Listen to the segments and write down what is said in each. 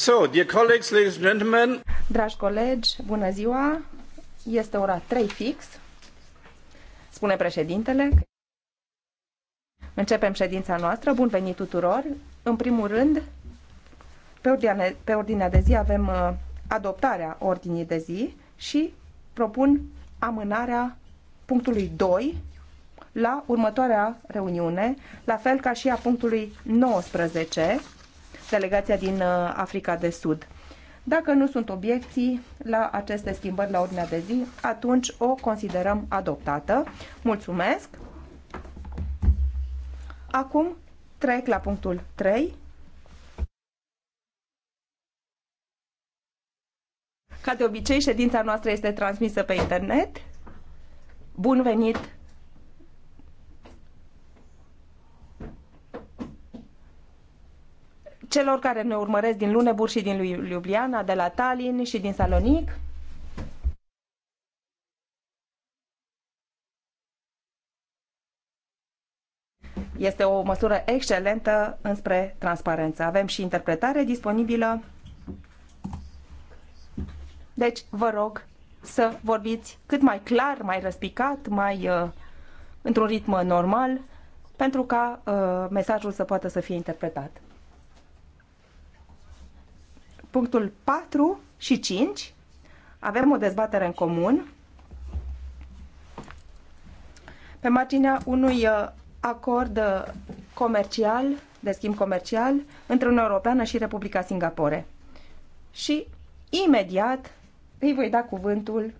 So, dear colleagues, ladies and gentlemen. Dragi colegi, bună ziua. Este ora 3 fix. Spune președintele. Începem ședința noastră. Bun venit tuturor. În primul rând, pe ordinea, pe ordinea de zi avem uh, adoptarea ordinii de zi și propun amânarea punctului 2 la următoarea reuniune, la fel ca și a punctului 19, delegația din uh, Africa de Sud. Dacă nu sunt obiecții la aceste schimbări la ordinea de zi, atunci o considerăm adoptată. Mulțumesc! Acum trec la punctul 3. Ca de obicei, ședința noastră este transmisă pe internet. Bun venit celor care ne urmăresc din Luneburg și din Ljubljana, de la Tallinn și din Salonic. Este o măsură excelentă înspre transparență. Avem și interpretare disponibilă. Deci, vă rog să vorbiți cât mai clar, mai răspicat, mai uh, într-un ritm normal, pentru ca uh, mesajul să poată să fie interpretat punctul 4 și 5 avem o dezbatere în comun pe marginea unui uh, acord uh, comercial, de schimb comercial, între Uniunea Europeană și Republica Singapore. Și imediat îi voi da cuvântul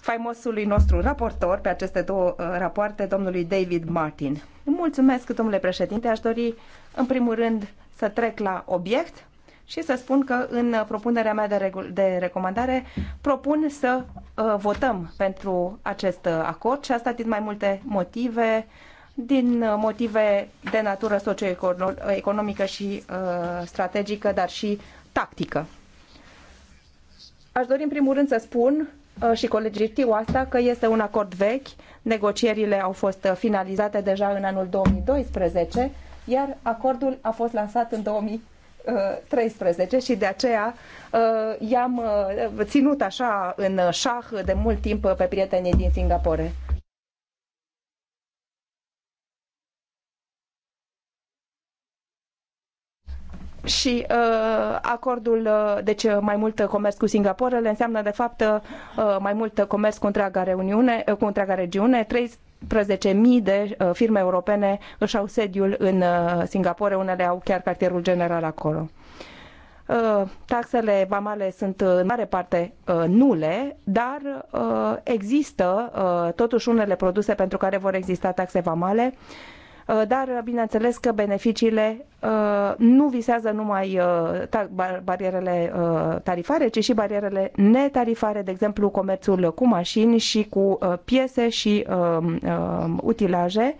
faimosului nostru raportor pe aceste două uh, rapoarte, domnului David Martin. Mulțumesc, domnule președinte. Aș dori, în primul rând, să trec la obiect și să spun că în propunerea mea de, de recomandare propun să uh, votăm pentru acest uh, acord și asta din mai multe motive, din uh, motive de natură socioeconomică și uh, strategică, dar și tactică. Aș dori în primul rând să spun uh, și colegii știu asta, că este un acord vechi. Negocierile au fost finalizate deja în anul 2012 iar acordul a fost lansat în 2013 și de aceea uh, i-am uh, ținut așa în șah de mult timp pe prietenii din Singapore. și uh, acordul, uh, deci uh, mai mult comerț cu Singaporele înseamnă de fapt uh, mai mult comerț cu întreaga, reuniune, uh, cu întreaga regiune, 15.000 de uh, firme europene își au sediul în uh, Singapore, unele au chiar cartierul general acolo. Uh, taxele vamale sunt în mare parte nule, dar există totuși unele produse pentru care vor exista taxe vamale Uh, dar uh, bineînțeles că beneficiile uh, nu visează numai barierele tarifare, ci și barierele netarifare, de exemplu comerțul cu mașini și cu piese și um, um, utilaje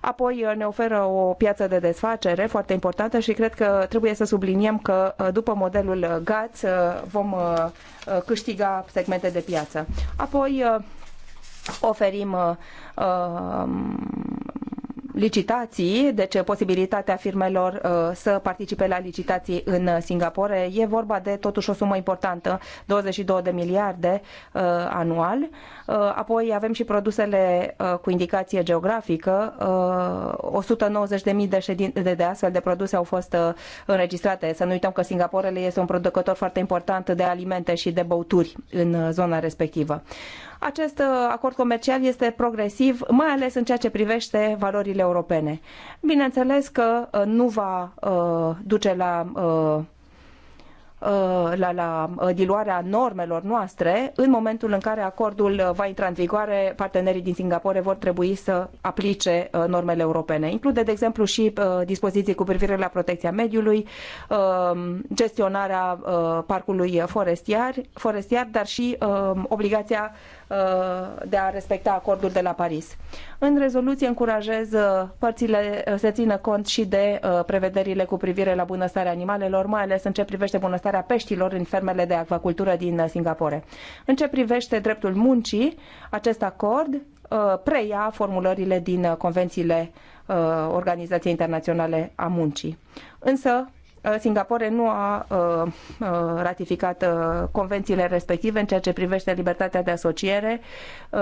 apoi ne oferă o piață de desfacere foarte importantă și cred că trebuie să subliniem că după modelul GATS vom câștiga segmente de piață. Apoi oferim um, licitații, deci posibilitatea firmelor uh, să participe la licitații în uh, Singapore. E vorba de totuși o sumă importantă, 22 de miliarde uh, anual. Apoi avem și produsele cu indicație geografică. 190.000 de, ședin... de astfel de produse au fost înregistrate. Să nu uităm că Singaporele este un producător foarte important de alimente și de băuturi în zona respectivă. Acest uh, acord comercial este progresiv, mai ales în ceea ce privește valorile europene. Bineînțeles că uh, nu va uh, duce la la, la diluarea normelor noastre, în momentul în care acordul va intra în vigoare, partenerii din Singapore vor trebui să aplice normele europene. Include, de exemplu, și dispoziții cu privire la protecția mediului, um, gestionarea parcului forestiar, forestiar dar și um, obligația Uh, de a respecta acordul de la Paris. În rezoluție încurajez uh, părțile uh, să țină cont și de prevederile cu privire la bunăstarea animalelor, mai ales în ce privește bunăstarea peștilor în fermele de acvacultură din Singapore. În ce privește dreptul muncii, acest acord preia formulările din convențiile Organizației Internaționale a Muncii. Însă, Uh, Singapore nu a uh, uh, ratificat convențiile respective în ceea ce privește libertatea de asociere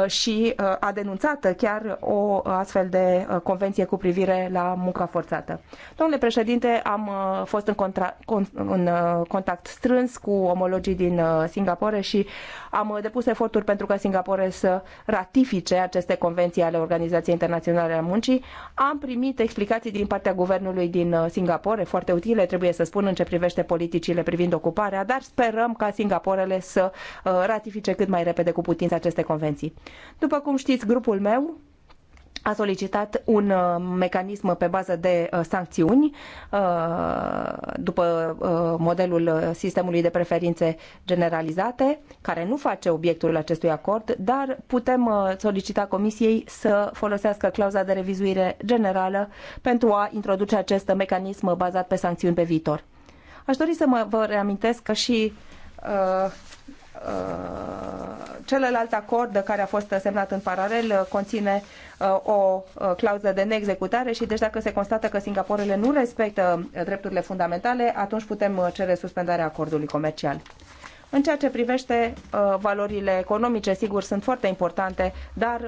și a denunțat chiar o astfel de convenție cu privire la munca forțată. Domnule președinte, am fost în, contra, în contact strâns cu omologii din Singapore și am depus eforturi pentru ca Singapore să ratifice aceste convenții ale Organizației Internaționale a Muncii. Am primit explicații din partea guvernului din Singapore foarte utile, trebuie trebuie să spun în ce privește politicile privind ocuparea, dar sperăm ca Singaporele să uh, ratifice cât mai repede cu putință aceste convenții. După cum știți, grupul meu a solicitat un uh, mecanism pe bază de uh, sancțiuni uh, după modelul sistemului de preferințe generalizate, care nu face obiectul acestui acord, dar putem solicita Comisiei să folosească clauza de revizuire generală pentru a introduce acest mecanism bazat pe sancțiuni pe viitor. Aș dori să mă vă reamintesc că și Uh, celălalt acord care a fost semnat în paralel uh, conține uh, o clauză de neexecutare și deci dacă se constată că Singaporele nu respectă drepturile fundamentale, atunci putem cere suspendarea acordului comercial. În ceea ce privește valorile economice, sigur, sunt foarte importante, dar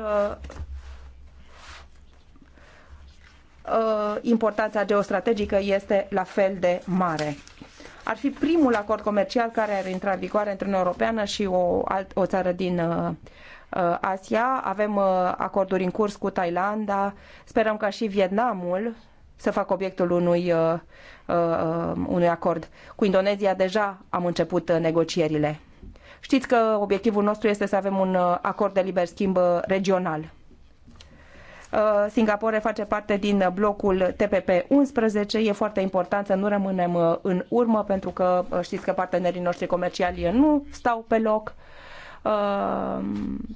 importanța geostrategică este la fel de mare ar fi primul acord comercial care ar intra în vigoare între Uniunea Europeană și o, alt, o țară din uh, uh, Asia. Avem uh, acorduri în curs cu Thailanda, sperăm ca și Vietnamul să facă obiectul unui, unui acord. Cu Indonezia deja am început negocierile. Știți că obiectivul nostru este să avem un acord de liber schimb regional. Uh, Singapore face parte din blocul TPP-11. E foarte important să nu rămânem uh, în urmă pentru că uh, știți că partenerii noștri comerciali nu stau pe loc.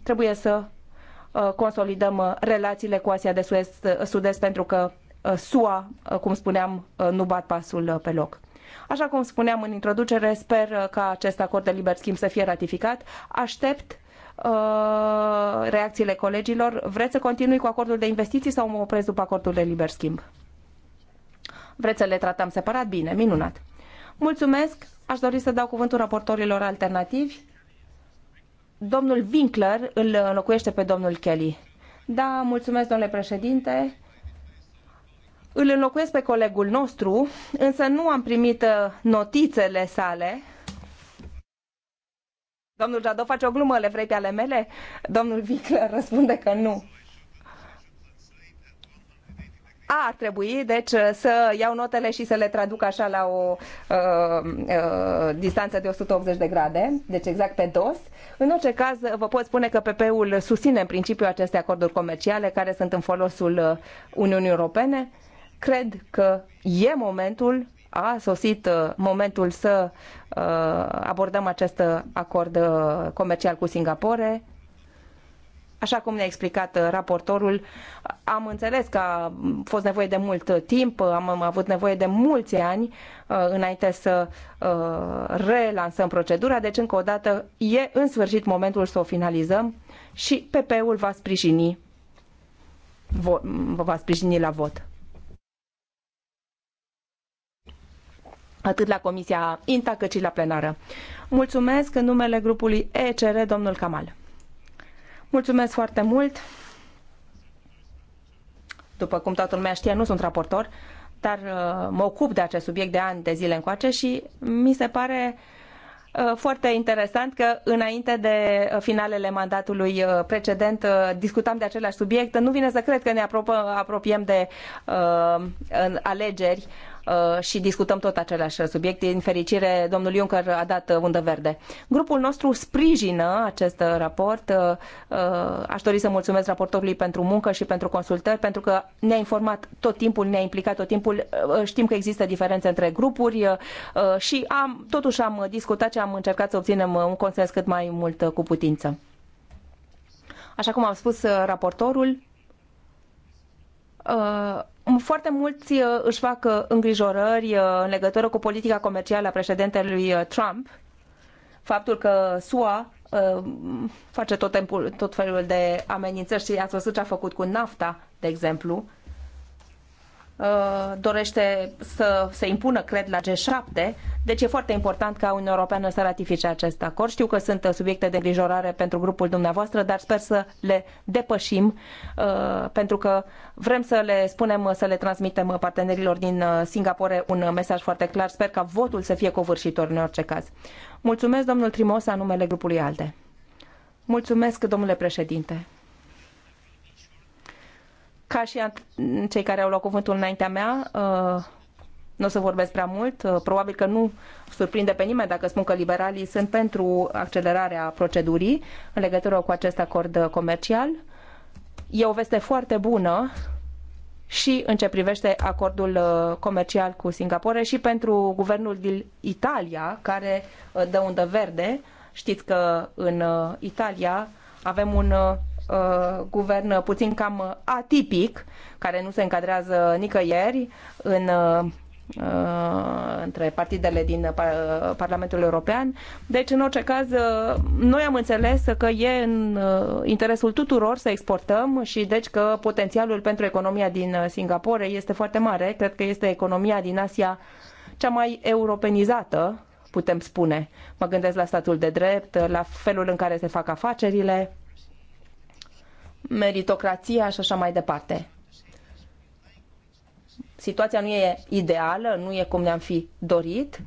Trebuie să consolidăm relațiile cu Asia de Sud-Est pentru că SUA, cum spuneam, nu bat pasul pe loc. Așa cum spuneam în introducere, sper ca acest acord de liber schimb să fie ratificat. Aștept Uh, reacțiile colegilor. Vreți să continui cu acordul de investiții sau mă opresc după acordul de liber schimb? Vreți să le tratăm separat? Bine, minunat. Mulțumesc. Aș dori să dau cuvântul raportorilor alternativi. Domnul Winkler îl înlocuiește pe domnul Kelly. Da, mulțumesc, domnule președinte. Îl înlocuiesc pe colegul nostru, însă nu am primit uh, notițele sale Domnul Jadot face o glumă, le vrei pe ale mele? Domnul Vicler răspunde că nu. A, ar trebui, deci, să iau notele și să le traduc așa la o uh, uh, distanță de 180 de grade, deci exact pe dos. În orice caz, vă pot spune că PP-ul susține în principiu aceste acorduri comerciale care sunt în folosul uh, Uniunii Europene. Cred că e momentul a sosit uh, momentul să uh, abordăm acest acord uh, comercial cu Singapore. Așa cum ne-a explicat raportorul, am înțeles că a fost nevoie de mult timp, am avut nevoie de mulți ani înainte să relansăm procedura, deci încă o dată e în sfârșit momentul să o finalizăm și PP-ul va sprijini va sprijini la vot. atât la Comisia INTA cât și la plenară. Mulțumesc în numele grupului ECR, domnul Kamal. Mulțumesc foarte mult. După cum toată lumea știe, nu sunt raportor, dar uh, mă ocup de acest subiect de ani de zile încoace și mi se pare uh, foarte interesant că înainte de uh, finalele mandatului precedent discutam de același subiect. Nu vine să cred că ne apropiem de alegeri Uh, și discutăm tot aceleași subiecte. Din fericire, domnul Juncker a dat uh, undă verde. Grupul nostru sprijină acest uh, raport. Aș dori să mulțumesc raportorului pentru muncă și pentru consultări, pentru că ne-a informat tot timpul, ne-a implicat tot timpul. Știm că există diferențe între grupuri și am, totuși am discutat și am încercat să obținem un consens cât mai mult cu putință. Așa cum am spus, raportorul Uh, foarte mulți uh, își fac uh, îngrijorări în legătură cu politica comercială a președintelui Trump, faptul că SUA face tot, timpul, tot felul de amenințări și ați văzut ce a făcut cu NAFTA, de exemplu, Uh, dorește să se impună, cred, la G7, deci e foarte important ca Uniunea Europeană să ratifice acest acord. Știu că sunt uh, subiecte de îngrijorare pentru grupul dumneavoastră, dar sper să le depășim, uh, pentru că vrem să le spunem, să le transmitem partenerilor din Singapore un mesaj foarte clar. Sper ca votul să fie covârșitor în orice caz. Mulțumesc, domnul Trimos, numele grupului ALDE. Mulțumesc, domnule președinte. Ca și cei care au luat cuvântul înaintea mea, uh, nu o să vorbesc prea mult. Uh, probabil că nu surprinde pe nimeni dacă spun că liberalii sunt pentru accelerarea procedurii în legătură cu acest acord comercial. E o veste foarte bună și în ce privește acordul uh, comercial cu Singapore și pentru guvernul din Italia, care dă undă verde. Știți că în Italia avem un Uh, guvern puțin cam atipic, care nu se încadrează nicăieri în uh, între partidele din Parlamentul European. Deci, în orice caz, uh, noi am înțeles că e în interesul tuturor să exportăm și deci că potențialul pentru economia din Singapore este foarte mare. Cred că este economia din Asia cea mai europenizată, putem spune. Mă gândesc la statul de drept, la felul în care se fac afacerile, meritocrația și așa mai departe. Situația nu e ideală, nu e cum ne-am fi dorit.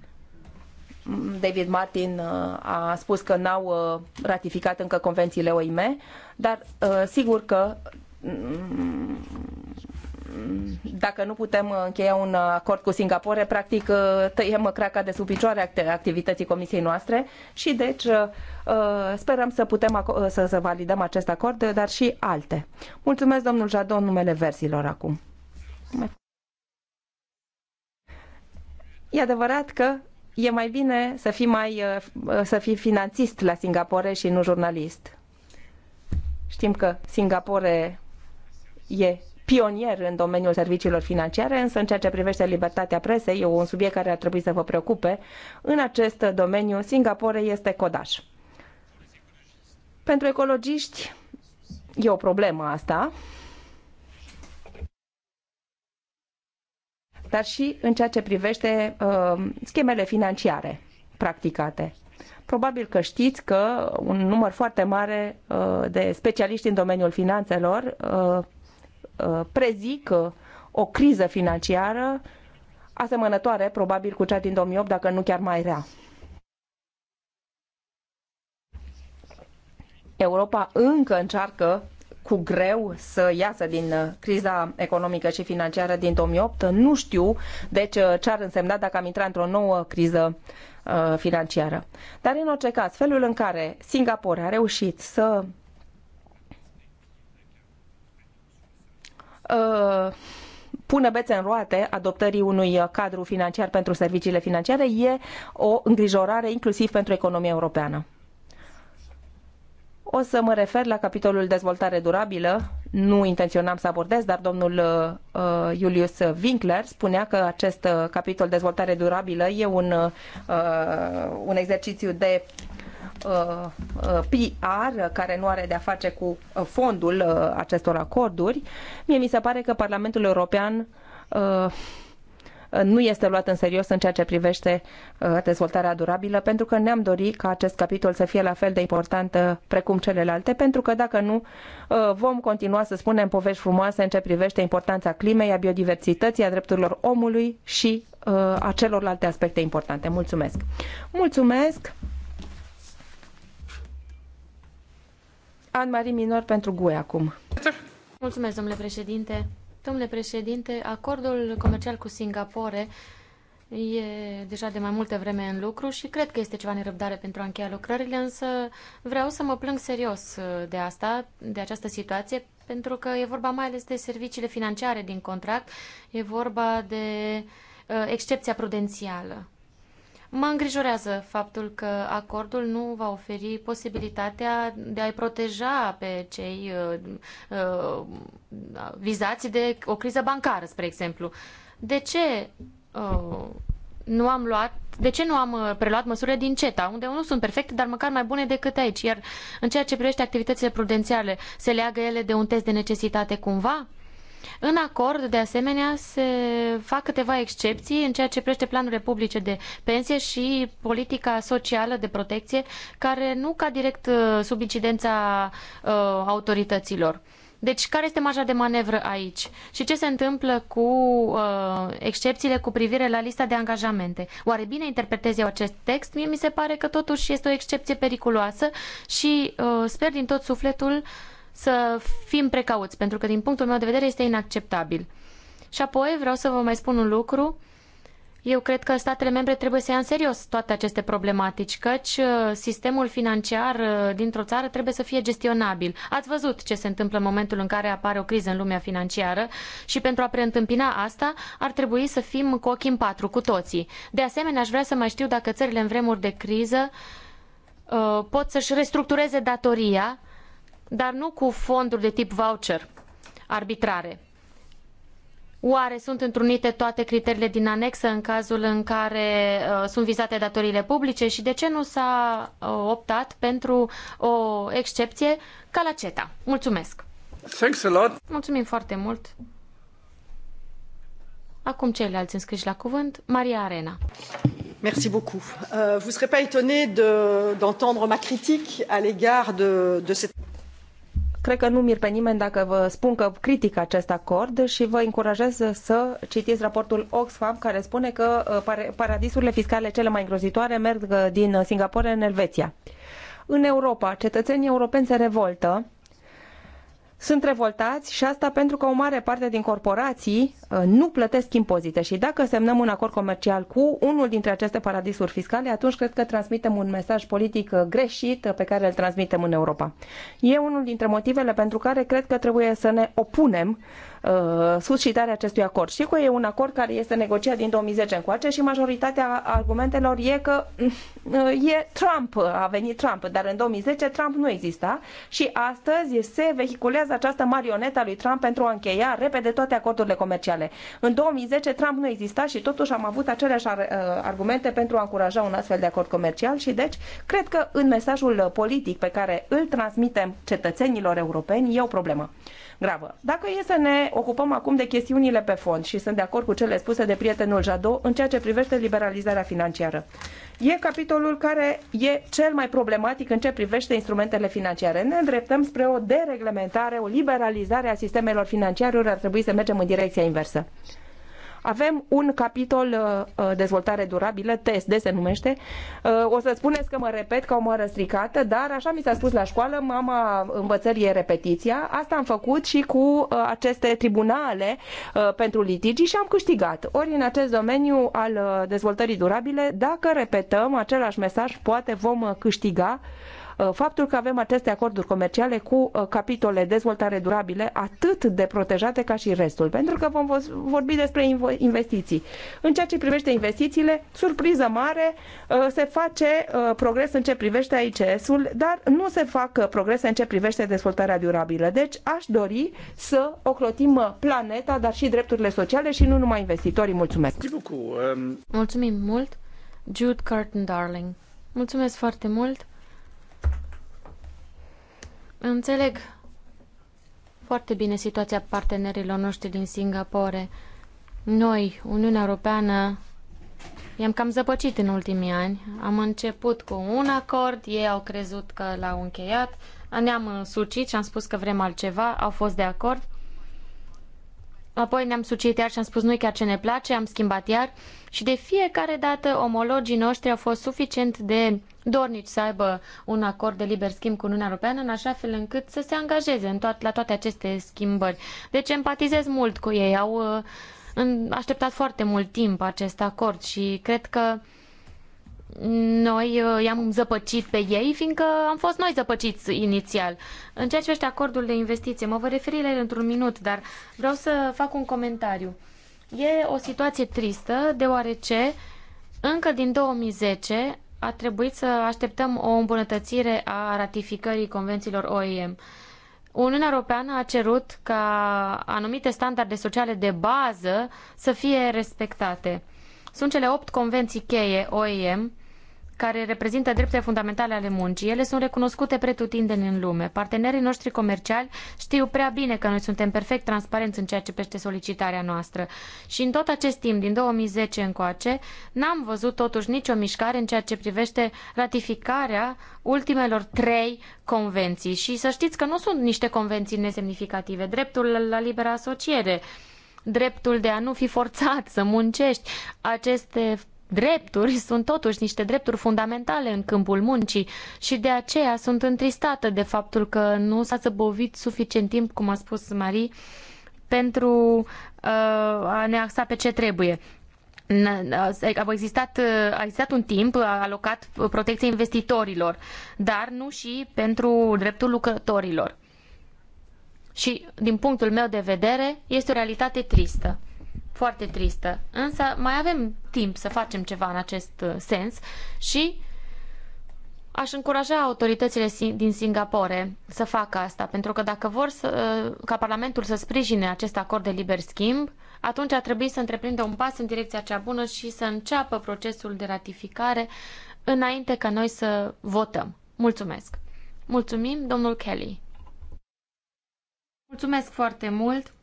David Martin uh, a spus că n-au uh, ratificat încă convențiile OIM, dar uh, sigur că mm, dacă nu putem încheia un acord cu Singapore, practic uh, tăiem craca de sub picioare activității comisiei noastre și deci uh, sperăm să putem uh, să, să validăm acest acord, dar și alte. Mulțumesc, domnul Jadon, numele versilor acum. E adevărat că e mai bine să fii, mai, să fii finanțist la Singapore și nu jurnalist. Știm că Singapore e pionier în domeniul serviciilor financiare, însă în ceea ce privește libertatea presei, e un subiect care ar trebui să vă preocupe. În acest domeniu, Singapore este codaș. Pentru ecologiști e o problemă asta, dar și în ceea ce privește uh, schemele financiare practicate. Probabil că știți că un număr foarte mare uh, de specialiști în domeniul finanțelor uh, Uh, prezică o criză financiară asemănătoare probabil cu cea din 2008, dacă nu chiar mai rea. Europa încă încearcă cu greu să iasă din uh, criza economică și financiară din 2008. Nu știu, deci, uh, ce ar însemna dacă am intrat într-o nouă criză financiară. Dar, în orice caz, felul în care Singapore a reușit să Uh, pune bețe în roate adoptării unui cadru financiar pentru serviciile financiare e o îngrijorare inclusiv pentru economia europeană. O să mă refer la capitolul dezvoltare durabilă. Nu intenționam să abordez, dar domnul uh, Julius Winkler spunea că acest uh, capitol dezvoltare durabilă e un, uh, un exercițiu de Uh, uh, PR care nu are de-a face cu uh, fondul acestor acorduri, mie mi se pare că Parlamentul European nu este luat în serios în ceea ce privește dezvoltarea durabilă, pentru că ne-am dorit ca acest capitol să fie la fel de important precum celelalte, pentru că dacă nu, vom continua să spunem povești frumoase în ce privește importanța climei, a biodiversității, a drepturilor omului și a celorlalte aspecte importante. Mulțumesc! Mulțumesc! Anne-Marie Minor pentru GUE acum. Mulțumesc, domnule președinte. Domnule președinte, acordul comercial cu Singapore e deja de mai multă vreme în lucru și cred că este ceva nerăbdare pentru a încheia lucrările, însă vreau să mă plâng serios de asta, de această situație, pentru că e vorba mai ales de serviciile financiare din contract, e vorba de uh, excepția prudențială. Mă îngrijorează faptul că acordul nu va oferi posibilitatea de a-i proteja pe cei uh, uh, vizați de o criză bancară, spre exemplu. De ce uh, nu am luat de ce nu am uh, preluat măsurile din CETA, unde nu sunt perfecte, dar măcar mai bune decât aici? Iar în ceea ce privește activitățile prudențiale, se leagă ele de un test de necesitate cumva? În acord, de asemenea, se fac câteva excepții în ceea ce prește planurile publice de pensie și politica socială de protecție, care nu ca direct uh, sub incidența uh, autorităților. Deci, care este marja de manevră aici? Și ce se întâmplă cu uh, excepțiile cu privire la lista de angajamente? Oare bine interpretez eu acest text? Mie mi se pare că totuși este o excepție periculoasă și uh, sper din tot sufletul uh, să fim precauți, pentru că din punctul meu de vedere este inacceptabil. Și apoi vreau să vă mai spun un lucru. Eu cred că statele membre trebuie să ia în serios toate aceste problematici, căci uh, sistemul financiar uh, dintr-o țară trebuie să fie gestionabil. Ați văzut ce se întâmplă în momentul în care apare o criză în lumea financiară și pentru a preîntâmpina asta ar trebui să fim cu ochii în patru, cu toții. De asemenea, aș vrea să mai știu dacă țările în vremuri de criză uh, pot să-și restructureze datoria dar nu cu fonduri de tip voucher arbitrare. Oare sunt întrunite toate criteriile din anexă în cazul în care uh, sunt vizate datoriile publice și de ce nu s-a uh, optat pentru o excepție ca la CETA? Mulțumesc! Thanks a lot. Mulțumim foarte mult! Acum ceilalți înscriși la cuvânt, Maria Arena. Merci beaucoup. Uh, vous serez pas étonné d'entendre de, ma critique à l'égard de, de cette... Cred că nu mir pe nimeni dacă vă spun că critic acest acord și vă încurajez să citiți raportul Oxfam care spune că uh, paradisurile fiscale cele mai îngrozitoare merg uh, din Singapore în Elveția. În Europa, cetățenii europeni se revoltă sunt revoltați și asta pentru că o mare parte din corporații uh, nu plătesc impozite și dacă semnăm un acord comercial cu unul dintre aceste paradisuri fiscale, atunci cred că transmitem un mesaj politic uh, greșit uh, pe care îl transmitem în Europa. E unul dintre motivele pentru care cred că trebuie să ne opunem Uh, suscitarea acestui acord. Știi că e un acord care este negociat din 2010 încoace și majoritatea argumentelor e că uh, e Trump, a venit Trump, dar în 2010 Trump nu exista și astăzi se vehiculează această marionetă a lui Trump pentru a încheia repede toate acordurile comerciale. În 2010 Trump nu exista și totuși am avut aceleași uh, argumente pentru a încuraja un astfel de acord comercial și deci cred că în mesajul politic pe care îl transmitem cetățenilor europeni e o problemă gravă. Dacă e să ne ocupăm acum de chestiunile pe fond și sunt de acord cu cele spuse de prietenul Jadot în ceea ce privește liberalizarea financiară. E capitolul care e cel mai problematic în ce privește instrumentele financiare. Ne îndreptăm spre o dereglementare, o liberalizare a sistemelor financiare, ar trebui să mergem în direcția inversă avem un capitol uh, uh, dezvoltare durabilă, TSD se numește. Uh, o să spuneți că mă repet ca o mără stricată, dar așa mi s-a spus la școală, mama învățării e repetiția. Asta am făcut și cu aceste tribunale pentru litigi și am câștigat. Ori în acest domeniu al dezvoltării durabile, dacă repetăm același mesaj, poate vom câștiga uh, Uh, faptul că avem aceste acorduri comerciale cu uh, capitole dezvoltare durabile atât de protejate ca și restul, pentru că vom vorbi despre investiții. În ceea ce privește investițiile, surpriză mare, uh, se face progres în ce privește AICS-ul, dar nu se fac progrese în ce privește dezvoltarea durabilă. Deci aș dori să oclotim planeta, dar și drepturile sociale și nu numai investitorii. Mulțumesc! Mulțumim um, mult! Jude Carton Darling. Mulțumesc foarte mult! Înțeleg foarte bine situația partenerilor noștri din Singapore. Noi, Uniunea Europeană, i-am cam zăpăcit în ultimii ani. Am început cu un acord, ei au crezut că l-au încheiat, ne-am sucit și am spus că vrem altceva, au fost de acord Apoi ne-am sucit iar și am spus nu chiar ce ne place, am schimbat iar și de fiecare dată omologii noștri au fost suficient de dornici să aibă un acord de liber schimb cu Uniunea Europeană în așa fel încât să se angajeze în toat, la toate aceste schimbări. Deci empatizez mult cu ei, au uh, așteptat foarte mult timp acest acord și cred că uh, noi uh, i-am zăpăcit pe ei, fiindcă am fost noi zăpăciți inițial. În ceea ce privește acordul de investiție, mă voi referi la el într-un minut, dar vreau să fac un comentariu. E o situație tristă, deoarece încă din 2010 a trebuit să așteptăm o îmbunătățire a ratificării convențiilor OIM. Uniunea Europeană a cerut ca anumite standarde sociale de bază să fie respectate. Sunt cele opt convenții cheie OIM care reprezintă drepturile fundamentale ale muncii. Ele sunt recunoscute pretutindeni în lume. Partenerii noștri comerciali știu prea bine că noi suntem perfect transparenți în ceea ce pește solicitarea noastră. Și în tot acest timp, din 2010 încoace, n-am văzut totuși nicio mișcare în ceea ce privește ratificarea ultimelor trei convenții. Și să știți că nu sunt niște convenții nesemnificative. Dreptul la liberă asociere, dreptul de a nu fi forțat să muncești. Aceste drepturi sunt totuși niște drepturi fundamentale în câmpul muncii și de aceea sunt întristată de faptul că nu s-a săbovit suficient timp, cum a spus Marie, pentru uh, a ne axa pe ce trebuie. Uh, a existat, uh, a existat un timp alocat protecției investitorilor, dar nu și pentru dreptul lucrătorilor și, din punctul meu de vedere, este o realitate tristă. Foarte tristă. Însă mai avem timp să facem ceva în acest uh, sens și aș încuraja autoritățile din Singapore să facă asta, pentru că dacă vor să, uh, ca Parlamentul să sprijine acest acord de liber schimb, atunci ar trebui să întreprindă un pas în direcția cea bună și să înceapă procesul de ratificare înainte ca noi să votăm. Mulțumesc! Mulțumim, domnul Kelly! Mulțumesc foarte mult!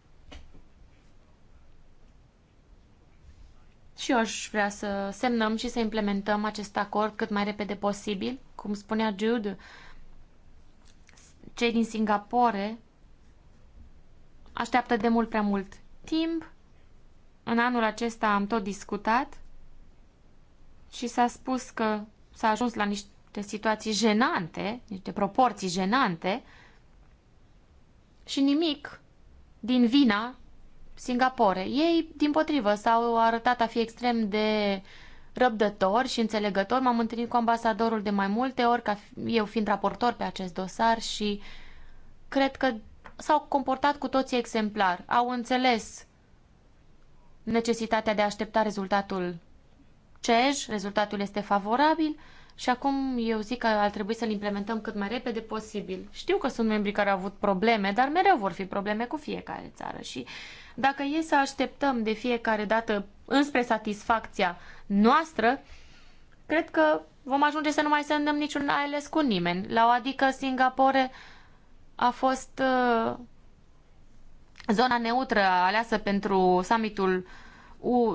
Și eu aș vrea să semnăm și să implementăm acest acord cât mai repede posibil. Cum spunea Jude, cei din Singapore așteaptă de mult prea mult timp. În anul acesta am tot discutat și s-a spus că s-a ajuns la niște situații jenante, niște proporții jenante, și nimic din vina Singapore. Ei, din potrivă, s-au arătat a fi extrem de răbdători și înțelegători. M-am întâlnit cu ambasadorul de mai multe ori, ca eu fiind raportor pe acest dosar și cred că s-au comportat cu toții exemplar. Au înțeles necesitatea de a aștepta rezultatul CEJ, rezultatul este favorabil și acum eu zic că ar trebui să-l implementăm cât mai repede posibil. Știu că sunt membri care au avut probleme, dar mereu vor fi probleme cu fiecare țară și dacă e să așteptăm de fiecare dată înspre satisfacția noastră, cred că vom ajunge să nu mai sendăm niciun ALS cu nimeni. La o adică Singapore a fost uh, zona neutră aleasă pentru summitul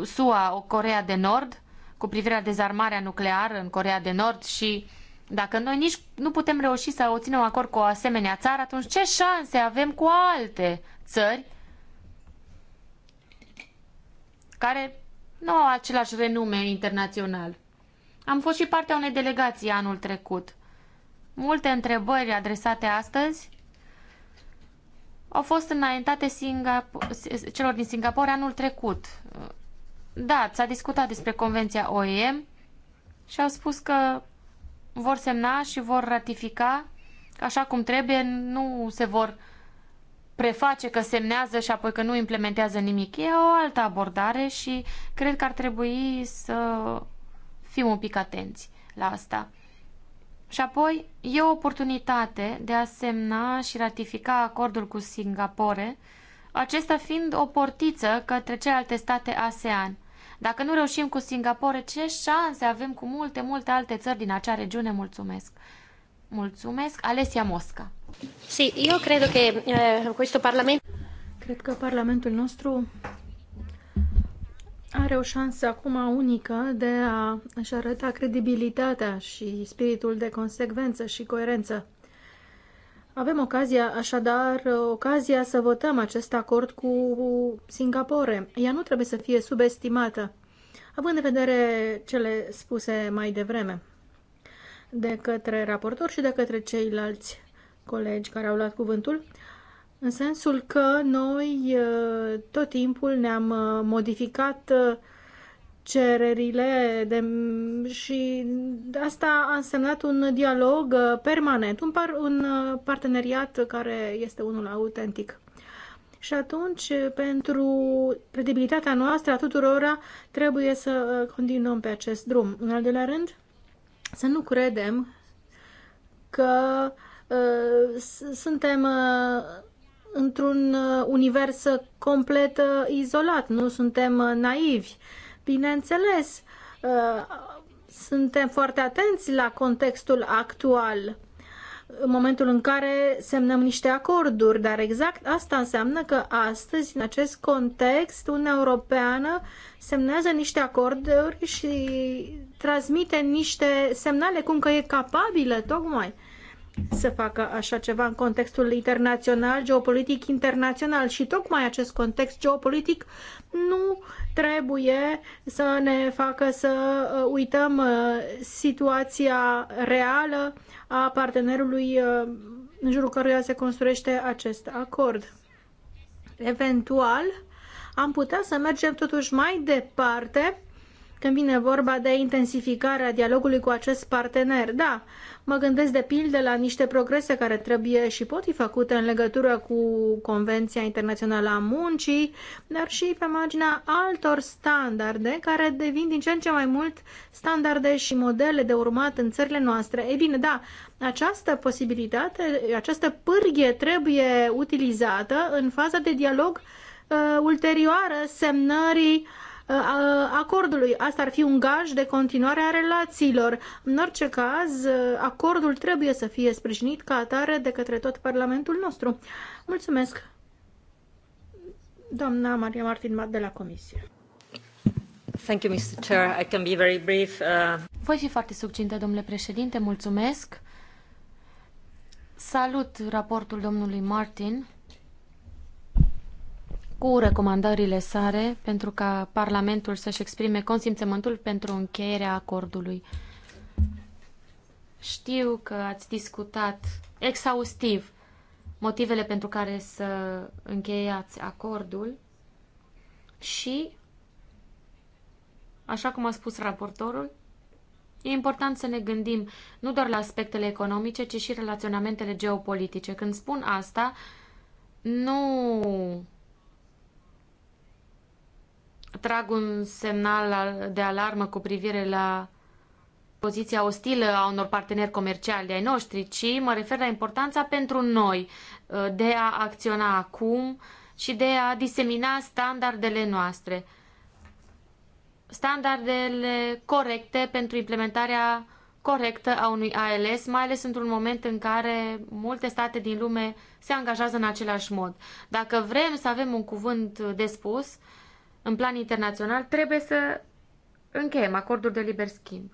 SUA, o Corea de Nord, cu privire la dezarmarea nucleară în Corea de Nord și dacă noi nici nu putem reuși să obținem acord cu o asemenea țară, atunci ce șanse avem cu alte țări care nu au același renume internațional? Am fost și partea unei delegații anul trecut. Multe întrebări adresate astăzi au fost înaintate Singap- celor din Singapore anul trecut, da, s-a discutat despre Convenția OEM și au spus că vor semna și vor ratifica așa cum trebuie, nu se vor preface că semnează și apoi că nu implementează nimic. E o altă abordare și cred că ar trebui să fim un pic atenți la asta. Și apoi e o oportunitate de a semna și ratifica acordul cu Singapore, acesta fiind o portiță către celelalte state ASEAN. Dacă nu reușim cu Singapore, ce șanse avem cu multe, multe alte țări din acea regiune? Mulțumesc! Mulțumesc, Alesia Mosca. Sì, sí, cred că che acest eh, questo Cred că Parlamentul nostru are o șansă acum unică de a și arăta credibilitatea și spiritul de consecvență și coerență avem ocazia, așadar, ocazia să votăm acest acord cu Singapore. Ea nu trebuie să fie subestimată, având în vedere cele spuse mai devreme de către raportor și de către ceilalți colegi care au luat cuvântul, în sensul că noi tot timpul ne-am modificat cererile de, și asta a însemnat un dialog uh, permanent, un, par, un uh, parteneriat care este unul autentic. Și atunci, pentru credibilitatea noastră a tuturora, trebuie să uh, continuăm pe acest drum. În al doilea rând, să nu credem că uh, suntem uh, într-un univers complet uh, izolat, nu suntem naivi. Uh, Bineînțeles, uh, suntem foarte atenți la contextul actual în momentul în care semnăm niște acorduri, dar exact asta înseamnă că astăzi, în acest context, Uniunea Europeană semnează niște acorduri și transmite niște semnale cum că e capabilă tocmai să facă așa ceva în contextul internațional, geopolitic internațional și tocmai acest context geopolitic nu trebuie să ne facă să uh, uităm uh, situația reală a partenerului uh, în jurul căruia se construiește acest acord. Eventual, am putea să mergem totuși mai departe când vine vorba de intensificarea dialogului cu acest partener. Da, mă gândesc de pildă la niște progrese care trebuie și pot fi făcute în legătură cu Convenția Internațională a Muncii, dar și pe marginea altor standarde care devin din ce în ce mai mult standarde și modele de urmat în țările noastre. Ei bine, da, această posibilitate, această pârghie trebuie utilizată în faza de dialog uh, ulterioară semnării uh, acordului. Asta ar fi un gaj de continuare a relațiilor. În orice caz, acordul trebuie să fie sprijinit ca atare de către tot Parlamentul nostru. Mulțumesc, doamna Maria Martin de la Comisie. Thank you, Mr. Chair. I can be very brief. Uh... Voi fi foarte succintă, domnule președinte, mulțumesc. Salut raportul domnului Martin cu recomandările sale pentru ca Parlamentul să-și exprime consimțământul pentru încheierea acordului. Știu că ați discutat exhaustiv motivele pentru care să încheiați acordul și, așa cum a spus raportorul, E important să ne gândim nu doar la aspectele economice, ci și relaționamentele geopolitice. Când spun asta, nu trag un semnal de alarmă cu privire la poziția ostilă a unor parteneri comerciali de ai noștri, ci mă refer la importanța pentru noi uh, de a acționa acum și de a disemina standardele noastre. Standardele corecte pentru implementarea corectă a unui ALS, mai ales într-un moment în care multe state din lume se angajează în același mod. Dacă vrem să avem un cuvânt de spus, în plan internațional, trebuie să încheiem acorduri de liber schimb.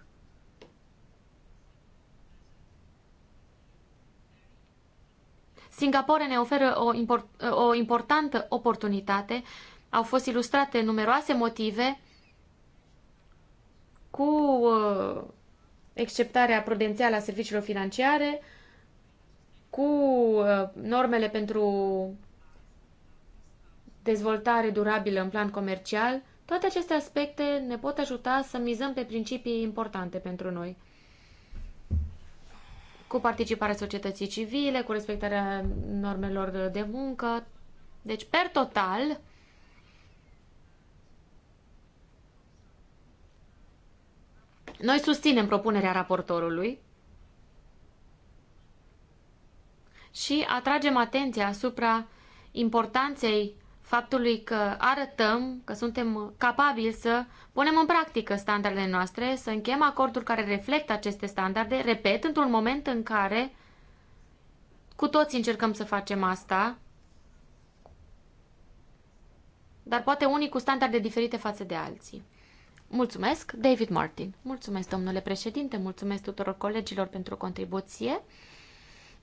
Singapore ne oferă o, import, o importantă oportunitate. Au fost ilustrate numeroase motive cu uh, exceptarea prudențială a serviciilor financiare, cu uh, normele pentru dezvoltare durabilă în plan comercial, toate aceste aspecte ne pot ajuta să mizăm pe principii importante pentru noi. Cu participarea societății civile, cu respectarea normelor de muncă. Deci, per total, noi susținem propunerea raportorului și atragem atenția asupra importanței faptului că arătăm că suntem capabili să punem în practică standardele noastre, să încheiem acorduri care reflectă aceste standarde, repet, într-un moment în care cu toți încercăm să facem asta, dar poate unii cu standarde diferite față de alții. Mulțumesc, David Martin. Mulțumesc, domnule președinte, mulțumesc tuturor colegilor pentru contribuție.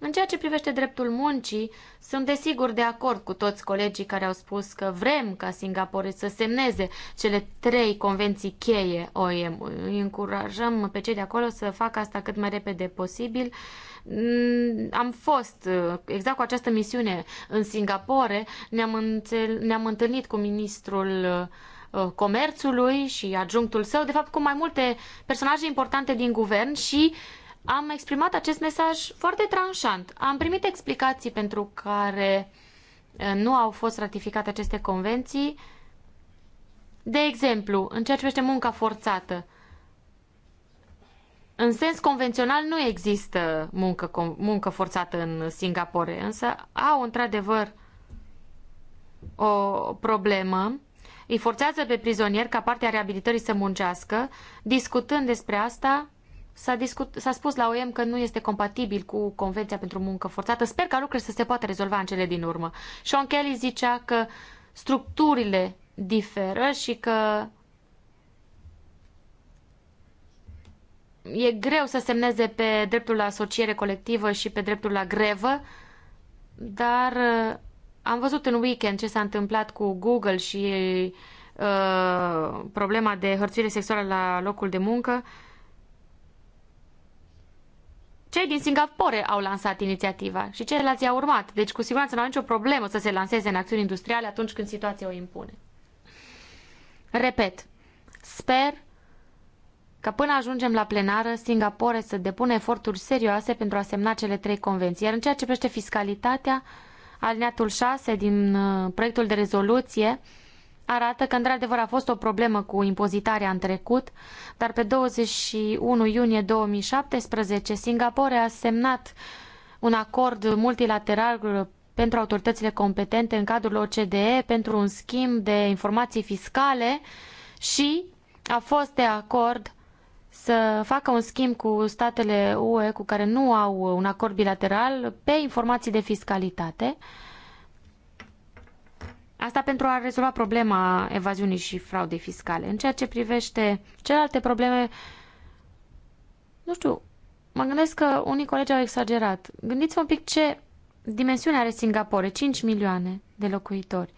În ceea ce privește dreptul muncii, sunt desigur de acord cu toți colegii care au spus că vrem ca Singapore să semneze cele trei convenții cheie OIM. Îi încurajăm pe cei de acolo să facă asta cât mai repede posibil. Mm, am fost exact cu această misiune în Singapore, ne-am, înțel- ne-am întâlnit cu ministrul uh, comerțului și adjunctul său, de fapt cu mai multe personaje importante din guvern și uh, am exprimat acest mesaj foarte tranșant. Am primit explicații pentru care nu au fost ratificate aceste convenții. De exemplu, în ceea ce privește munca forțată, în sens convențional nu există muncă, muncă forțată în Singapore, însă au într-adevăr o problemă. Îi forțează pe prizonieri ca parte a reabilitării să muncească. Discutând despre asta, S-a, discut, s-a spus la OEM că nu este compatibil cu Convenția pentru muncă forțată. Sper ca lucrurile să se poată rezolva în cele din urmă. Sean Kelly zicea că structurile diferă și că e greu să semneze pe dreptul la asociere colectivă și pe dreptul la grevă, dar uh, am văzut în weekend ce s-a întâmplat cu Google și uh, problema de hărțuire sexuală la locul de muncă. Uh, cei din Singapore au lansat inițiativa și ceilalți i-au urmat, deci cu siguranță nu au nicio problemă să se lanseze în acțiuni industriale atunci când situația o impune. Repet, sper că până ajungem la plenară, Singapore să depună eforturi serioase pentru a semna cele trei convenții. Iar în ceea ce privește fiscalitatea, alineatul 6 din uh, proiectul de rezoluție arată că într-adevăr a fost o problemă cu impozitarea în trecut, dar pe 21 iunie 2017 Singapore a semnat un acord multilateral pentru autoritățile competente în cadrul OCDE pentru un schimb de informații fiscale și a fost de acord să facă un schimb cu statele UE cu care nu au un acord bilateral pe informații de fiscalitate. Asta pentru a rezolva problema evaziunii și fraudei fiscale. În ceea ce privește celelalte probleme, nu știu, mă gândesc că unii colegi au exagerat. Gândiți-vă un pic ce dimensiune are Singapore, 5 milioane de locuitori.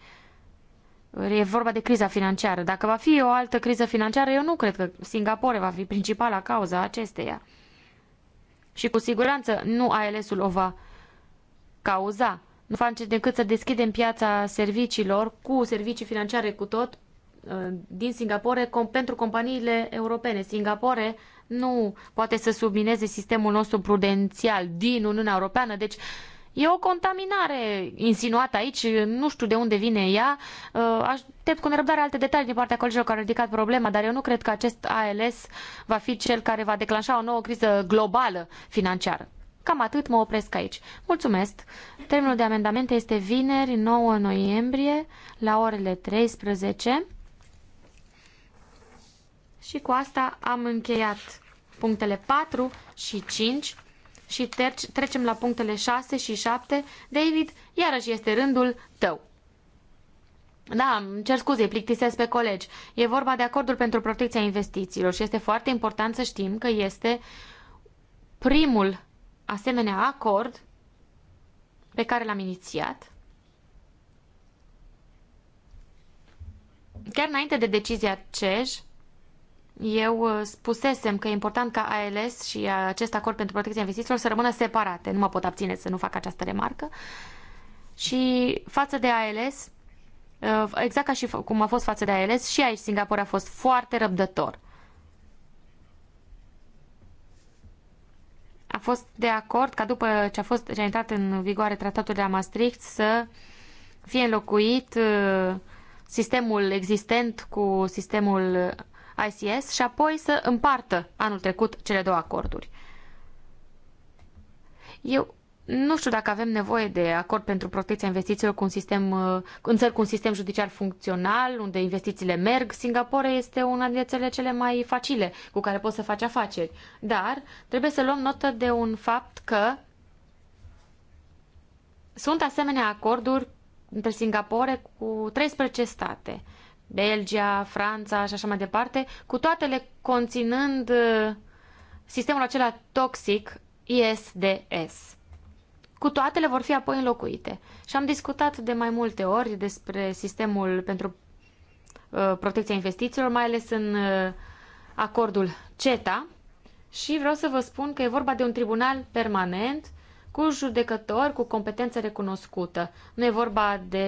E vorba de criza financiară. Dacă va fi o altă criză financiară, eu nu cred că Singapore va fi principala cauza acesteia. Și cu siguranță nu ALS-ul o va cauza nu face decât să deschidem piața serviciilor cu servicii financiare cu tot uh, din Singapore pentru companiile europene. Singapore nu poate să submineze sistemul nostru prudențial din Uniunea Europeană, deci E o contaminare insinuată aici, nu știu de unde vine ea. Uh, aștept cu nerăbdare alte detalii din partea colegilor care au ridicat problema, dar eu nu cred că acest ALS va fi cel care va declanșa o nouă criză globală financiară. Cam atât, mă opresc aici. Mulțumesc! Termenul de amendamente este vineri, 9 noiembrie, la orele 13. Și cu asta am încheiat punctele 4 și 5 și trecem la punctele 6 și 7. David, iarăși este rândul tău. Da, îmi cer scuze, plictisesc pe colegi. E vorba de acordul pentru protecția investițiilor și este foarte important să știm că este primul asemenea acord pe care l-am inițiat, chiar înainte de decizia CEJ, eu uh, spusesem că e important ca ALS și uh, acest acord pentru protecția investițiilor să rămână separate. Nu mă pot abține să nu fac această remarcă. Și față de ALS, uh, exact ca și cum a fost față de ALS, și aici Singapore a fost foarte răbdător. a fost de acord ca după ce a fost ce a intrat în vigoare tratatul de la Maastricht să fie înlocuit uh, sistemul existent cu sistemul ICS și apoi să împartă anul trecut cele două acorduri. Eu nu știu dacă avem nevoie de acord pentru protecția investițiilor cu un sistem, uh, în țări cu un sistem judiciar funcțional, unde investițiile merg. Singapore este una dintre țările cele mai facile cu care poți să faci afaceri. Dar trebuie să luăm notă de un fapt că sunt asemenea acorduri între Singapore cu 13 state, Belgia, Franța și așa mai departe, cu toatele conținând uh, sistemul acela toxic ISDS cu toate le vor fi apoi înlocuite. Și am discutat de mai multe ori despre sistemul pentru uh, protecția investițiilor, mai ales în uh, acordul CETA și vreau să vă spun că e vorba de un tribunal permanent cu judecători cu competență recunoscută. Nu e vorba de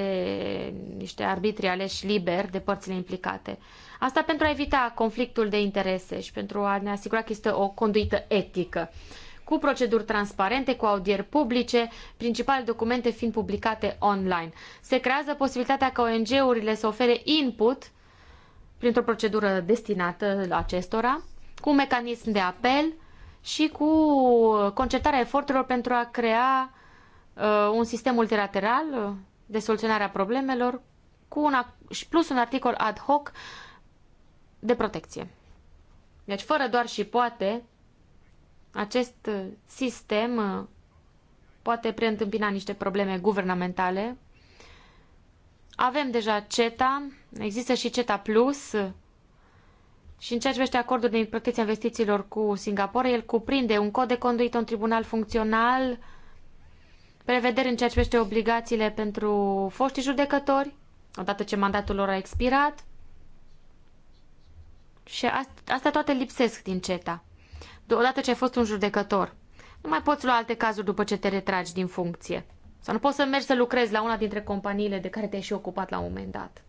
niște arbitri aleși liberi de părțile implicate. Asta pentru a evita conflictul de interese și pentru a ne asigura că este o conduită etică cu proceduri transparente, cu audieri publice, principale documente fiind publicate online. Se creează posibilitatea ca ONG-urile să ofere input printr-o procedură destinată acestora, cu un mecanism de apel și cu concertarea eforturilor pentru a crea uh, un sistem multilateral de soluționare a problemelor cu și plus un articol ad hoc de protecție. Deci, fără doar și poate, acest uh, sistem uh, poate preîntâmpina niște probleme guvernamentale. Avem deja CETA, există și CETA Plus uh, și în ceea ce vește acordul de protecție a investițiilor cu Singapore, el cuprinde un cod de conduită, un tribunal funcțional, prevederi în ceea ce vește obligațiile pentru foștii judecători, odată ce mandatul lor a expirat. Și astea toate lipsesc din CETA odată ce ai fost un judecător. Nu mai poți lua alte cazuri după ce te retragi din funcție. Sau nu poți să mergi să lucrezi la una dintre companiile de care te-ai și ocupat la un moment dat.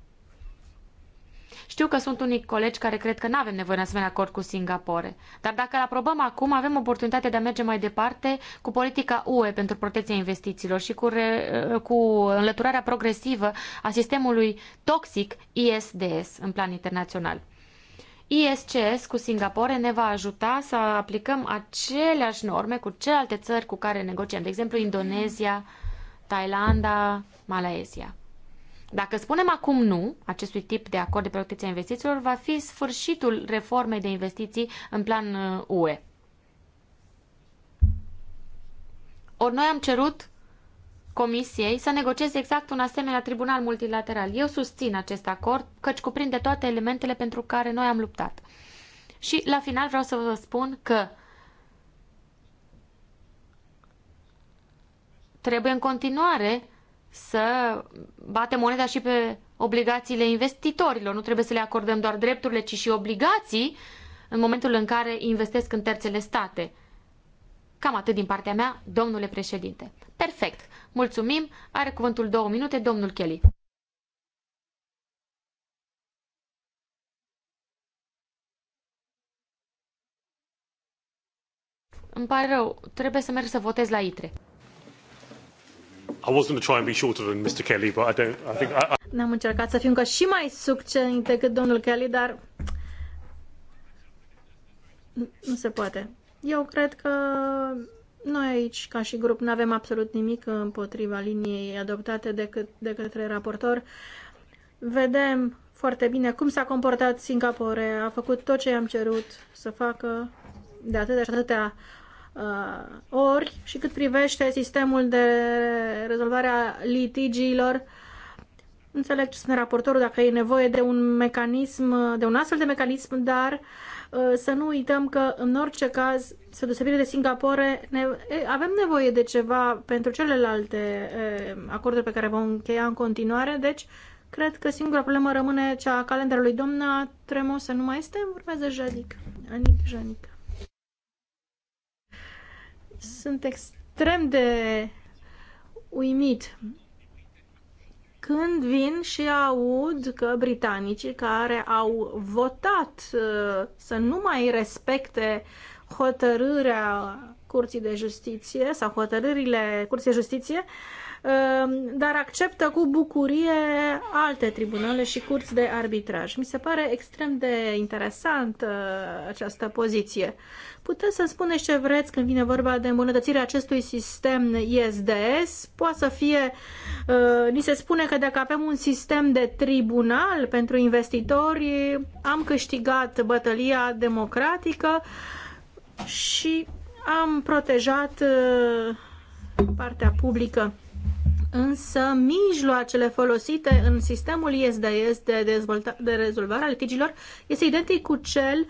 Știu că sunt unii colegi care cred că nu avem nevoie de asemenea acord cu Singapore, dar dacă îl aprobăm acum, avem oportunitatea de a merge mai departe cu politica UE pentru protecția investițiilor și cu, re, cu înlăturarea progresivă a sistemului toxic ISDS în plan internațional. ISCS cu Singapore ne va ajuta să aplicăm aceleași norme cu celelalte țări cu care negociem, de exemplu Indonezia, Thailanda, Malaezia. Dacă spunem acum nu acestui tip de acord de protecție a investițiilor, va fi sfârșitul reformei de investiții în plan UE. Uh, Ori noi am cerut Comisiei să negocieze exact un asemenea tribunal multilateral. Eu susțin acest acord, căci cuprinde toate elementele pentru care noi am luptat. Și la final vreau să vă spun că trebuie în continuare să batem moneda și pe obligațiile investitorilor. Nu trebuie să le acordăm doar drepturile, ci și obligații în momentul în care investesc în terțele state. Cam atât din partea mea, domnule președinte. Perfect. Mulțumim. Are cuvântul două minute domnul Kelly. Îmi pare rău, trebuie să merg să votez la ITRE. N-am încercat să fiu încă și mai succint decât domnul Kelly, dar nu se poate. Eu cred că noi aici, ca și grup, nu avem absolut nimic împotriva liniei adoptate decât de către raportor. Vedem foarte bine cum s-a comportat Singapore, a făcut tot ce i-am cerut să facă de atâtea și atâtea uh, ori și cât privește sistemul de rezolvare a litigiilor, înțeleg ce spune raportorul dacă e nevoie de un mecanism, de un astfel de mecanism, dar uh, Uh, să nu uităm că, în orice caz, să deosebire de Singapore, ne, avem nevoie de ceva pentru celelalte uh, acorduri pe care vom încheia în continuare, deci cred că singura problemă rămâne cea a calendarului. Doamna Tremosă nu mai este? Urmează Jadic. Anic, Janic. Sunt extrem de uimit când vin și aud că britanicii care au votat uh, să nu mai respecte hotărârea Curții de Justiție sau hotărârile Curții de Justiție Ehm, dar acceptă cu bucurie alte tribunale și curți de arbitraj. Mi se pare extrem de interesant uh, această poziție. Puteți să spuneți ce vreți când vine vorba de îmbunătățirea acestui sistem ISDS. Poate să fie, uh, ni se spune că dacă avem un sistem de tribunal pentru investitori, am câștigat bătălia democratică și am protejat uh, partea publică însă mijloacele folosite în sistemul ISDS de, de rezolvare a litigilor este identic cu cel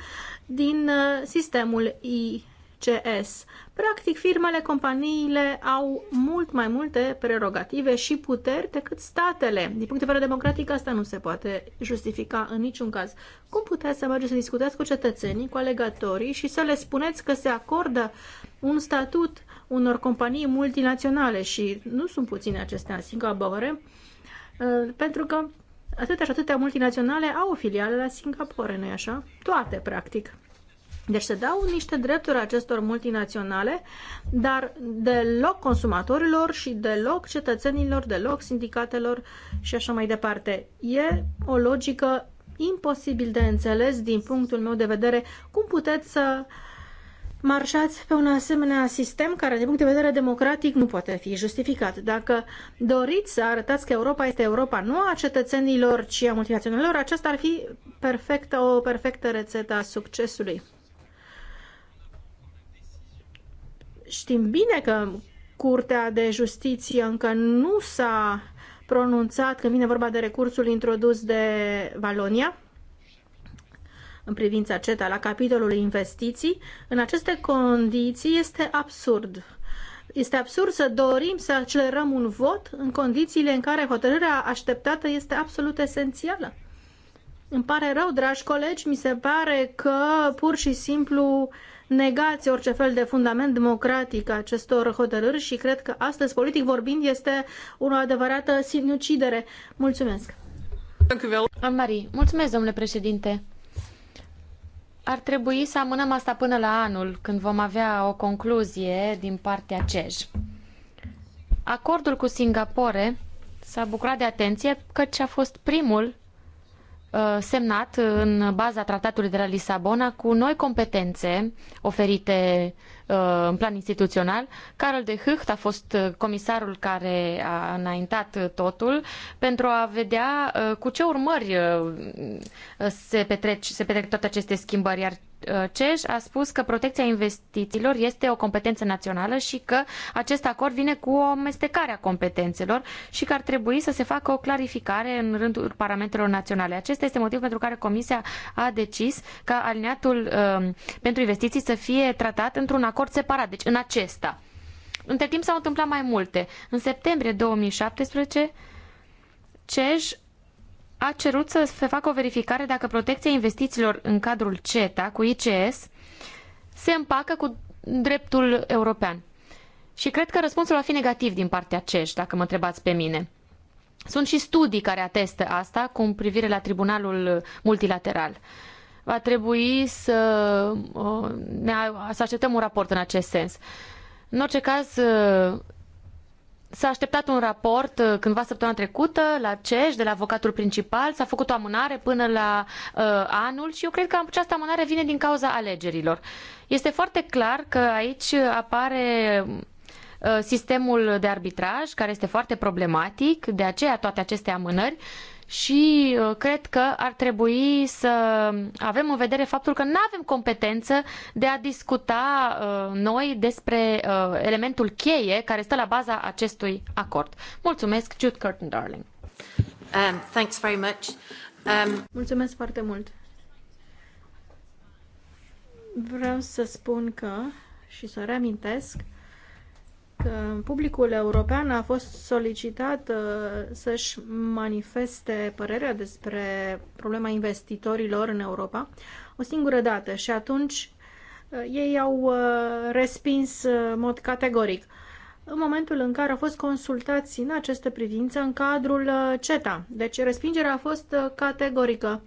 din uh, sistemul ICS. Practic, firmele, companiile au mult mai multe prerogative și puteri decât statele. Din punct de vedere democratic, asta nu se poate justifica în niciun caz. Cum puteți să mergeți să discutați cu cetățenii, cu alegatorii și să le spuneți că se acordă un statut unor companii multinaționale și nu sunt puține acestea în Singapore, uh, pentru că atâtea și atâtea multinaționale au filiale la Singapore, nu-i așa? Toate, practic. Deci se dau niște drepturi acestor multinaționale, dar deloc consumatorilor și deloc cetățenilor, deloc sindicatelor și așa mai departe. E o logică imposibil de înțeles din punctul meu de vedere cum puteți să uh, marșați pe un asemenea sistem care, din punct de vedere democratic, nu poate fi justificat. Dacă doriți să arătați că Europa este Europa nu a cetățenilor, ci a multinaționalilor. aceasta ar fi perfectă, o perfectă rețetă a succesului. Știm bine că Curtea de Justiție încă nu s-a pronunțat când vine vorba de recursul introdus de Valonia, în privința CETA la capitolul investiții, în aceste condiții este absurd. Este absurd să dorim să accelerăm un vot în condițiile în care hotărârea așteptată este absolut esențială. Îmi pare rău, dragi colegi, mi se pare că pur și simplu negați orice fel de fundament democratic acestor hotărâri și cred că astăzi, politic vorbind, este o adevărată sinucidere. Mulțumesc! Anne-Marie, mulțumesc, domnule președinte! ar trebui să amânăm asta până la anul, când vom avea o concluzie din partea CEJ. Acordul cu Singapore s-a bucurat de atenție căci a fost primul Uh, semnat în baza tratatului de la Lisabona cu noi competențe oferite uh, în plan instituțional. Carol de Hucht a fost uh, comisarul care a înaintat totul pentru a vedea cu ce urmări se petrec, se petrec toate aceste schimbări, iar Uh, Ceș a spus că protecția investițiilor este o competență națională și că acest acord vine cu o amestecare a competențelor și că ar trebui să se facă o clarificare în rândul parlamentelor naționale. Acesta este motivul pentru care Comisia a decis ca alineatul um, pentru investiții să fie tratat într-un acord separat, deci în acesta. Între timp s-au întâmplat mai multe. În septembrie 2017, CEJ a cerut să se facă o verificare dacă protecția investițiilor în cadrul CETA cu ICS se împacă cu dreptul european. Și cred că răspunsul va fi negativ din partea CEJ, dacă mă întrebați pe mine. Sunt și studii care atestă asta cu privire la tribunalul multilateral. Va trebui să, uh, ne, să așteptăm un raport în acest sens. În orice caz, uh, S-a așteptat un raport uh, cândva săptămâna trecută la CEJ, de la avocatul principal, s-a făcut o amânare până la uh, anul și eu cred că această amânare vine din cauza alegerilor. Este foarte clar că aici apare uh, sistemul de arbitraj, care este foarte problematic, de aceea toate aceste amânări și uh, cred că ar trebui să avem în vedere faptul că nu avem competență de a discuta uh, noi despre uh, elementul cheie care stă la baza acestui acord. Mulțumesc, Jude Curtin, darling. Um, thanks very much. Um... Mulțumesc foarte mult. Vreau să spun că și să reamintesc publicul european a fost solicitat uh, să-și manifeste părerea despre problema investitorilor în Europa o singură dată și atunci uh, ei au uh, respins în mod categoric în momentul în care au fost consultați în această privință în cadrul CETA. Deci respingerea a fost categorică.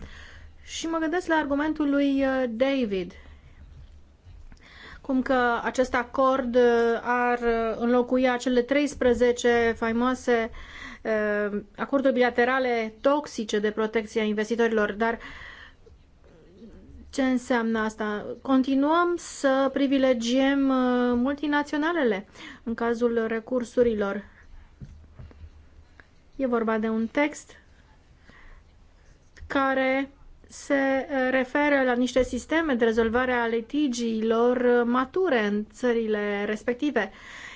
Și mă gândesc la argumentul lui David – cum că acest acord uh, ar înlocui acele 13 faimoase uh, acorduri bilaterale toxice de protecție a investitorilor, dar ce înseamnă asta? Continuăm să privilegiem uh, multinaționalele în cazul recursurilor. E vorba de un text care se eh, referă la niște sisteme de rezolvare a litigiilor eh, mature în țările respective.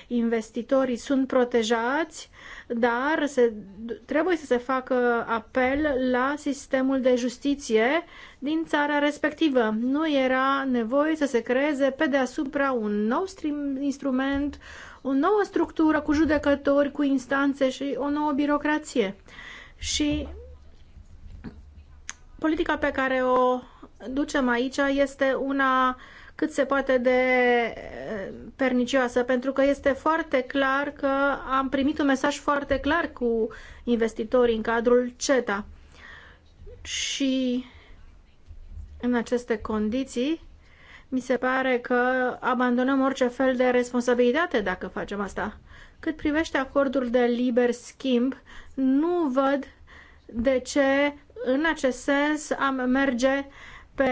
Investitorii sunt protejați, dar se, trebuie să se facă apel la sistemul de justiție din țara respectivă. Nu era nevoie să se creeze pe deasupra un nou stream, instrument, o nouă structură cu judecători, cu instanțe și o nouă birocrație. Și politica pe care o ducem aici este una cât se poate de eh, pernicioasă, pentru că este foarte clar că am primit un mesaj foarte clar cu investitorii în cadrul CETA. Și în aceste condiții, mi se pare că abandonăm orice fel de responsabilitate dacă facem asta. Cât privește acordul de liber schimb, nu văd de ce în acest sens am merge pe,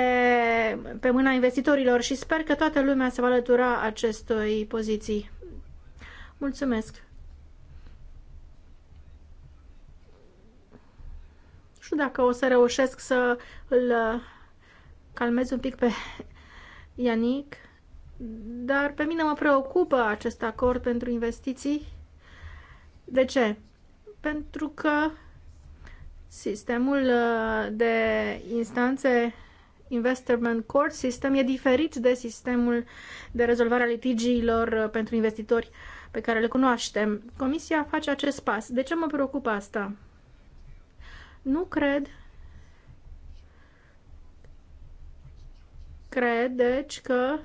pe mâna investitorilor și sper că toată lumea se va alătura acestui poziții. Mulțumesc! știu dacă o să reușesc să îl uh, calmez un pic pe Ianic, dar pe mine mă preocupă acest acord pentru investiții. De ce? Pentru că Sistemul uh, de instanțe Investment Court System e diferit de sistemul de rezolvare a litigiilor uh, pentru investitori pe care le cunoaștem. Comisia face acest pas. De ce mă preocupă asta? Nu cred. Cred, deci, că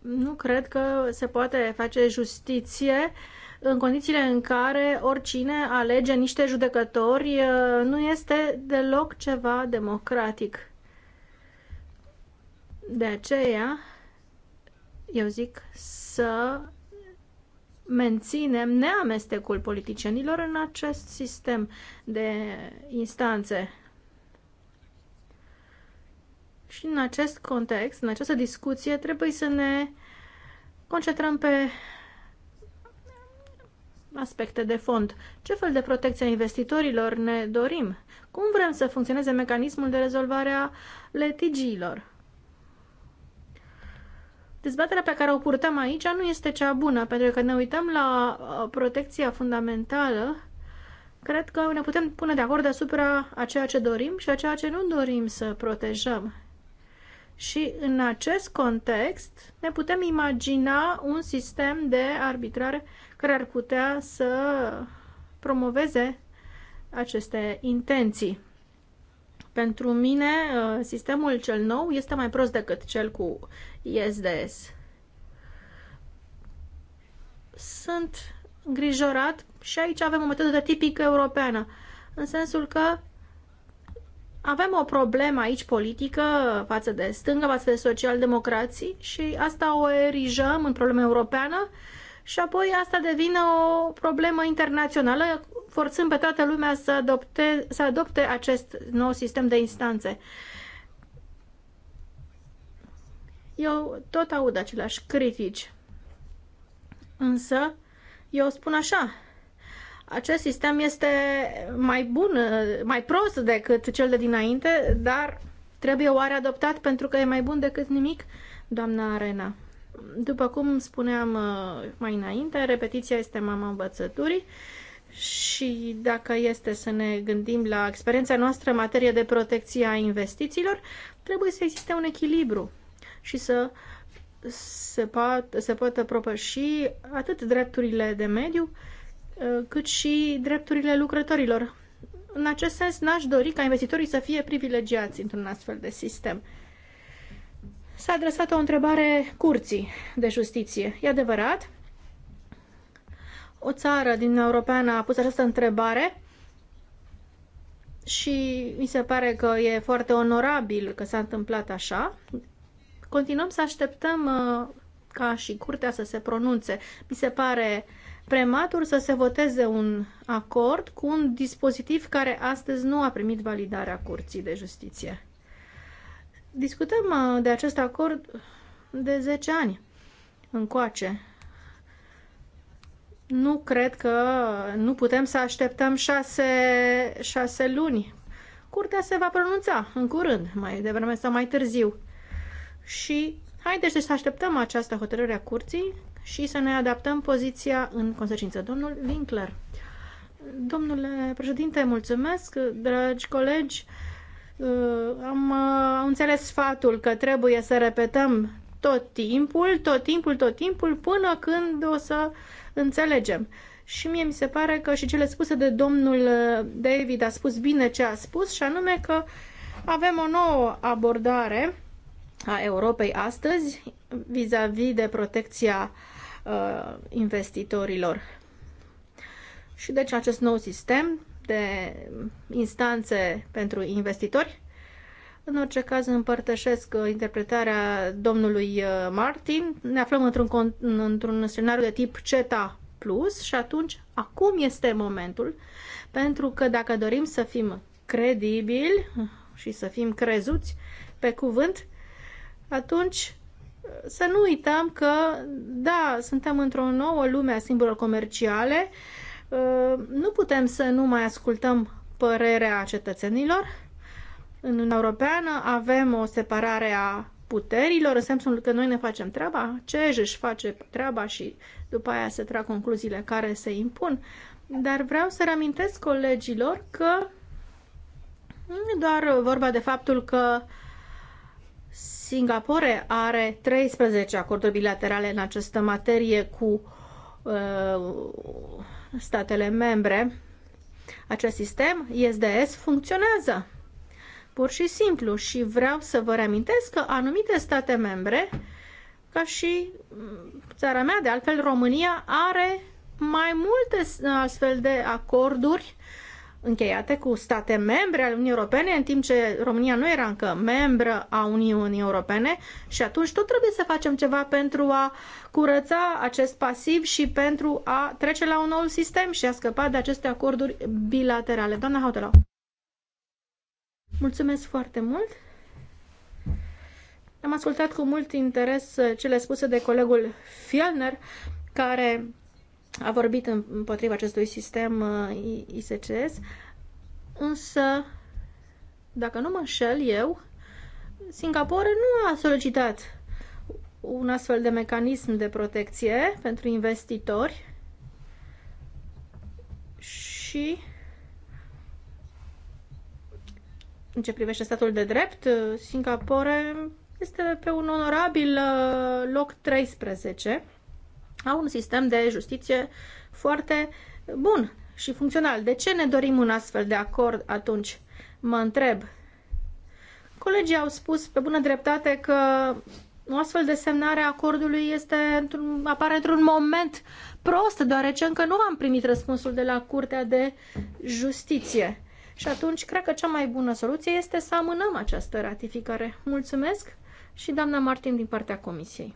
nu cred că se poate face justiție uh, în condițiile în care oricine alege niște judecători uh, nu este deloc ceva democratic. De aceea, eu zic să menținem neamestecul politicienilor în acest sistem de instanțe. Și în acest context, în această discuție, trebuie să ne concentrăm pe aspecte de fond. Ce fel de protecție a investitorilor ne dorim? Cum vrem să funcționeze mecanismul de rezolvare a litigiilor? Dezbaterea pe care o purtăm aici nu este cea bună, pentru că ne uităm la uh, protecția fundamentală, cred că ne putem pune de acord asupra a ceea ce dorim și a ceea ce nu dorim să protejăm. Și în acest context ne putem imagina un sistem de arbitrare care ar putea să promoveze aceste intenții. Pentru mine, uh, sistemul cel nou este mai prost decât cel cu ISDS. Sunt îngrijorat și aici avem o metodă tipică europeană, în sensul că avem o problemă aici politică față de stânga, față de socialdemocrații și asta o erijăm în problemă europeană și apoi asta devine o problemă internațională, forțând pe toată lumea să adopte, să adopte acest nou sistem de instanțe. Eu tot aud aceleași critici, însă eu spun așa, acest sistem este mai bun, mai prost decât cel de dinainte, dar trebuie oare adoptat pentru că e mai bun decât nimic? Doamna Arena. După cum spuneam uh, mai înainte, repetiția este mama învățăturii și dacă este să ne gândim la experiența noastră în materie de protecție a investițiilor, trebuie să existe un echilibru și să se, pot, se poată propăși atât drepturile de mediu, uh, cât și drepturile lucrătorilor. În acest sens, n-aș dori ca investitorii să fie privilegiați într-un astfel de sistem s-a adresat o întrebare curții de justiție. E adevărat? O țară din Europeană a pus această întrebare și mi se pare că e foarte onorabil că s-a întâmplat așa. Continuăm să așteptăm uh, ca și curtea să se pronunțe. Mi se pare prematur să se voteze un acord cu un dispozitiv care astăzi nu a primit validarea Curții de Justiție. Discutăm uh, de acest acord de 10 ani încoace. Nu cred că nu putem să așteptăm 6, 6 luni. Curtea se va pronunța în curând, mai devreme sau mai târziu. Și haideți deci să așteptăm această hotărâre a curții și să ne adaptăm poziția în consecință. Domnul Winkler. Domnule președinte, mulțumesc, dragi colegi. Uh, uh, am înțeles sfatul că trebuie să repetăm tot timpul, tot timpul, tot timpul, până când o să înțelegem. Și mie mi se pare că și cele spuse de domnul uh, David a spus bine ce a spus și anume că avem o nouă abordare a Europei astăzi vis-a-vis -vis de protecția uh, investitorilor. Și deci acest nou sistem de instanțe pentru investitori. În orice caz împărtășesc uh, interpretarea domnului uh, Martin. Ne aflăm într-un, într-un scenariu de tip CETA plus și atunci acum este momentul pentru că dacă dorim să fim credibili și să fim crezuți pe cuvânt, atunci uh, să nu uităm că, da, suntem într-o nouă lume a simbolurilor comerciale Uh, nu putem să nu mai ascultăm părerea cetățenilor. În Uniunea Europeană avem o separare a puterilor, în sensul că noi ne facem treaba, ce își face treaba și după aia se trag concluziile care se impun. Dar vreau să reamintesc colegilor că nu e doar vorba de faptul că Singapore are 13 acorduri bilaterale în această materie cu uh, statele membre. Acest sistem, ISDS, funcționează pur și simplu și vreau să vă reamintesc că anumite state membre, ca și mm, țara mea, de altfel România, are mai multe astfel de acorduri încheiate cu state membre ale Uniunii Europene, în timp ce România nu era încă membră a Uniunii Europene și atunci tot trebuie să facem ceva pentru a curăța acest pasiv și pentru a trece la un nou sistem și a scăpa de aceste acorduri bilaterale. Doamna Hautelau. Mulțumesc foarte mult! Am ascultat cu mult interes cele spuse de colegul Fielner, care a vorbit împotriva acestui sistem uh, ISCS, însă, dacă nu mă înșel eu, Singapore nu a solicitat un astfel de mecanism de protecție pentru investitori și în ce privește statul de drept, Singapore este pe un onorabil uh, loc 13 au un sistem de justiție foarte bun și funcțional. De ce ne dorim un astfel de acord atunci? Mă întreb. Colegii au spus pe bună dreptate că o astfel de semnare a acordului este într apare într-un moment prost, deoarece încă nu am primit răspunsul de la Curtea de Justiție. Și atunci, cred că cea mai bună soluție este să amânăm această ratificare. Mulțumesc și doamna Martin din partea Comisiei.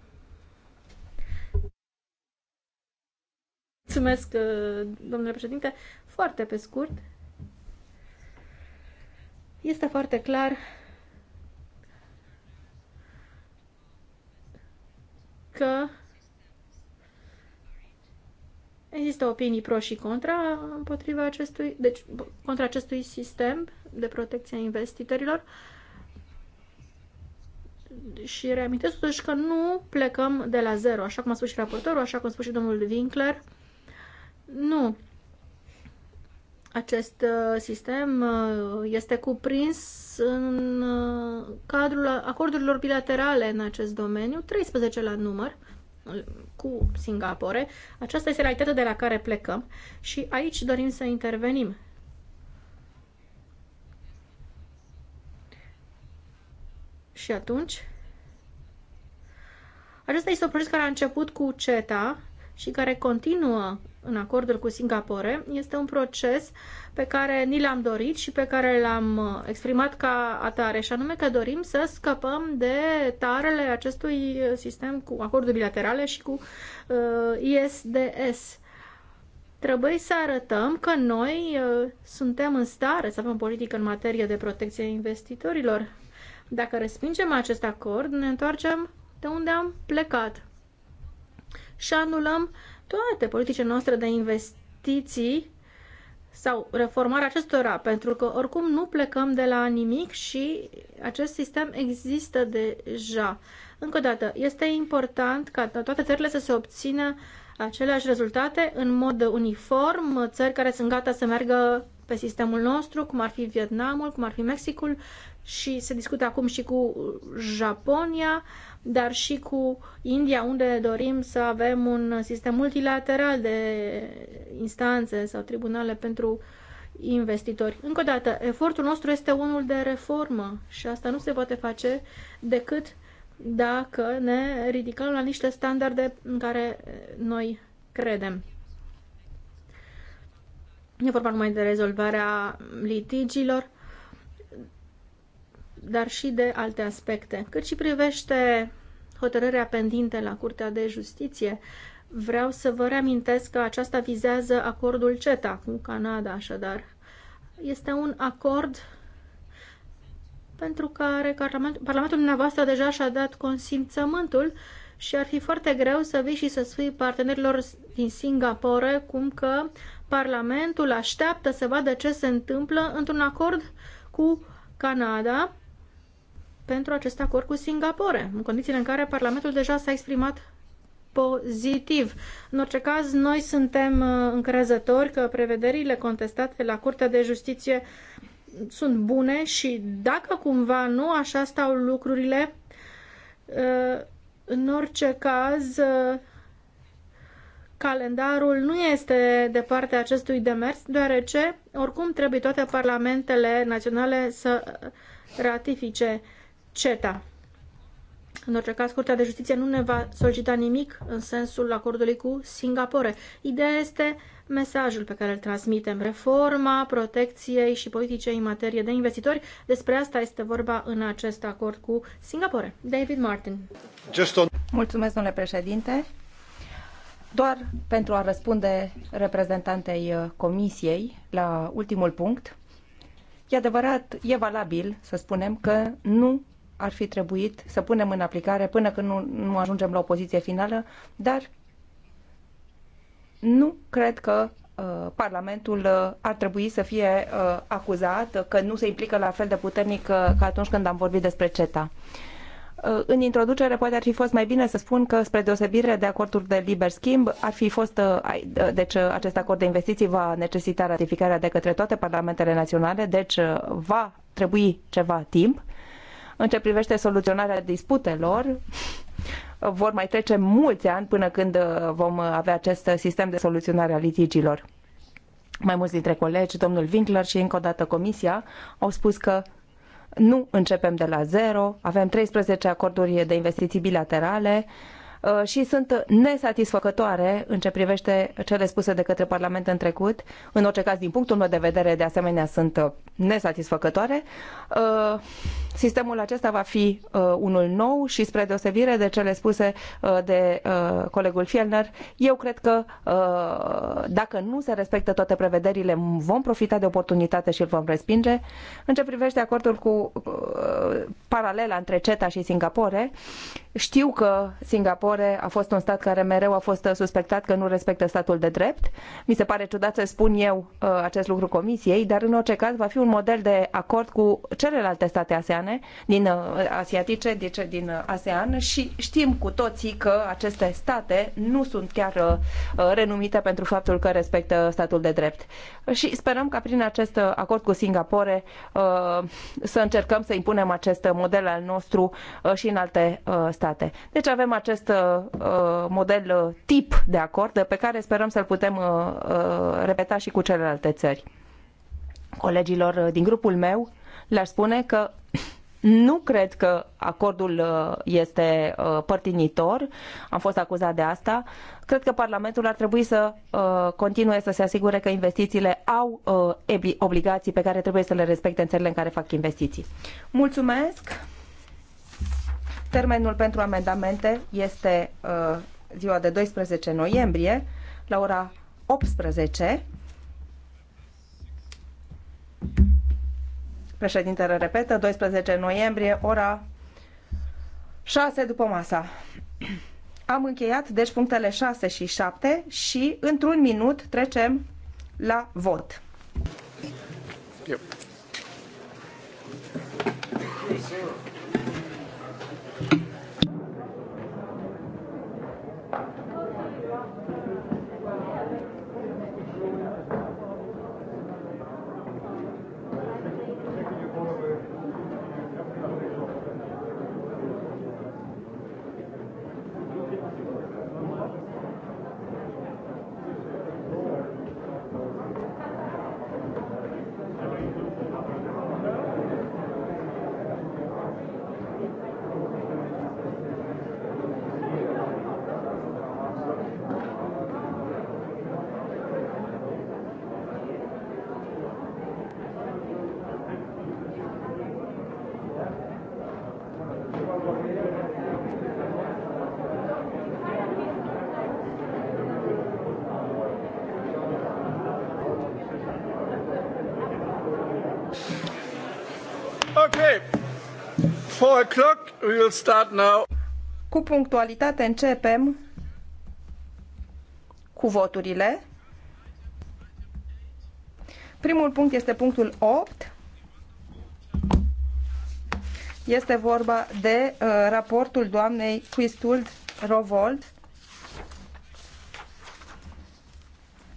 Mulțumesc, uh, domnule președinte. Foarte pe scurt, este foarte clar că există opinii pro și contra împotriva acestui, deci contra acestui sistem de protecție a investitorilor și reamintesc totuși că nu plecăm de la zero, așa cum a spus și raportorul, așa cum a spus și domnul Winkler, nu. Acest uh, sistem uh, este cuprins în uh, cadrul acordurilor bilaterale în acest domeniu, 13 la număr, cu Singapore. Aceasta este realitatea de la care plecăm și aici dorim să intervenim. Și atunci, acesta este un proces care a început cu CETA, și care continuă în acordul cu Singapore este un proces pe care ni l-am dorit și pe care l-am uh, exprimat ca atare, și anume că dorim să scăpăm de tarele acestui sistem cu acorduri bilaterale și cu uh, ISDS. Trebuie să arătăm că noi uh, suntem în stare să avem politică în materie de protecție investitorilor. Dacă respingem acest acord, ne întoarcem de unde am plecat și anulăm toate politicile noastre de investiții sau reformarea acestora, pentru că oricum nu plecăm de la nimic și acest sistem există deja. Încă o dată, este important ca toate țările să se obțină aceleași rezultate în mod uniform, țări care sunt gata să meargă pe sistemul nostru, cum ar fi Vietnamul, cum ar fi Mexicul și se discută acum și cu Japonia dar și cu India, unde dorim să avem un sistem multilateral de instanțe sau tribunale pentru investitori. Încă o dată, efortul nostru este unul de reformă și asta nu se poate face decât dacă ne ridicăm la niște standarde în care noi credem. E vorba numai de rezolvarea litigilor, dar și de alte aspecte. Cât și privește hotărârea pendinte la Curtea de Justiție. Vreau să vă reamintesc că aceasta vizează acordul CETA cu Canada, așadar. Este un acord pentru care Parlamentul, dumneavoastră deja și-a dat consimțământul și ar fi foarte greu să vii și să spui partenerilor din Singapore cum că Parlamentul așteaptă să vadă ce se întâmplă într-un acord cu Canada pentru acest acord cu Singapore, în condițiile în care Parlamentul deja s-a exprimat pozitiv. În orice caz, noi suntem uh, încrezători că prevederile contestate la Curtea de Justiție sunt bune și dacă cumva nu așa stau lucrurile, uh, în orice caz, uh, calendarul nu este de partea acestui demers, deoarece oricum trebuie toate parlamentele naționale să ratifice CETA. În orice caz, Curtea de Justiție nu ne va solicita nimic în sensul acordului cu Singapore. Ideea este mesajul pe care îl transmitem, reforma protecției și politicei în materie de investitori. Despre asta este vorba în acest acord cu Singapore. David Martin. Just on... Mulțumesc, domnule președinte. Doar pentru a răspunde reprezentantei uh, Comisiei la ultimul punct, e adevărat, e valabil să spunem că nu ar fi trebuit să punem în aplicare până când nu, nu ajungem la o poziție finală, dar nu cred că uh, Parlamentul uh, ar trebui să fie uh, acuzat că nu se implică la fel de puternic ca atunci când am vorbit despre CETA. În introducere poate ar fi fost mai bine să spun că spre deosebire de acordul de liber schimb ar fi fost deci acest acord de investiții va necesita ratificarea de către toate parlamentele naționale, deci va trebui ceva timp. În ce privește soluționarea disputelor, vor mai trece mulți ani până când uh, vom avea acest sistem de soluționare a litigilor. Mai mulți dintre colegi, domnul Winkler și încă o dată comisia, au spus că nu începem de la zero, avem 13 acorduri de investiții bilaterale, uh, și sunt nesatisfăcătoare în ce privește cele spuse de către Parlament în trecut. În orice caz, din punctul meu de vedere, de asemenea, sunt uh, nesatisfăcătoare. Sistemul acesta va fi uh, unul nou și spre deosebire de cele spuse uh, de uh, colegul Fielner, eu cred că dacă nu se respectă toate prevederile, vom profita de oportunitate și îl vom respinge. În ce privește acordul cu paralela între CETA și Singapore, știu că Singapore a fost un stat care mereu a fost suspectat că nu respectă statul de drept. Mi se pare ciudat să spun eu acest lucru comisiei, dar în orice caz va fi un model de acord cu celelalte state ASEAN americane, din uh, asiatice, deci din uh, ASEAN și știm cu toții că aceste state nu sunt chiar uh, renumite pentru faptul că respectă statul de drept. Și sperăm ca prin acest acord cu Singapore să încercăm să impunem acest model al nostru și în alte state. Deci avem acest model tip de acord pe care sperăm să-l putem repeta și cu celelalte țări. Colegilor din grupul meu le-aș spune că nu cred că acordul uh, este uh, părtinitor, am fost acuzat de asta. Cred că Parlamentul ar trebui să uh, continue să se asigure că investițiile au obligații pe care trebuie să le respecte în țările în care fac investiții. Mulțumesc! Termenul pentru amendamente este ziua de 12 noiembrie la ora 18. Președintele repetă, 12 noiembrie, ora 6 după masa. Am încheiat, deci, punctele 6 și 7 și, într-un minut, trecem la vot. Yep. Yes, sir. o'clock, we will start now. Cu punctualitate începem cu voturile. Primul punct este punctul 8. Este vorba de uh, raportul doamnei Quistuld Rovold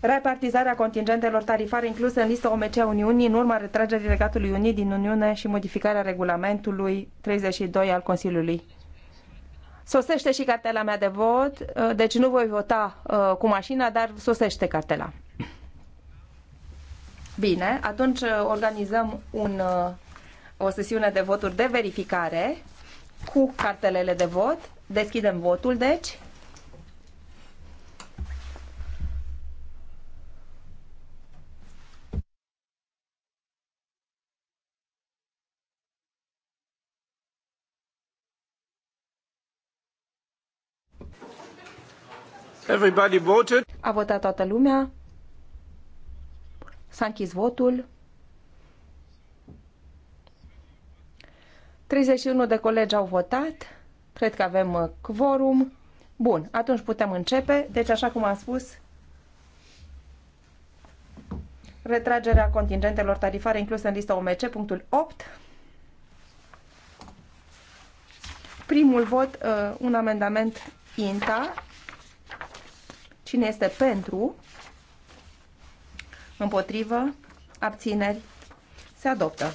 repartizarea contingentelor tarifare incluse în lista OMC a Uniunii în urma retragerii Regatului Unit din Uniune și modificarea regulamentului 32 al Consiliului. Sosește și cartela mea de vot, uh, deci nu voi vota uh, cu mașina, dar sosește cartela. Bine, atunci uh, organizăm un, o sesiune de voturi de verificare cu cartelele de vot. Deschidem votul, deci. Everybody voted. A votat toată lumea. S-a închis votul. 31 de colegi au votat. Cred că avem uh, quorum. Bun, atunci putem începe. Deci, așa cum am spus, retragerea contingentelor tarifare incluse în lista OMC, punctul 8. Primul vot, uh, un amendament INTA Cine este pentru? Împotrivă? Abțineri? Se adoptă.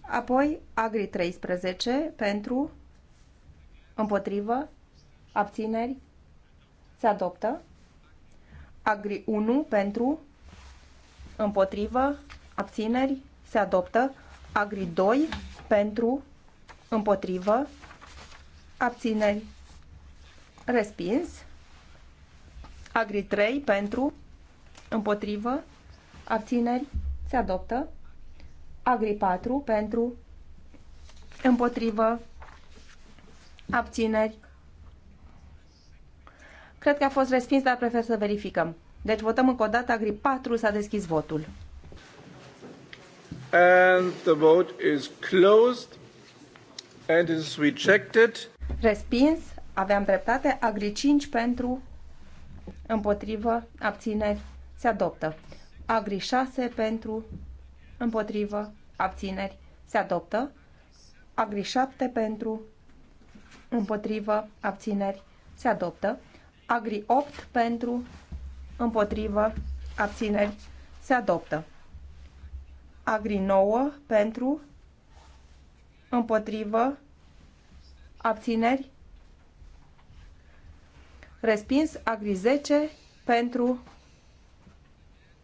Apoi, Agri 13, pentru, împotrivă, abțineri, se adoptă. Agri 1, pentru, împotrivă, abțineri, se adoptă. Agri 2, pentru, împotrivă, abțineri, Respins. Agri 3 pentru, împotrivă, abțineri, se adoptă. Agri 4 pentru, împotrivă, abțineri. Cred că a fost respins, dar prefer să verificăm. Deci votăm încă o dată Agri 4, s-a deschis votul. And the vote is closed and is rejected. Respins aveam dreptate, agri 5 pentru, împotrivă, abțineri, se adoptă. Agri 6 pentru, împotrivă, abțineri, se adoptă. Agri 7 pentru, împotrivă, abțineri, se adoptă. Agri 8 pentru, împotrivă, abțineri, se adoptă. Agri 9 pentru, împotrivă, abțineri, respins, agri 10 pentru,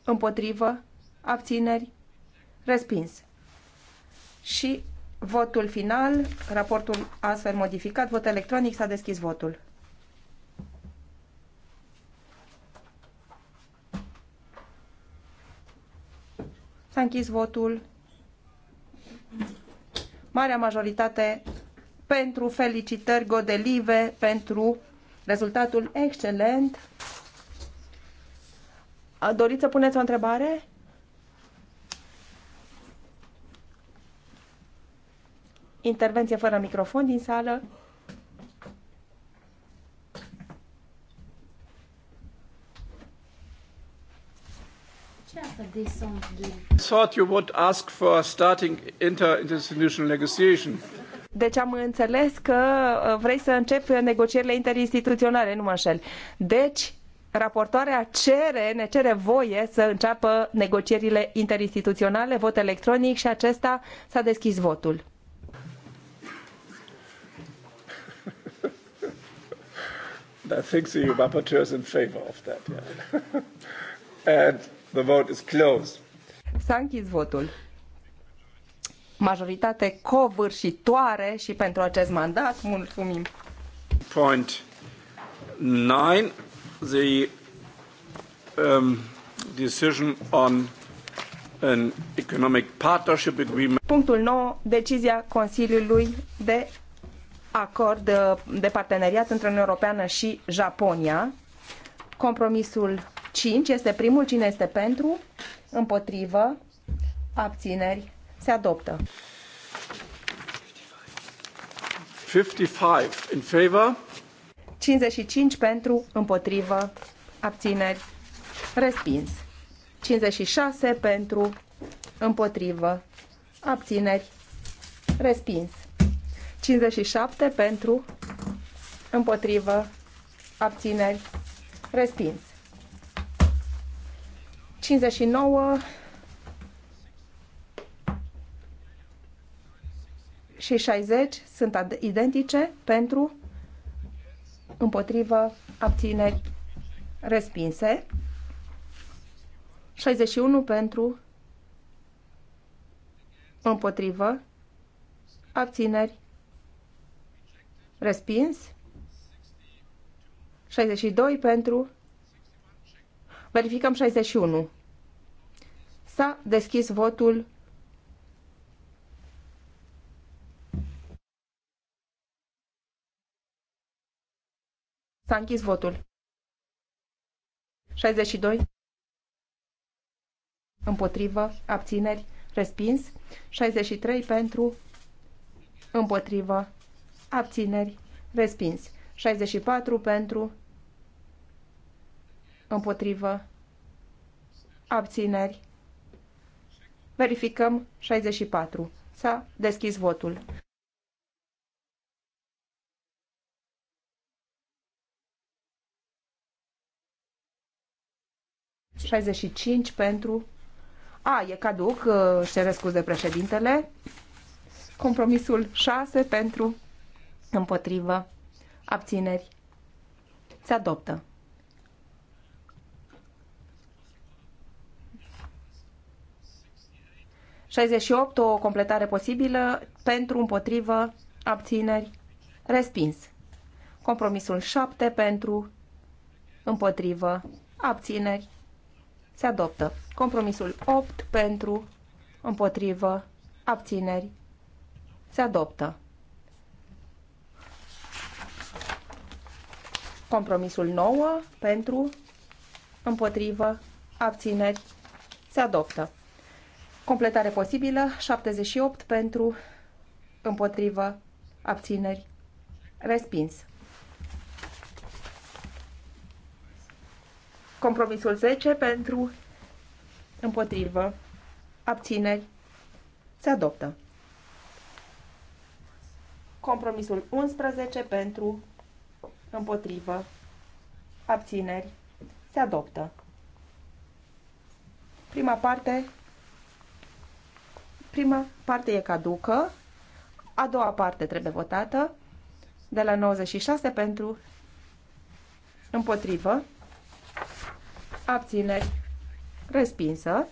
împotrivă, abțineri, respins. Și votul final, raportul astfel modificat, vot electronic, s-a deschis votul. S-a închis votul. Marea majoritate pentru felicitări Godelive pentru rezultatul excelent. Doriți să puneți o întrebare? Intervenție fără microfon din sală. thought you would ask for starting inter-institutional negotiation. Deci am înțeles că uh, vrei să începi negocierile interinstituționale, nu mă înșel. Deci, raportoarea cere, ne cere voie să înceapă negocierile interinstituționale, vot electronic și acesta s-a deschis votul. I think the rapporteur is in favor of that. Yeah. And the vote is closed. Thank you, votul majoritate covârșitoare și pentru acest mandat. Mulțumim! Point 9. The um, decision on an economic partnership agreement. Punctul 9. Decizia Consiliului de acord uh, de parteneriat între Uniunea Europeană și Japonia. Compromisul 5 este primul. Cine este pentru? Împotrivă? Abțineri? Se adoptă. 55 in favor. 55 pentru, împotrivă, abțineri, respins. 56 pentru, împotrivă, abțineri, respins. 57 pentru, împotrivă, abțineri, respins. 59 și 60 sunt identice pentru împotrivă abțineri respinse. 61 pentru împotrivă abțineri respins. 62 pentru verificăm 61. S-a deschis votul S-a închis votul. 62. Împotrivă. Abțineri. Respins. 63 pentru. Împotrivă. Abțineri. Respins. 64 pentru. Împotrivă. Abțineri. Verificăm 64. S-a deschis votul. 65 pentru... A, e caduc, uh, își cere scuze președintele. Compromisul 6 pentru împotrivă abțineri se adoptă. Șaizeci opt, o completare posibilă pentru împotrivă abțineri respins. Compromisul 7 pentru împotrivă abțineri se adoptă. Compromisul 8 pentru, împotrivă, abțineri, se adoptă. Compromisul 9 pentru, împotrivă, abțineri, se adoptă. Completare posibilă, 78 pentru, împotrivă, abțineri, respins. Compromisul 10 pentru împotrivă abțineri se adoptă. Compromisul 11 pentru împotrivă abțineri se adoptă. Prima parte prima parte e caducă, a doua parte trebuie votată de la 96 pentru împotrivă abțineri, respinsă.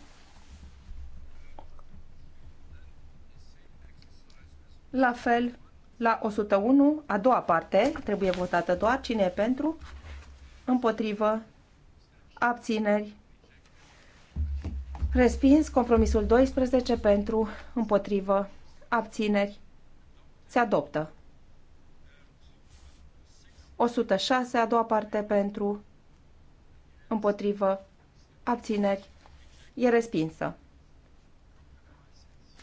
La fel, la 101, a doua parte, trebuie votată doar cine e pentru, împotrivă, abțineri, respins, compromisul 12 pentru, împotrivă, abțineri, se adoptă. 106, a doua parte pentru, împotrivă, abțineri, e respinsă.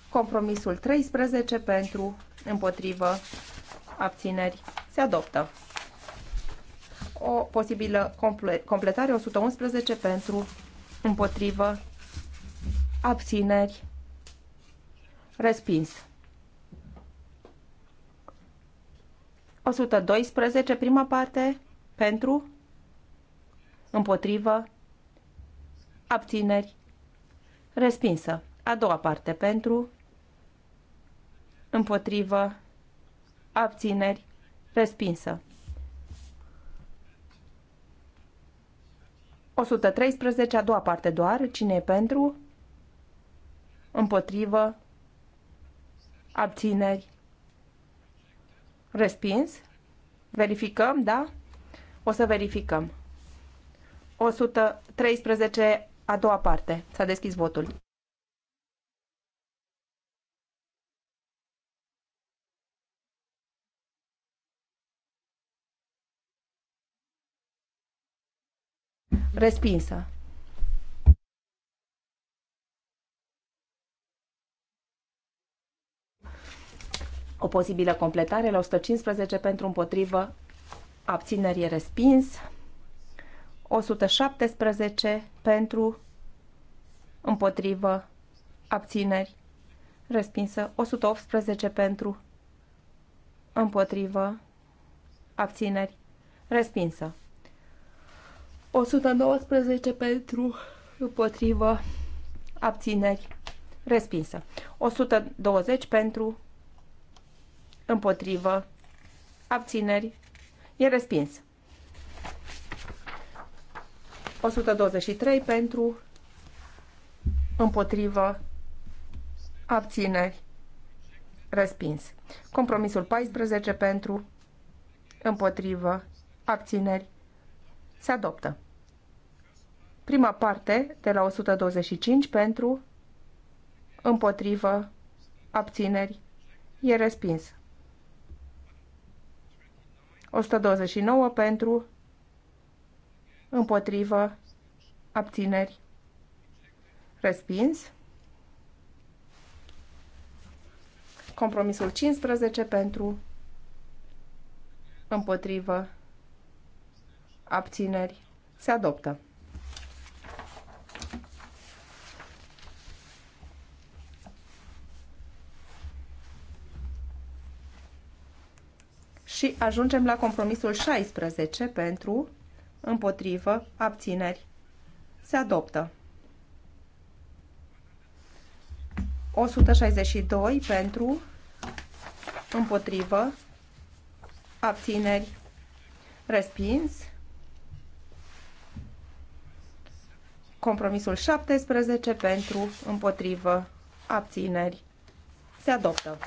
Compromisul 13 pentru, împotrivă, abțineri, se adoptă. O posibilă comple completare 111 pentru, împotrivă, abțineri, respins. 112, prima parte, pentru, Împotrivă. Abțineri. Respinsă. A doua parte pentru. Împotrivă. Abțineri. Respinsă. 113, a doua parte doar. Cine e pentru? Împotrivă. Abțineri. Respins. Verificăm, da? O să verificăm. 113, a doua parte. S-a deschis votul. Respinsă. O posibilă completare la 115 pentru împotrivă. Abțineri respins. 117 pentru, împotrivă, abțineri, respinsă. 118 pentru, împotrivă, abțineri, respinsă. 119 pentru, împotrivă, abțineri, respinsă. 120 pentru, împotrivă, abțineri, e respinsă 123 pentru, împotrivă, abțineri, respins. Compromisul 14 pentru, împotrivă, abțineri, se adoptă. Prima parte de la 125 pentru, împotrivă, abțineri, e respins. 129 pentru, împotrivă, abțineri, respins. Compromisul 15 pentru, împotrivă, abțineri, se adoptă. Și ajungem la compromisul 16 pentru împotrivă, abțineri, se adoptă. 162 pentru, împotrivă, abțineri, respins. Compromisul 17 pentru, împotrivă, abțineri, se adoptă.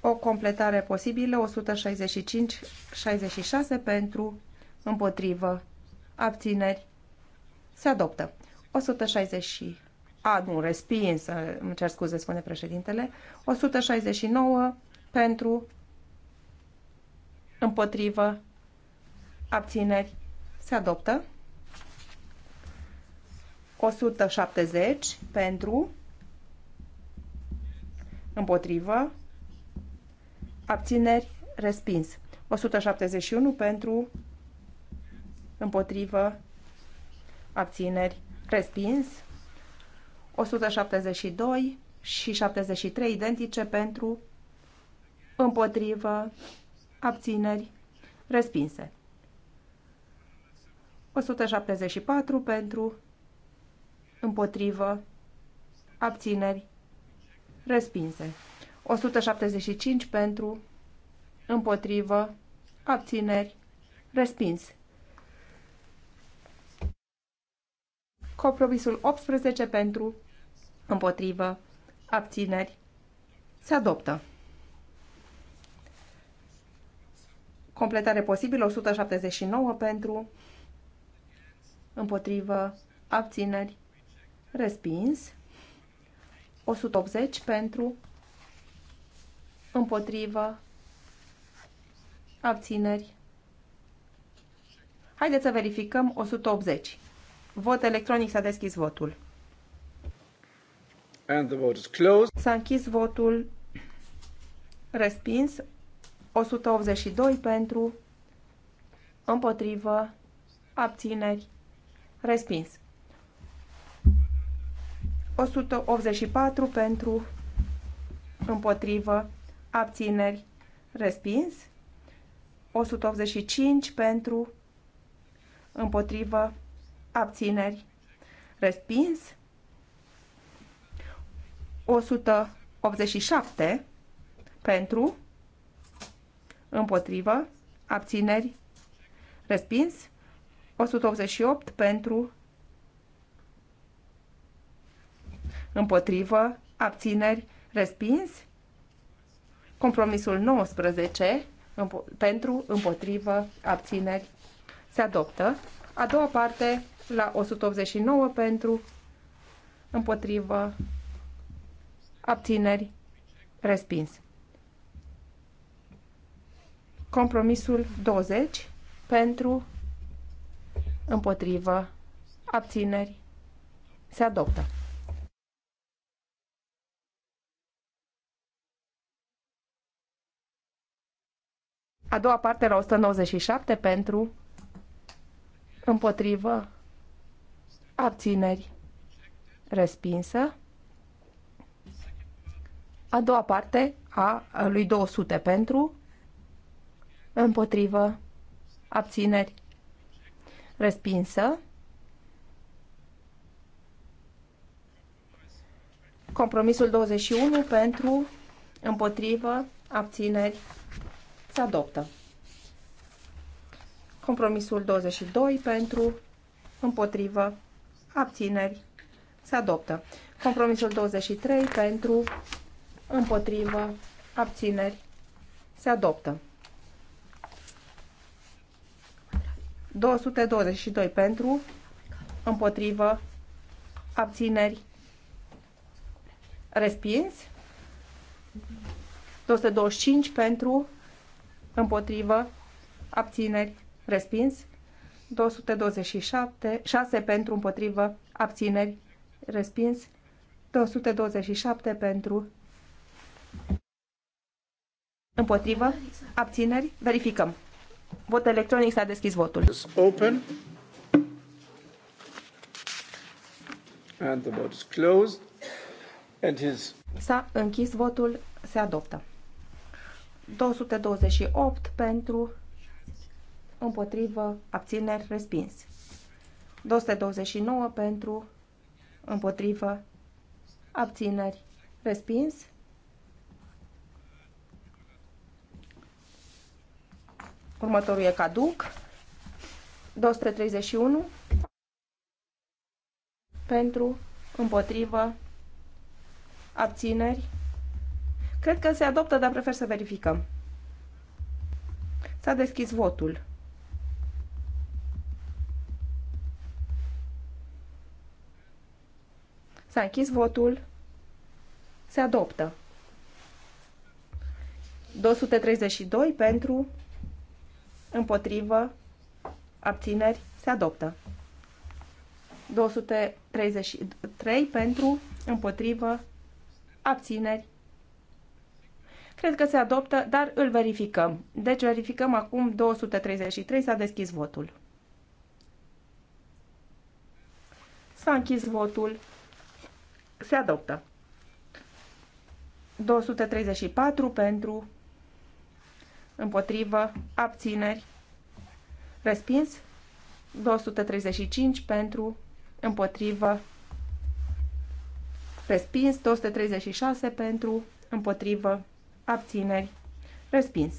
O completare posibilă, 165-66 pentru, împotrivă, abțineri, se adoptă. 160. A, nu, respins, îmi cer scuze, spune președintele. 169 pentru, împotrivă, abțineri, se adoptă. 170 pentru, împotrivă, abțineri, respins. 171 pentru, împotrivă, abțineri, respins. 172 și 73 identice pentru, împotrivă, abțineri, respinse. 174 pentru, împotrivă, abțineri, respinse. 175 pentru, împotrivă, abțineri, respins. Compromisul 18 pentru, împotrivă, abțineri, se adoptă. Completare posibilă 179 pentru, împotrivă, abțineri, respins. 180 pentru, împotrivă, abțineri. Haideți să verificăm 180. Vot electronic s-a deschis votul. S-a închis votul. Respins. 182 pentru. Împotrivă. Abțineri. Respins. 184 pentru. Împotrivă. Abțineri. Respins. 185 pentru. Împotrivă abțineri, respins. 187 pentru, împotrivă, abțineri, respins. 188 pentru, împotrivă, abțineri, respins. Compromisul 19 pentru, împotrivă, abțineri, se adoptă. A doua parte la 189 pentru, împotrivă, abțineri, respins. Compromisul 20 pentru, împotrivă, abțineri, se adoptă. A doua parte la 197 pentru, împotrivă, abțineri, respinsă. A doua parte a lui 200 pentru, împotrivă, abțineri, respinsă. Compromisul 21 pentru, împotrivă, abțineri, se adoptă. Compromisul 22 pentru, împotrivă, abțineri, se adoptă. Compromisul 23 pentru, împotrivă, abțineri, se adoptă. 222 pentru, împotrivă, abțineri, respins. 225 pentru, împotrivă, abțineri, respins. 227, 6 pentru împotrivă, abțineri, respins, 227 pentru împotrivă, abțineri, verificăm. Vot electronic s-a deschis votul. Open. And the vote is closed. And his... S-a închis votul, se adoptă. 228 pentru împotrivă, abțineri, respins. 229 pentru, împotrivă, abțineri, respins. Următorul e caduc. 231 pentru, împotrivă, abțineri. Cred că se adoptă, dar prefer să verificăm. S-a deschis votul. S-a închis votul. Se adoptă. 232 pentru, împotrivă, abțineri, se adoptă. 233 pentru, împotrivă, abțineri. Cred că se adoptă, dar îl verificăm. Deci verificăm acum 233, s-a deschis votul. S-a închis votul. Se adoptă. 234 pentru, împotrivă, abțineri, respins. 235 pentru, împotrivă, respins. 236 pentru, împotrivă, abțineri, respins.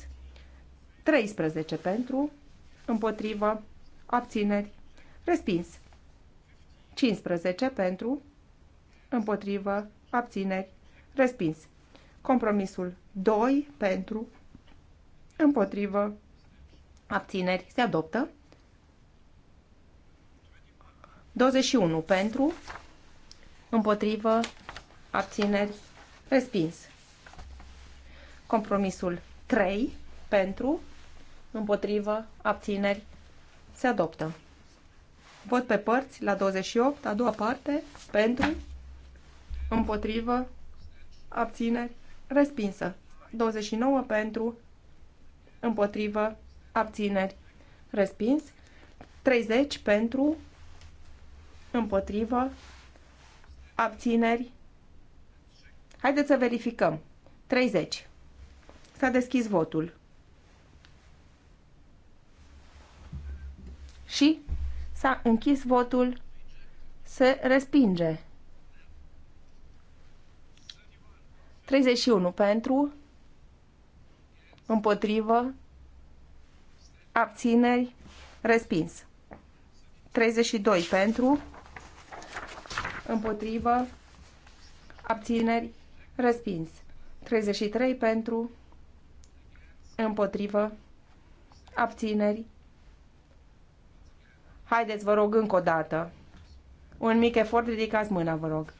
13 pentru, împotrivă, abțineri, respins. 15 pentru, împotrivă, abțineri, respins. Compromisul 2 pentru, împotrivă, abțineri, se adoptă. 21 pentru, împotrivă, abțineri, respins. Compromisul 3 pentru, împotrivă, abțineri, se adoptă. Vot pe părți la 28, a doua parte, pentru, împotrivă, abțineri, respinsă. 29 pentru, împotrivă, abțineri, respins. 30 pentru, împotrivă, abțineri. Haideți să verificăm. 30. S-a deschis votul. Și s-a închis votul. Se respinge. 31 pentru, împotrivă, abțineri, respins. 32 pentru, împotrivă, abțineri, respins. 33 pentru, împotrivă, abțineri. Haideți, vă rog, încă o dată. Un mic efort, ridicați mâna, vă rog.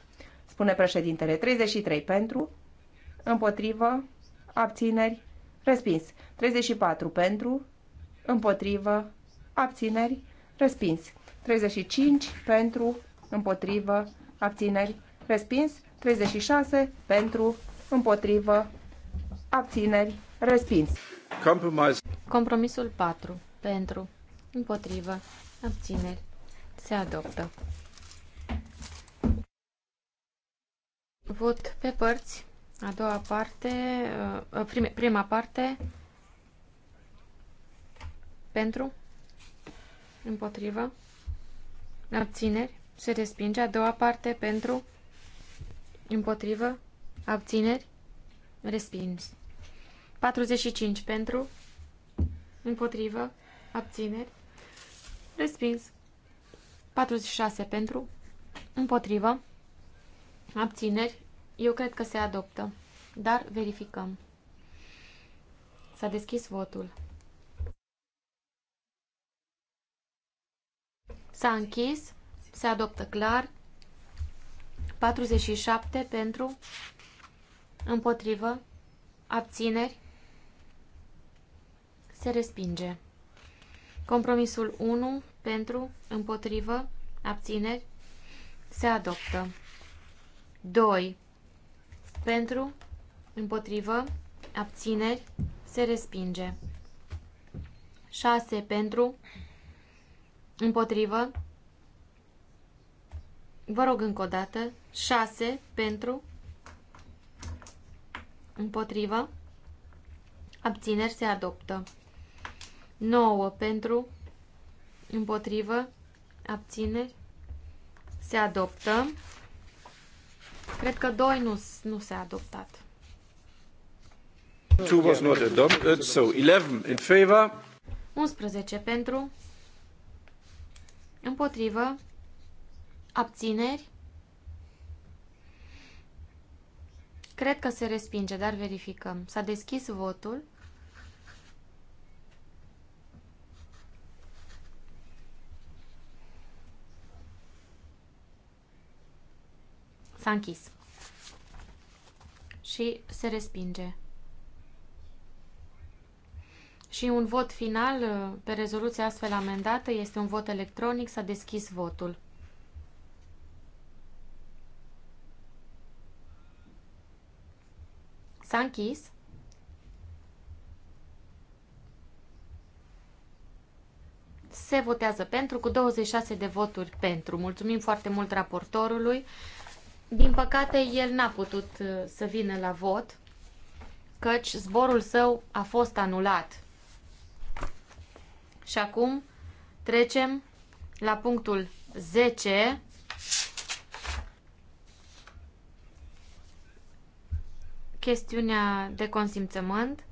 Spune președintele. 33 pentru, împotrivă, abțineri, respins. 34 pentru, împotrivă, abțineri, respins. 35 pentru, împotrivă, abțineri, respins. 36 pentru, împotrivă, abțineri, respins. Compromise. Compromisul 4 pentru, împotrivă, abțineri, se adoptă. Vot pe părți. A doua parte, uh, uh, prime, prima parte, pentru, împotrivă, abțineri, se respinge. A doua parte, pentru, împotrivă, abțineri, respins. 45 pentru, împotrivă, abțineri, respins. 46 pentru, împotrivă, abțineri, eu cred că se adoptă, dar verificăm. S-a deschis votul. S-a închis, se adoptă clar. 47 pentru, împotrivă, abțineri, se respinge. Compromisul 1 pentru, împotrivă, abțineri, se adoptă. 2 pentru, împotrivă, abțineri, se respinge. 6 pentru, împotrivă, vă rog încă o dată, 6 pentru, împotrivă, abțineri se adoptă. 9 pentru, împotrivă, abțineri se adoptă. Cred că doi nu, nu s-a adoptat. was not adopted, so 11 in favor. 11 pentru, împotrivă, abțineri. Cred că se respinge, dar verificăm. S-a deschis votul. S-a închis. Și se respinge. Și un vot final uh, pe rezoluția astfel amendată este un vot electronic. S-a deschis votul. S-a închis. Se votează pentru cu 26 de voturi pentru. Mulțumim foarte mult raportorului. Din păcate, el n-a putut uh, să vină la vot, căci zborul său a fost anulat. Și acum trecem la punctul 10. Chestiunea de consimțământ.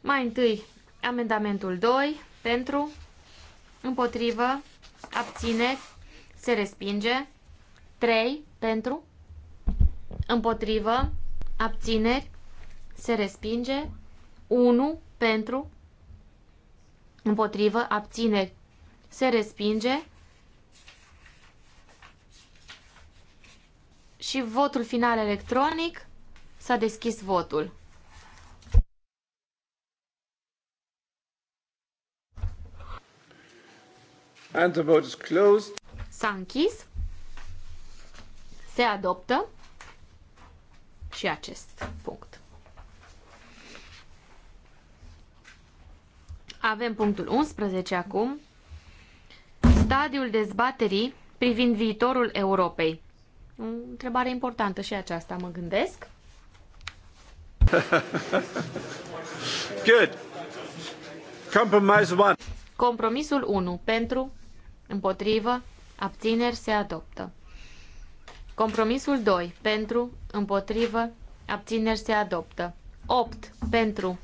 Mai întâi, amendamentul 2 pentru, împotrivă, abține, se respinge. 3 pentru, împotrivă, abțineri, se respinge, 1 pentru, împotrivă, abțineri, se respinge și votul final electronic s-a deschis votul. And the vote is closed. S-a închis. Se adoptă și acest punct. Avem punctul 11 acum. Stadiul dezbaterii privind viitorul Europei. O întrebare importantă și aceasta, mă gândesc. Good. Compromise one. Compromisul 1 pentru, împotrivă, abțineri se adoptă. Compromisul 2. Pentru, împotrivă, abțineri se adoptă. 8. Pentru,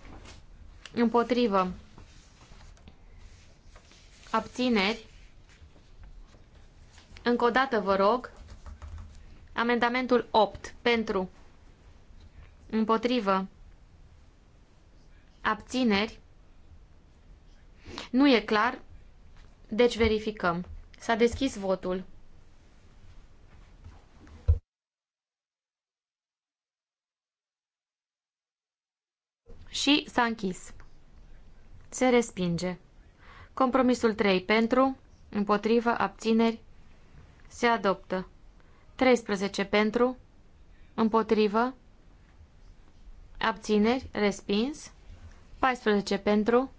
împotrivă, abțineri. Încă o dată vă rog, amendamentul 8. Pentru, împotrivă, abțineri. Nu e clar, deci verificăm. S-a deschis votul. și s-a închis. Se respinge. Compromisul 3 pentru, împotrivă, abțineri, se adoptă. 13 pentru, împotrivă, abțineri, respins. 14 pentru,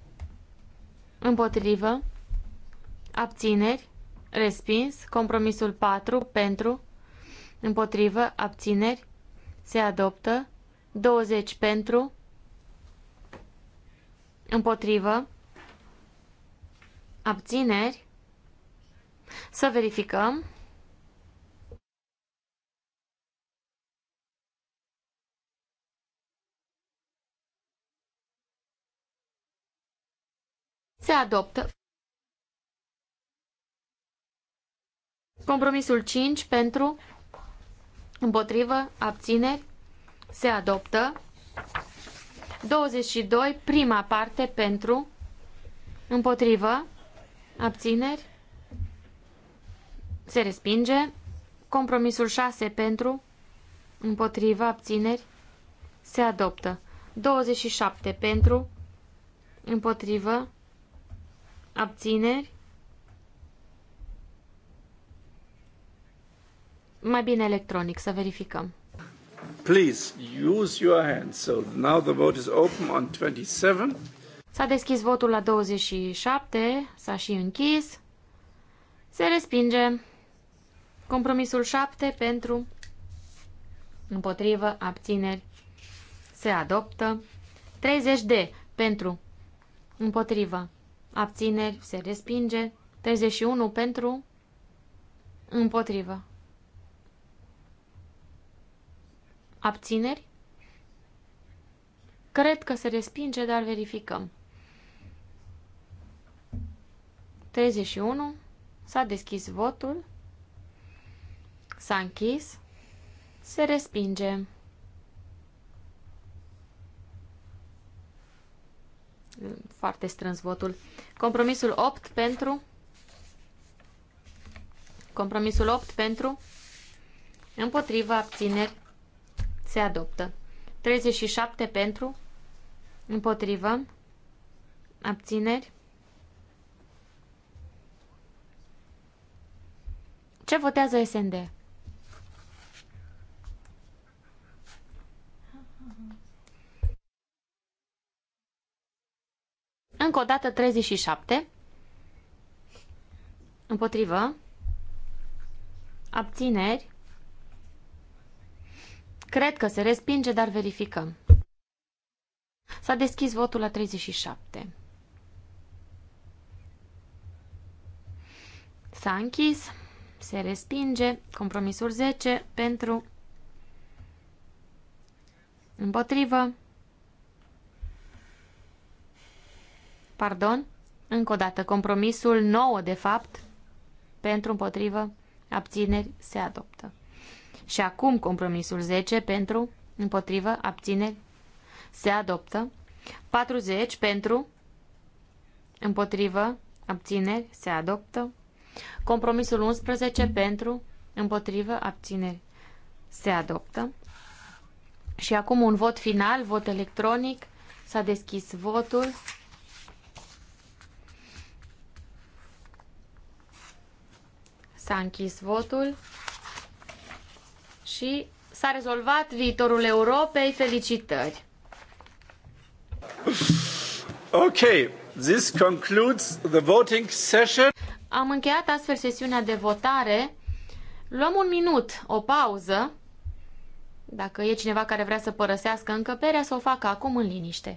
împotrivă, abțineri, respins. Compromisul 4 pentru, împotrivă, abțineri, se adoptă. 20 pentru, Împotrivă. Abțineri. Să verificăm. Se adoptă. Compromisul 5 pentru, împotrivă, abțineri, se adoptă. 22, prima parte, pentru, împotrivă, abțineri, se respinge. Compromisul 6, pentru, împotrivă, abțineri, se adoptă. 27, pentru, împotrivă, abțineri, mai bine electronic, să verificăm. Please use your hands. So now the vote is open on 27. S-a deschis votul la 27, s-a și închis. Se respinge. Compromisul 7 pentru împotrivă abțineri se adoptă. 30 de pentru împotrivă abțineri se respinge. 31 pentru împotrivă Abțineri? Cred că se respinge, dar verificăm. 31. S-a deschis votul. S-a închis. Se respinge. Foarte strâns votul. Compromisul 8 pentru. Compromisul 8 pentru. Împotriva abțineri se adoptă. 37 pentru, împotrivă, abțineri. Ce votează SND? Încă o dată 37. Împotrivă. Abțineri. Cred că se respinge, dar verificăm. S-a deschis votul la 37. S-a închis, se respinge, compromisul 10 pentru împotrivă. Pardon, încă o dată, compromisul 9 de fapt pentru împotrivă, abțineri, se adoptă. Și acum compromisul 10 pentru, împotrivă, abțineri, se adoptă. 40 pentru, împotrivă, abțineri, se adoptă. Compromisul 11 pentru, împotrivă, abțineri, se adoptă. Și acum un vot final, vot electronic. S-a deschis votul. S-a închis votul și s-a rezolvat viitorul Europei. Felicitări! Ok, this concludes the voting session. Am încheiat astfel sesiunea de votare. Luăm un minut, o pauză. Dacă e cineva care vrea să părăsească încăperea, să o facă acum în liniște.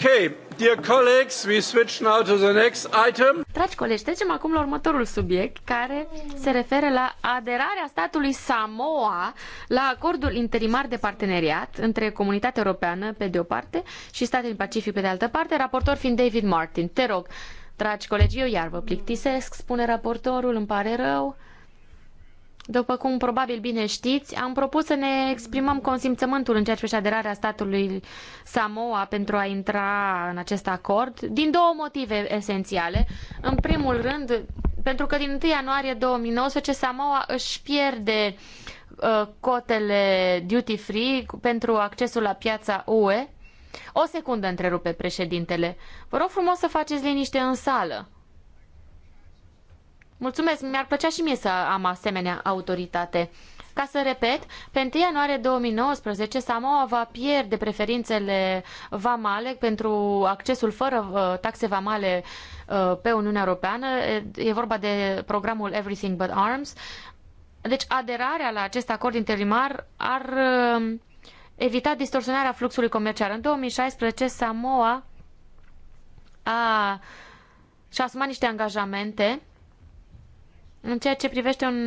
Okay, dear colleagues, we switch now to the next item. Dragi colegi, trecem acum la următorul subiect care se referă la aderarea statului Samoa la acordul interimar de parteneriat între Comunitatea Europeană pe de o parte și Statele Pacific pe de altă parte, raportor fiind David Martin. Te rog, dragi colegi, eu iar vă plictisesc, spune raportorul, îmi pare rău. După cum probabil bine știți, am propus să ne exprimăm consimțământul în ceea ce privește aderarea statului Samoa pentru a intra în acest acord, din două motive esențiale. În primul rând, pentru că din 1 ianuarie 2019 Samoa își pierde uh, cotele duty free pentru accesul la piața UE. O secundă întrerupe președintele. Vă rog frumos să faceți liniște în sală. Mulțumesc, mi-ar plăcea și mie să am asemenea autoritate. Ca să repet, pe 1 ianuarie 2019 Samoa va pierde preferințele vamale pentru accesul fără uh, taxe vamale uh, pe Uniunea Europeană. E vorba de programul Everything But Arms. Deci aderarea la acest acord interimar ar uh, evita distorsionarea fluxului comercial. În 2016 Samoa a, și-a asumat niște angajamente în ceea ce privește un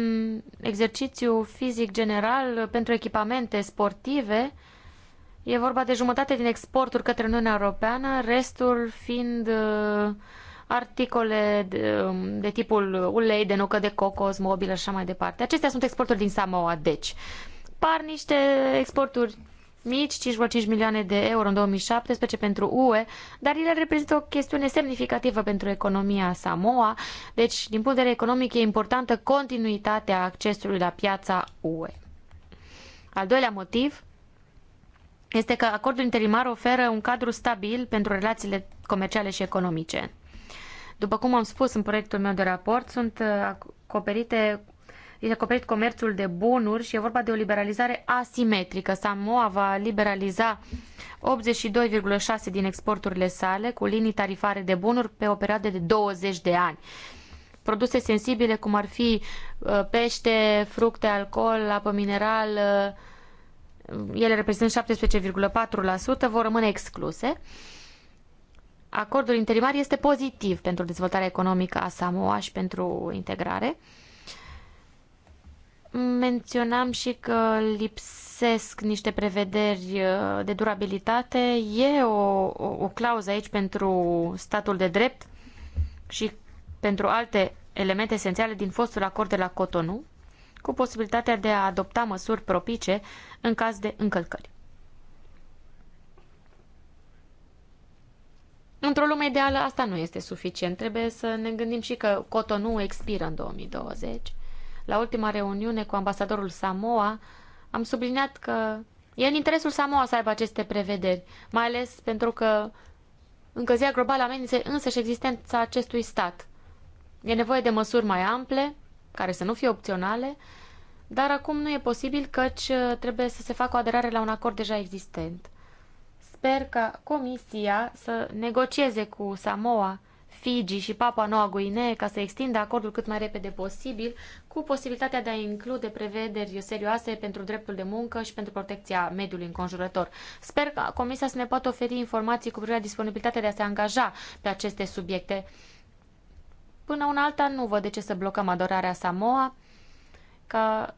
exercițiu fizic general pentru echipamente sportive, e vorba de jumătate din exporturi către Uniunea Europeană, restul fiind uh, articole de, um, de tipul ulei, de nucă de cocos, mobilă și așa mai departe. Acestea sunt exporturi din Samoa, deci. Par niște exporturi mici, 5,5 milioane de euro în 2017 pentru UE, dar ele reprezintă o chestiune semnificativă pentru economia Samoa, deci din punct de vedere economic e importantă continuitatea accesului la piața UE. Al doilea motiv este că acordul interimar oferă un cadru stabil pentru relațiile comerciale și economice. După cum am spus în proiectul meu de raport, sunt uh, acoperite este acoperit comerțul de bunuri și e vorba de o liberalizare asimetrică. Samoa va liberaliza 82,6 din exporturile sale cu linii tarifare de bunuri pe o perioadă de 20 de ani. Produse sensibile cum ar fi uh, pește, fructe, alcool, apă mineral, uh, ele reprezintă 17,4%, vor rămâne excluse. Acordul interimar este pozitiv pentru dezvoltarea economică a Samoa și pentru integrare. Menționam și că lipsesc niște prevederi uh, de durabilitate. E o, o, o clauză aici pentru statul de drept și pentru alte elemente esențiale din fostul acord de la Cotonou, cu posibilitatea de a adopta măsuri propice în caz de încălcări. Într-o lume ideală asta nu este suficient. Trebuie să ne gândim și că Cotonou expiră în 2020 la ultima reuniune cu ambasadorul Samoa, am subliniat că e în interesul Samoa să aibă aceste prevederi, mai ales pentru că încălzirea globală amenințe însăși existența acestui stat. E nevoie de măsuri mai ample, care să nu fie opționale, dar acum nu e posibil căci uh, trebuie să se facă o aderare la un acord deja existent. Sper ca Comisia să negocieze cu Samoa Fiji și Papua Noua Guinee ca să extindă acordul cât mai repede posibil, cu posibilitatea de a include prevederi serioase pentru dreptul de muncă și pentru protecția mediului înconjurător. Sper că Comisia să ne poată oferi informații cu privire la disponibilitatea de a se angaja pe aceste subiecte. Până una alta nu văd de ce să blocăm adorarea Samoa, că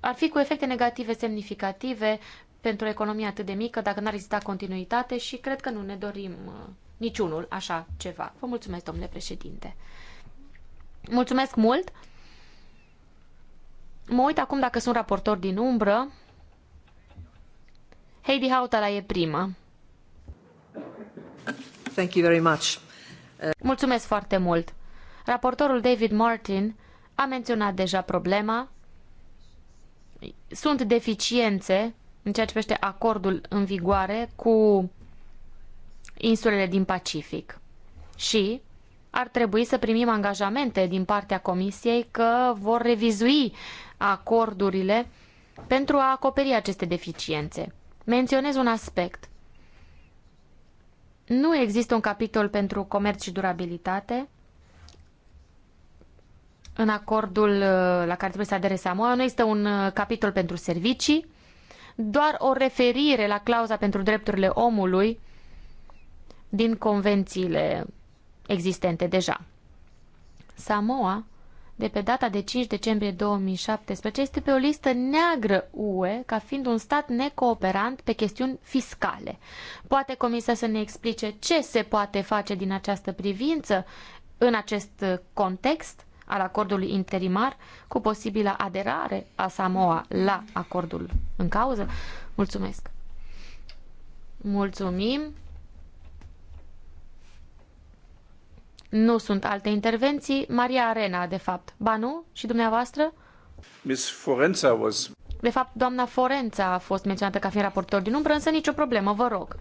ar fi cu efecte negative semnificative pentru o economie atât de mică dacă n-ar exista continuitate și cred că nu ne dorim uh, niciunul așa ceva. Vă mulțumesc, domnule președinte. Mulțumesc mult! Mă uit acum dacă sunt raportor din umbră. Heidi Hautala e prima. Thank you very much. Mulțumesc foarte mult. Raportorul David Martin a menționat deja problema. Sunt deficiențe în ceea ce privește acordul în vigoare cu insulele din Pacific. Și ar trebui să primim angajamente din partea Comisiei că vor revizui acordurile pentru a acoperi aceste deficiențe. Menționez un aspect. Nu există un capitol pentru comerț și durabilitate în acordul uh, la care trebuie să adere Samoa. Nu există un uh, capitol pentru servicii, doar o referire la clauza pentru drepturile omului din convențiile existente deja. Samoa, de pe data de 5 decembrie 2017, este pe o listă neagră UE ca fiind un stat necooperant pe chestiuni fiscale. Poate Comisia să ne explice ce se poate face din această privință în acest context al acordului interimar cu posibila aderare a Samoa la acordul în cauză? Mulțumesc! Mulțumim! Nu sunt alte intervenții. Maria Arena, de fapt. Ba nu? Și dumneavoastră? Miss Forenza was... De fapt, doamna Forența a fost menționată ca fiind raportor din umbră, însă nicio problemă, vă rog.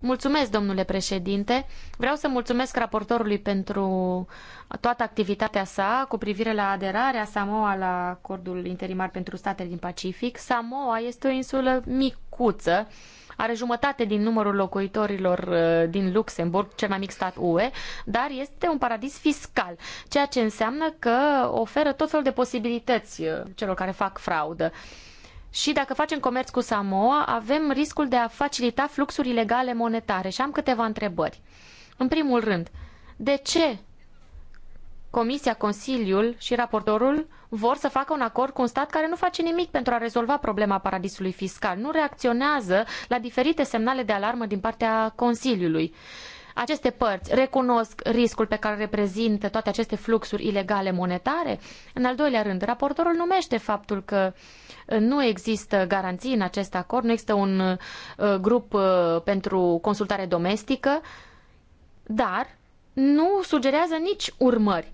Mulțumesc, domnule președinte. Vreau să mulțumesc raportorului pentru toată activitatea sa cu privire la aderarea Samoa la acordul interimar pentru statele din Pacific. Samoa este o insulă micuță, are jumătate din numărul locuitorilor uh, din Luxemburg, cel mai mic stat UE, dar este un paradis fiscal, ceea ce înseamnă că oferă tot felul de posibilități uh, celor care fac fraudă și dacă facem comerț cu Samoa, avem riscul de a facilita fluxuri ilegale monetare. Și am câteva întrebări. În primul rând, de ce Comisia, Consiliul și raportorul vor să facă un acord cu un stat care nu face nimic pentru a rezolva problema paradisului fiscal, nu reacționează la diferite semnale de alarmă din partea Consiliului aceste părți recunosc riscul pe care reprezintă toate aceste fluxuri ilegale monetare? În al doilea rând, raportorul numește faptul că uh, nu există garanții în acest acord, nu există un uh, grup uh, pentru consultare domestică, dar nu sugerează nici urmări.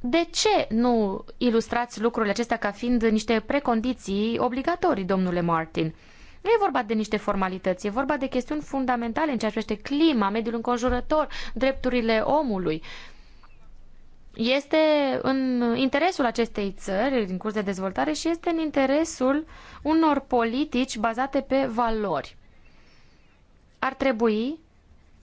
De ce nu ilustrați lucrurile acestea ca fiind niște precondiții obligatorii, domnule Martin? Nu e vorba de niște formalități, e vorba de chestiuni fundamentale în ceea ce privește clima, mediul înconjurător, drepturile omului. Este în interesul acestei țări din curs de dezvoltare și este în interesul unor politici bazate pe valori. Ar trebui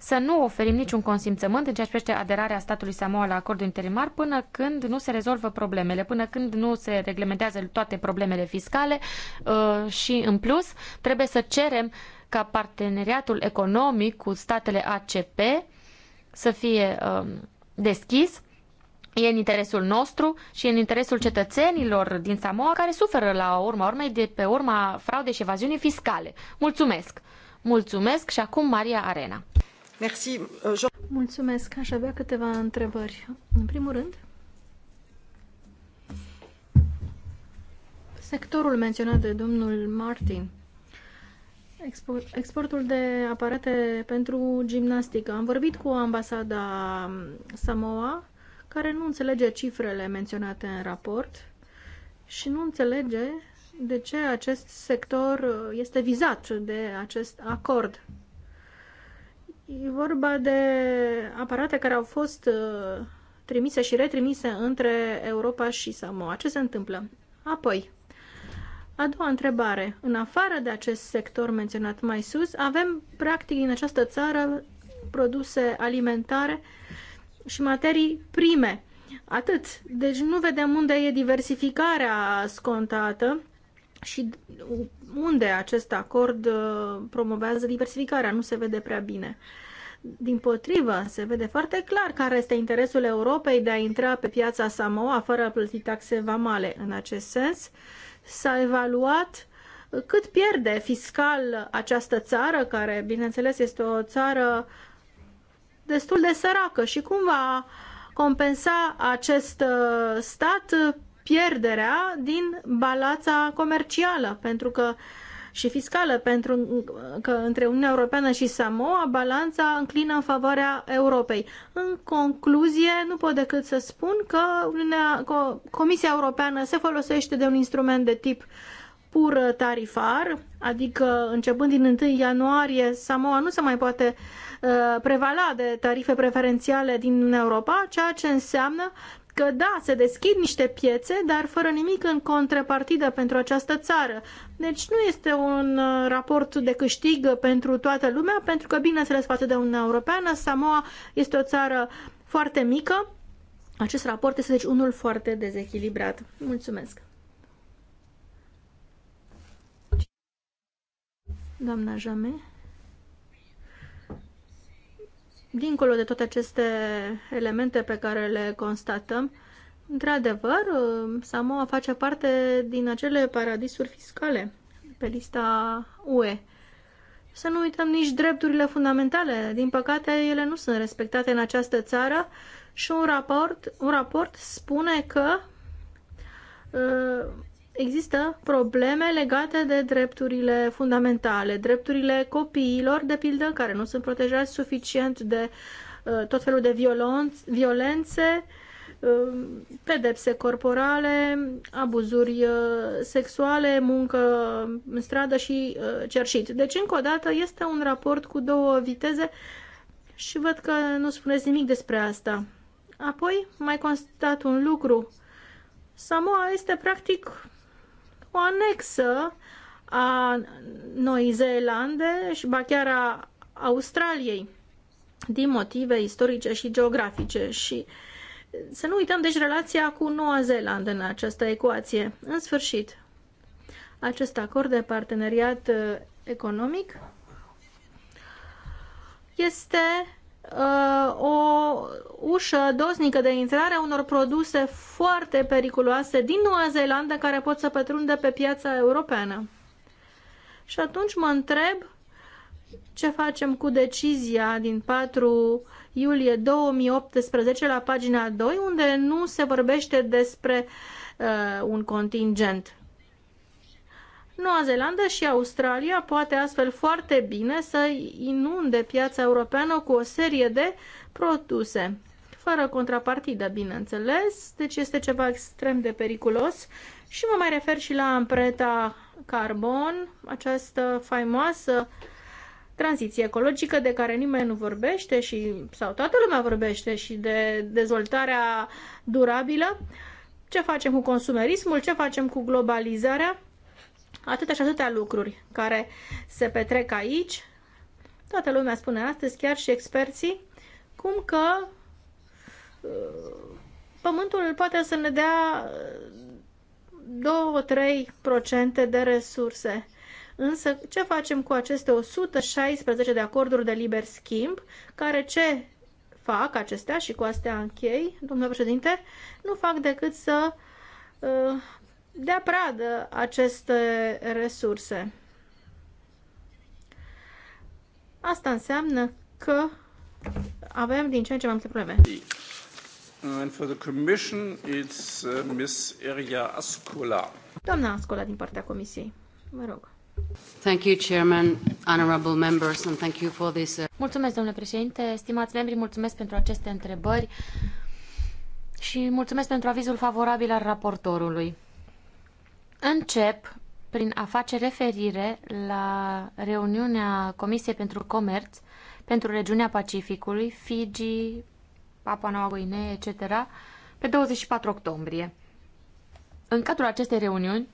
să nu oferim niciun consimțământ în ceea ce privește aderarea statului Samoa la acordul interimar până când nu se rezolvă problemele, până când nu se reglementează toate problemele fiscale uh, și, în plus, trebuie să cerem ca parteneriatul economic cu statele ACP să fie uh, deschis E în interesul nostru și în interesul cetățenilor din Samoa care suferă la urma urmei de pe urma fraudei și evaziunii fiscale. Mulțumesc! Mulțumesc și acum Maria Arena. Euh, Mulțumesc. Aș avea câteva întrebări. În primul rând, sectorul menționat de domnul Martin, exportul de aparate pentru gimnastică. Am vorbit cu ambasada Samoa, care nu înțelege cifrele menționate în raport și nu înțelege de ce acest sector este vizat de acest acord. E vorba de aparate care au fost uh, trimise și retrimise între Europa și Samoa. Ce se întâmplă? Apoi, a doua întrebare. În afară de acest sector menționat mai sus, avem practic în această țară produse alimentare și materii prime. Atât. Deci nu vedem unde e diversificarea scontată și unde acest acord uh, promovează diversificarea, nu se vede prea bine. Din potrivă, se vede foarte clar care este interesul Europei de a intra pe piața Samoa fără a plăti taxe vamale. În acest sens, s-a evaluat cât pierde fiscal această țară, care, bineînțeles, este o țară destul de săracă și cum va compensa acest uh, stat pierderea din balanța comercială pentru că și fiscală, pentru că între Uniunea Europeană și Samoa balanța înclină în favoarea Europei. În concluzie, nu pot decât să spun că Uniunea, Comisia Europeană se folosește de un instrument de tip pur tarifar, adică începând din 1 ianuarie Samoa nu se mai poate uh, prevala de tarife preferențiale din Europa, ceea ce înseamnă că da, se deschid niște piețe, dar fără nimic în contrapartidă pentru această țară. Deci nu este un uh, raport de câștig pentru toată lumea, pentru că, bineînțeles, față de Uniunea Europeană, Samoa este o țară foarte mică. Acest raport este, deci, unul foarte dezechilibrat. Mulțumesc! Doamna Jame dincolo de toate aceste elemente pe care le constatăm, într-adevăr, Samoa face parte din acele paradisuri fiscale pe lista UE. Să nu uităm nici drepturile fundamentale. Din păcate, ele nu sunt respectate în această țară și un raport, un raport spune că uh, există probleme legate de drepturile fundamentale, drepturile copiilor, de pildă, care nu sunt protejați suficient de uh, tot felul de violențe, um, pedepse corporale, abuzuri uh, sexuale, muncă în stradă și uh, cerșit. Deci, încă o dată, este un raport cu două viteze și văd că nu spuneți nimic despre asta. Apoi, mai constat un lucru. Samoa este practic o anexă a Noii Zeelande și ba chiar a Australiei din motive istorice și geografice și să nu uităm deci relația cu Noua Zeelandă în această ecuație. În sfârșit, acest acord de parteneriat uh, economic este Uh, o ușă dosnică de intrare a unor produse foarte periculoase din Noua Zeelandă care pot să pătrundă pe piața europeană. Și atunci mă întreb ce facem cu decizia din 4 iulie 2018 la pagina 2 unde nu se vorbește despre uh, un contingent Noua Zeelandă și Australia poate astfel foarte bine să inunde piața europeană cu o serie de produse, fără contrapartidă, bineînțeles, deci este ceva extrem de periculos. Și mă mai refer și la ampreta carbon, această faimoasă tranziție ecologică de care nimeni nu vorbește și, sau toată lumea vorbește și de dezvoltarea durabilă. Ce facem cu consumerismul, ce facem cu globalizarea? atâtea și atâtea lucruri care se petrec aici. Toată lumea spune astăzi, chiar și experții, cum că uh, pământul poate să ne dea 2-3% uh, de resurse. Însă, ce facem cu aceste 116 de acorduri de liber schimb, care ce fac acestea și cu astea închei, domnule președinte, nu fac decât să uh, dea pradă aceste resurse. Asta înseamnă că avem din ce în ce mai multe probleme. And for the commission, it's uh, Miss Doamna Ascola din partea comisiei. Mă rog. Thank you, Chairman, honorable members, and thank you for this. Uh, mulțumesc, domnule președinte, stimați membri, mulțumesc pentru aceste întrebări și mulțumesc pentru avizul favorabil al raportorului. Încep prin a face referire la reuniunea Comisiei pentru Comerț pentru regiunea Pacificului, Fiji, Papua Noua Guinee, etc., pe 24 octombrie. În cadrul acestei reuniuni,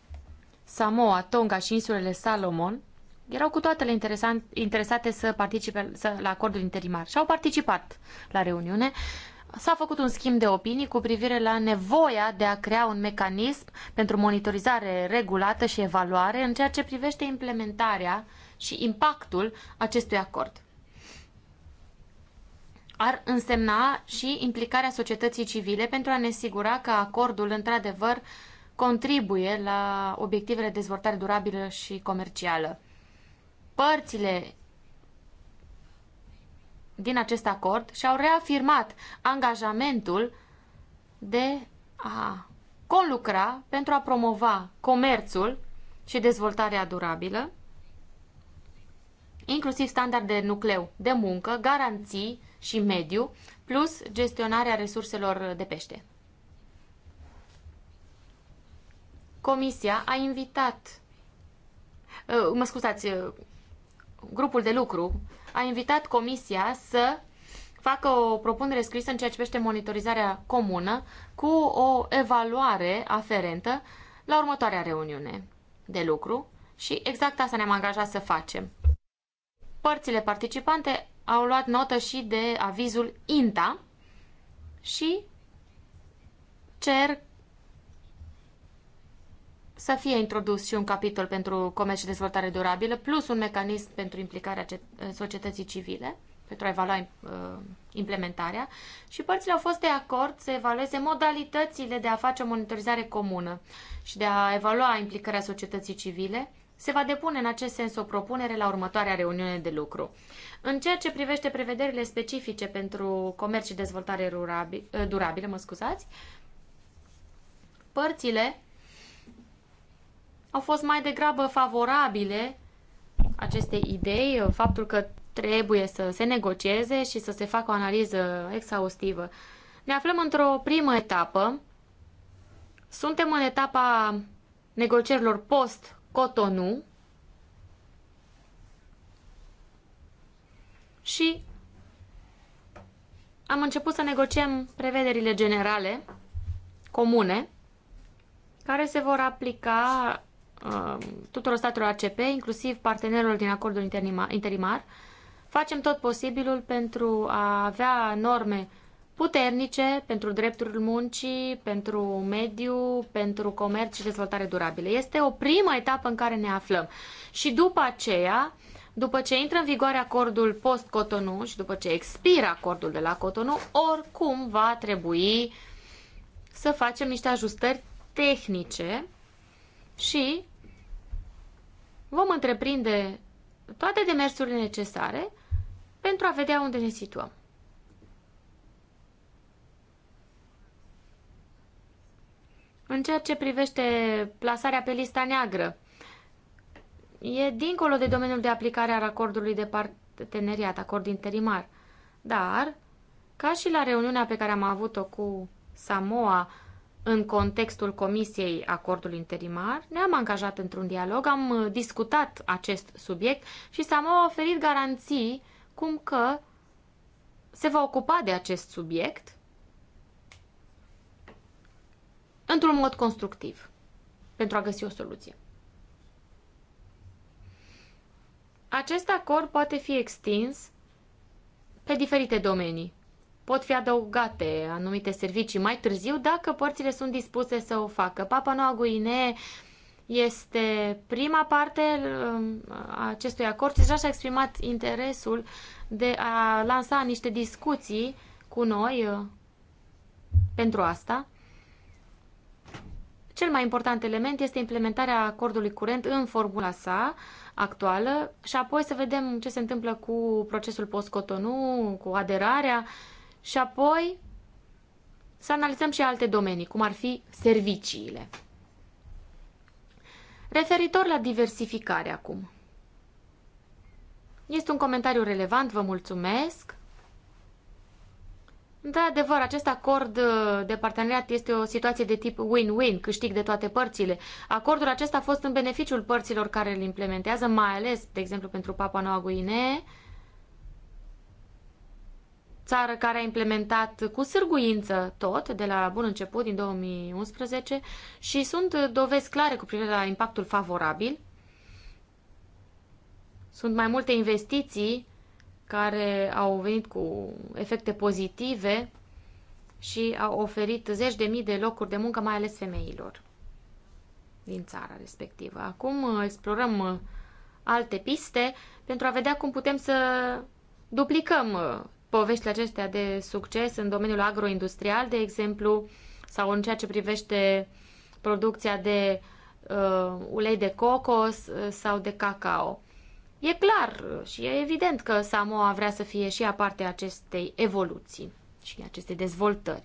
Samoa, Tonga și insulele Salomon erau cu toate interesate să participe la acordul interimar și au participat la reuniune s-a făcut un schimb de opinii cu privire la nevoia de a crea un mecanism pentru monitorizare regulată și evaluare în ceea ce privește implementarea și impactul acestui acord. Ar însemna și implicarea societății civile pentru a ne asigura că acordul, într-adevăr, contribuie la obiectivele de dezvoltare durabilă și comercială. Părțile din acest acord și-au reafirmat angajamentul de a conlucra pentru a promova comerțul și dezvoltarea durabilă, inclusiv standarde nucleu de muncă, garanții și mediu, plus gestionarea resurselor de pește. Comisia a invitat, uh, mă scuzați, uh, grupul de lucru a invitat Comisia să facă o propunere scrisă în ceea ce privește monitorizarea comună cu o evaluare aferentă la următoarea reuniune de lucru și exact asta ne-am angajat să facem. Părțile participante au luat notă și de avizul INTA și cer să fie introdus și un capitol pentru comerț și dezvoltare durabilă, plus un mecanism pentru implicarea societății civile, pentru a evalua uh, implementarea, și părțile au fost de acord să evalueze modalitățile de a face o monitorizare comună și de a evalua implicarea societății civile. Se va depune în acest sens o propunere la următoarea reuniune de lucru. În ceea ce privește prevederile specifice pentru comerț și dezvoltare uh, durabilă, mă scuzați, părțile au fost mai degrabă favorabile acestei idei, faptul că trebuie să se negocieze și să se facă o analiză exhaustivă. Ne aflăm într-o primă etapă. Suntem în etapa negocierilor post-Cotonou și am început să negociem prevederile generale comune care se vor aplica Um, tuturor statelor ACP, inclusiv partenerilor din acordul interimar, facem tot posibilul pentru a avea norme puternice pentru drepturile muncii, pentru mediu, pentru comerț și dezvoltare durabilă. Este o prima etapă în care ne aflăm. Și după aceea, după ce intră în vigoare acordul post-Cotonou și după ce expiră acordul de la Cotonou, oricum va trebui să facem niște ajustări tehnice și vom întreprinde toate demersurile necesare pentru a vedea unde ne situăm. În ceea ce privește plasarea pe lista neagră, e dincolo de domeniul de aplicare al acordului de parteneriat, acord interimar. Dar, ca și la reuniunea pe care am avut-o cu Samoa în contextul Comisiei Acordului Interimar, ne-am angajat într-un dialog, am uh, discutat acest subiect și s-am oferit garanții cum că se va ocupa de acest subiect într-un mod constructiv pentru a găsi o soluție. Acest acord poate fi extins pe diferite domenii pot fi adăugate anumite servicii mai târziu dacă părțile sunt dispuse să o facă. Papa Noua Guinee este prima parte um, a acestui acord și deja și-a exprimat interesul de a lansa niște discuții cu noi uh, pentru asta. Cel mai important element este implementarea acordului curent în formula sa actuală și apoi să vedem ce se întâmplă cu procesul post-Cotonou, cu aderarea și apoi să analizăm și alte domenii, cum ar fi serviciile. Referitor la diversificare acum. Este un comentariu relevant, vă mulțumesc. de adevăr acest acord de parteneriat este o situație de tip win-win, câștig de toate părțile. Acordul acesta a fost în beneficiul părților care îl implementează, mai ales, de exemplu, pentru Papua Noua Guinee, țară care a implementat cu sârguință tot, de la bun început, din 2011, și sunt dovezi clare cu privire la impactul favorabil. Sunt mai multe investiții care au venit cu efecte pozitive și au oferit zeci de mii de locuri de muncă, mai ales femeilor din țara respectivă. Acum uh, explorăm uh, alte piste pentru a vedea cum putem să duplicăm uh, poveștile acestea de succes în domeniul agroindustrial, de exemplu, sau în ceea ce privește producția de uh, ulei de cocos uh, sau de cacao. E clar și e evident că Samoa vrea să fie și a parte acestei evoluții și aceste dezvoltări.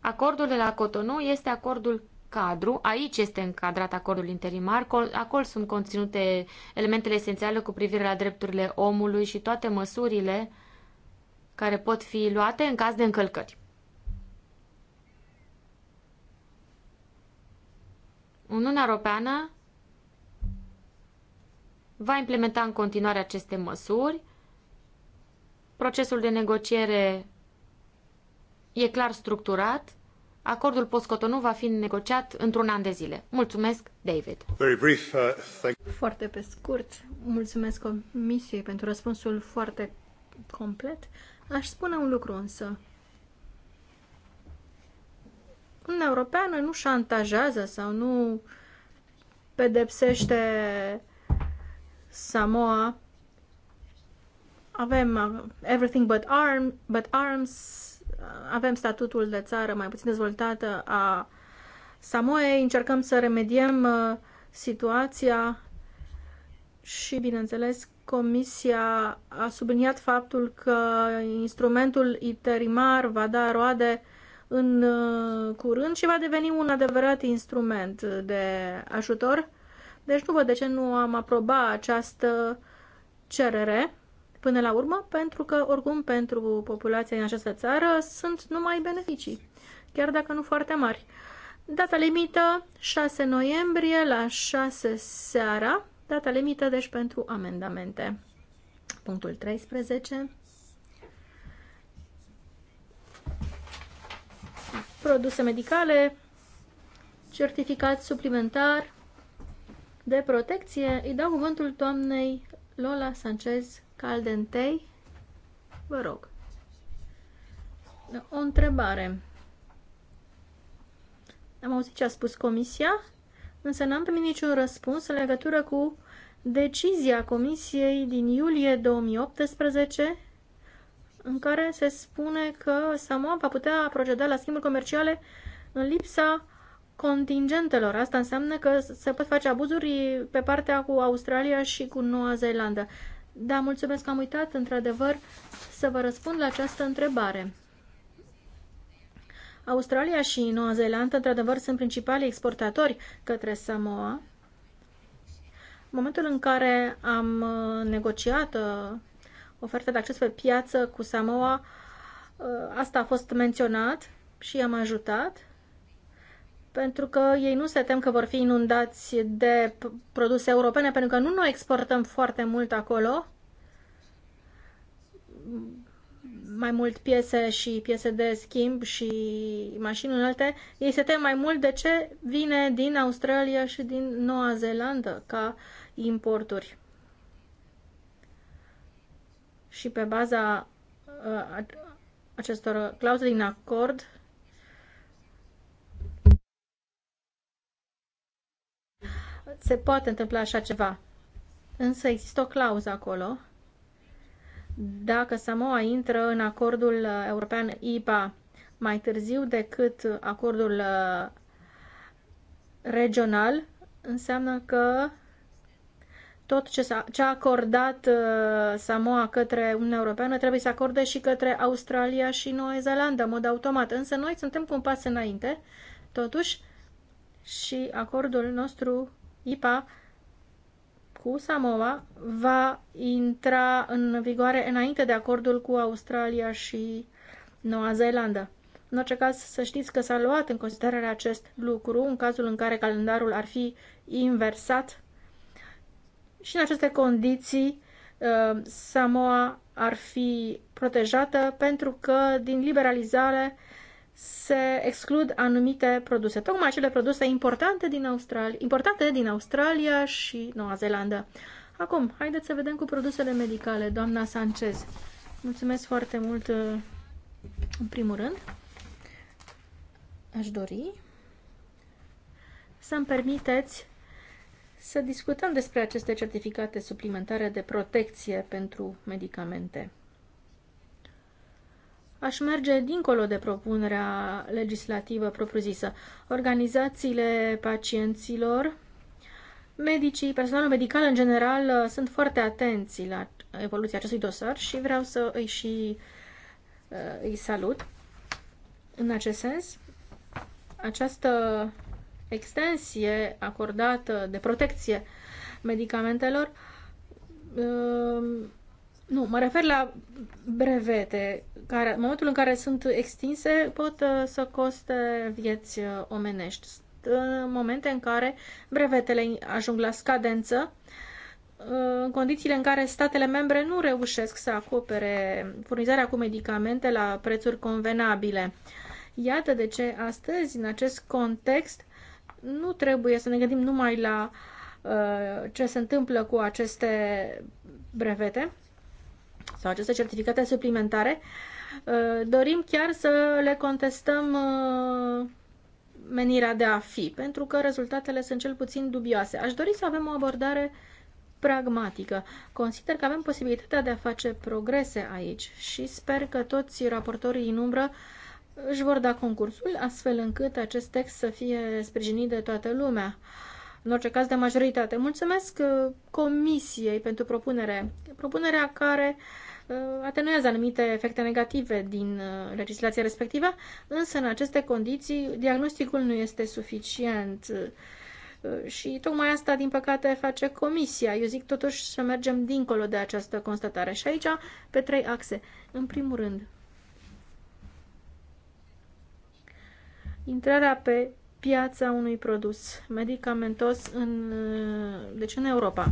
Acordul de la Cotonou este acordul cadru, aici este încadrat acordul interimar, acolo sunt conținute elementele esențiale cu privire la drepturile omului și toate măsurile care pot fi luate în caz de încălcări. Uniunea Europeană va implementa în continuare aceste măsuri. Procesul de negociere e clar structurat Acordul post-Cotonou va fi negociat într-un an de zile. Mulțumesc, David. Very brief, uh, thank... Foarte pe scurt, mulțumesc Comisiei pentru răspunsul foarte complet. Aș spune un lucru însă. Uniunea Europeană nu șantajează sau nu pedepsește Samoa. Avem uh, Everything But, arm, but Arms, avem statutul de țară mai puțin dezvoltată a Samoei, încercăm să remediem uh, situația și, bineînțeles, Comisia a subliniat faptul că instrumentul iterimar va da roade în uh, curând și va deveni un adevărat instrument de ajutor. Deci nu văd de ce nu am aprobat această cerere până la urmă, pentru că, oricum, pentru populația din această țară sunt numai beneficii, chiar dacă nu foarte mari. Data limită 6 noiembrie la 6 seara, data limită deci pentru amendamente. Punctul 13. Produse medicale, certificat suplimentar de protecție. Îi dau cuvântul doamnei Lola Sanchez Caldentei, vă rog. Da, o întrebare. Am auzit ce a spus comisia, însă n-am primit niciun răspuns în legătură cu decizia comisiei din iulie 2018 în care se spune că Samoa va putea proceda la schimburi comerciale în lipsa contingentelor. Asta înseamnă că se pot face abuzuri pe partea cu Australia și cu Noua Zeelandă. Da, mulțumesc că am uitat, într-adevăr, să vă răspund la această întrebare. Australia și Noua Zeelandă, într-adevăr, sunt principalii exportatori către Samoa. În momentul în care am uh, negociat uh, oferta de acces pe piață cu Samoa, uh, asta a fost menționat și am ajutat pentru că ei nu se tem că vor fi inundați de produse europene, pentru că nu noi exportăm foarte mult acolo, mai mult piese și piese de schimb și mașini înalte, ei se tem mai mult de ce vine din Australia și din Noua Zeelandă ca importuri. Și pe baza uh, acestor clauze din acord, se poate întâmpla așa ceva. Însă există o clauză acolo. Dacă Samoa intră în acordul uh, european IPA mai târziu decât acordul uh, regional, înseamnă că tot ce, a ce a acordat uh, Samoa către Uniunea Europeană trebuie să acorde și către Australia și Noua Zeelandă, în mod automat. Însă noi suntem cu un pas înainte, totuși, și acordul nostru IPA cu Samoa va intra în vigoare înainte de acordul cu Australia și Noua Zeelandă. În orice caz, să știți că s-a luat în considerare acest lucru în cazul în care calendarul ar fi inversat și în aceste condiții uh, Samoa ar fi protejată pentru că din liberalizare se exclud anumite produse, tocmai acele produse importante din Australia, importante din Australia și Noua Zeelandă. Acum, haideți să vedem cu produsele medicale, doamna Sanchez. Mulțumesc foarte mult, uh, în primul rând. Aș dori să-mi permiteți să discutăm despre aceste certificate suplimentare de protecție pentru medicamente aș merge dincolo de propunerea legislativă propriu-zisă. Organizațiile pacienților, medicii, personalul medical în general uh, sunt foarte atenți la evoluția acestui dosar și vreau să îi și uh, îi salut în acest sens. Această extensie acordată de protecție medicamentelor uh, nu, mă refer la brevete, care în momentul în care sunt extinse pot uh, să coste vieți uh, omenești. În uh, momente în care brevetele ajung la scadență, în condițiile în care statele membre nu reușesc să acopere furnizarea cu medicamente la prețuri convenabile. Iată de ce astăzi, în acest context, nu trebuie să ne gândim numai la uh, ce se întâmplă cu aceste brevete, sau aceste certificate suplimentare, uh, dorim chiar să le contestăm uh, menirea de a fi, pentru că rezultatele sunt cel puțin dubioase. Aș dori să avem o abordare pragmatică. Consider că avem posibilitatea de a face progrese aici și sper că toți raportorii în umbră își vor da concursul, astfel încât acest text să fie sprijinit de toată lumea în orice caz de majoritate. Mulțumesc uh, Comisiei pentru propunere. Propunerea care uh, atenuează anumite efecte negative din uh, legislația respectivă, însă în aceste condiții diagnosticul nu este suficient. Și tocmai asta, din păcate, face comisia. Eu zic totuși să mergem dincolo de această constatare. Și aici, pe trei axe. În primul rând, intrarea pe piața unui produs medicamentos în, deci în Europa.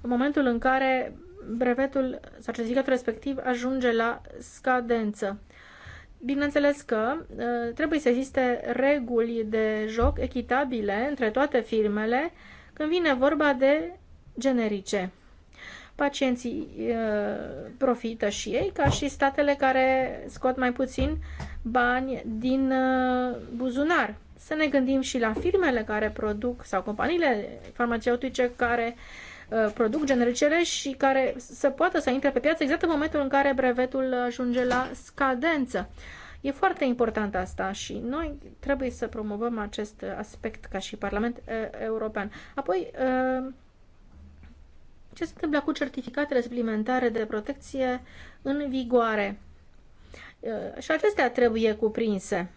În momentul în care brevetul, certificatul respectiv ajunge la scadență. Bineînțeles că ă, trebuie să existe reguli de joc echitabile între toate firmele când vine vorba de generice. Pacienții ă, profită și ei, ca și statele care scot mai puțin bani din ă, buzunar. Să ne gândim și la firmele care produc sau companiile farmaceutice care uh, produc genericele și care să poată să intre pe piață exact în momentul în care brevetul ajunge la scadență. E foarte important asta și noi trebuie să promovăm acest aspect ca și Parlament uh, European. Apoi, uh, ce se întâmplă cu certificatele suplimentare de protecție în vigoare? Și acestea trebuie cuprinse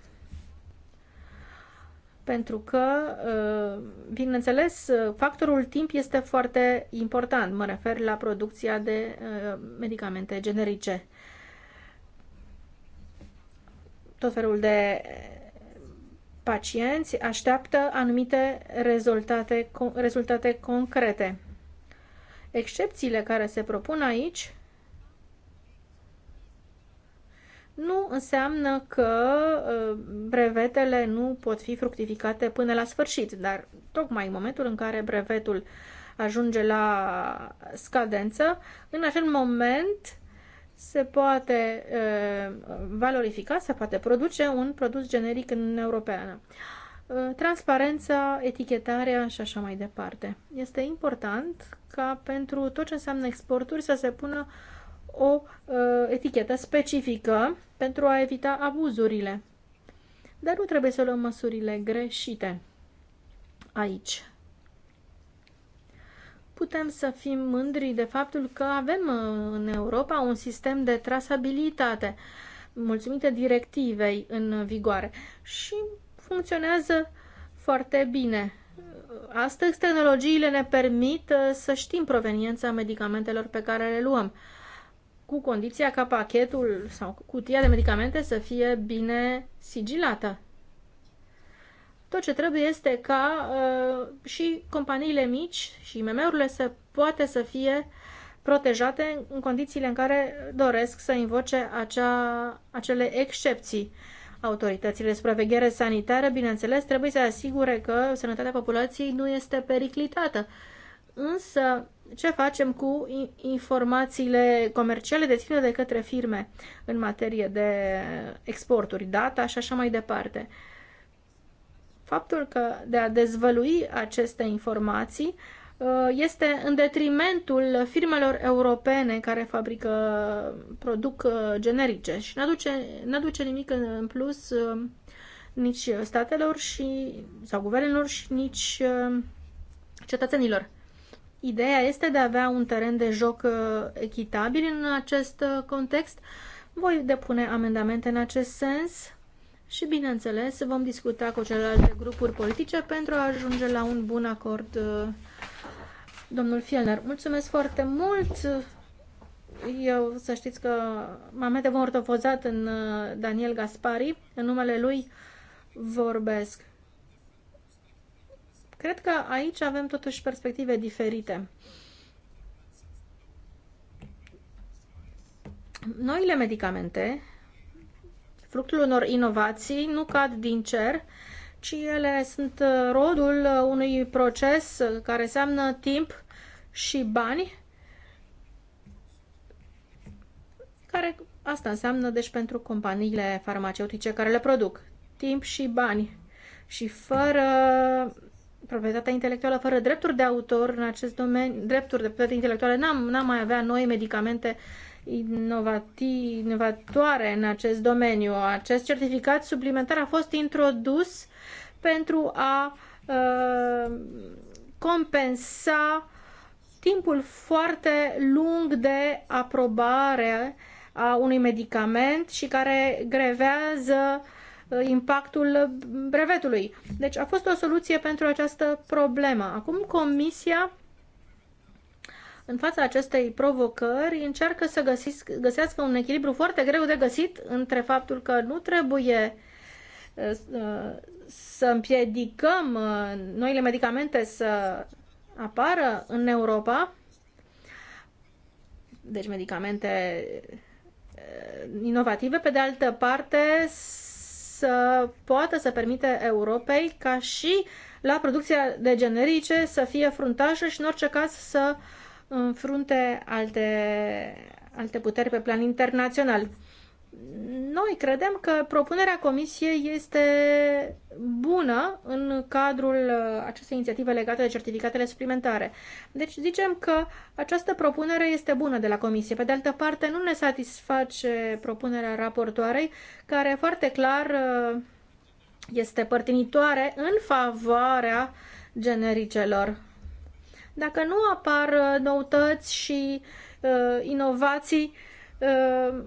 pentru că, uh, bineînțeles, uh, factorul timp este foarte important. Mă refer la producția de uh, medicamente generice. Tot felul de pacienți așteaptă anumite rezultate, rezultate concrete. Excepțiile care se propun aici nu înseamnă că ă, brevetele nu pot fi fructificate până la sfârșit, dar tocmai în momentul în care brevetul ajunge la scadență, în acel moment se poate ă, valorifica, se poate produce un produs generic în Uniunea Europeană. Ă, transparența, etichetarea și așa mai departe. Este important ca pentru tot ce înseamnă exporturi să se pună uh, o uh, etichetă specifică pentru a evita abuzurile. Dar nu trebuie să luăm măsurile greșite aici. Putem să fim mândri de faptul că avem uh, în Europa un sistem de trasabilitate mulțumită directivei în vigoare și funcționează foarte bine. Astăzi tehnologiile ne permit uh, să știm proveniența medicamentelor pe care le luăm cu condiția ca pachetul sau cutia de medicamente să fie bine sigilată. Tot ce trebuie este ca uh, și companiile mici și IMM-urile să poate să fie protejate în condițiile în care doresc să invoce acea, acele excepții. Autoritățile de supraveghere sanitară, bineînțeles, trebuie să asigure că sănătatea populației nu este periclitată. Însă, ce facem cu informațiile comerciale deținute de către firme în materie de exporturi, data și așa mai departe. Faptul că de a dezvălui aceste informații uh, este în detrimentul firmelor europene care fabrică, uh, produc uh, generice și nu aduce, nu aduce nimic în plus nici statelor și, sau guvernelor și nici cetățenilor. Ideea este de a avea un teren de joc uh, echitabil în acest uh, context. Voi depune amendamente în acest sens și, bineînțeles, vom discuta cu celelalte grupuri politice pentru a ajunge la un bun acord. Uh, domnul Fielner, mulțumesc foarte mult! Eu să știți că m-am metafotozat în Daniel Gaspari, în numele lui vorbesc. Cred că aici avem totuși perspective diferite. Noile medicamente, fructul unor inovații, nu cad din cer, ci ele sunt rodul unui proces care înseamnă timp și bani, care asta înseamnă deci pentru companiile farmaceutice care le produc, timp și bani. Și fără proprietatea intelectuală fără drepturi de autor în acest domeniu, drepturi de proprietate intelectuală, n-am, n-am mai avea noi medicamente inovati, inovatoare în acest domeniu. Acest certificat suplimentar a fost introdus pentru a uh, compensa timpul foarte lung de aprobare a unui medicament și care grevează uh, Uh, impactul uh, brevetului. Deci a fost o soluție pentru această problemă. Acum Comisia în fața acestei provocări încearcă să găsis, găsească un echilibru foarte greu de găsit între faptul că nu trebuie uh, să împiedicăm noile medicamente să apară în Europa, deci medicamente inovative, pe de altă parte să poată să permite Europei ca și la producția de generice să fie fruntașă și în orice caz să înfrunte alte, alte puteri pe plan internațional. Noi credem că propunerea Comisiei este bună în cadrul uh, acestei inițiative legate de certificatele suplimentare. Deci zicem că această propunere este bună de la Comisie. Pe de altă parte, nu ne satisface propunerea raportoarei, care foarte clar uh, este părtinitoare în favoarea genericelor. Dacă nu apar uh, noutăți și uh, inovații, uh,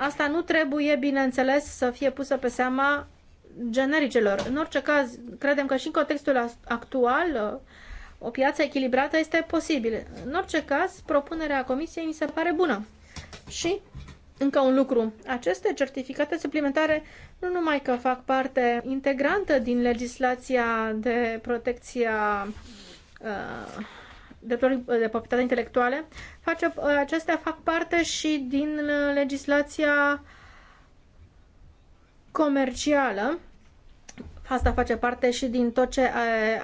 Asta nu trebuie, bineînțeles, să fie pusă pe seama genericelor. În orice caz, credem că și în contextul actual o piață echilibrată este posibilă. În orice caz, propunerea Comisiei mi se pare bună. Și încă un lucru. Aceste certificate suplimentare nu numai că fac parte integrantă din legislația de protecția uh, drepturilor de proprietate intelectuale, face, acestea fac parte și din uh, legislația comercială. Asta face parte și din tot ce uh,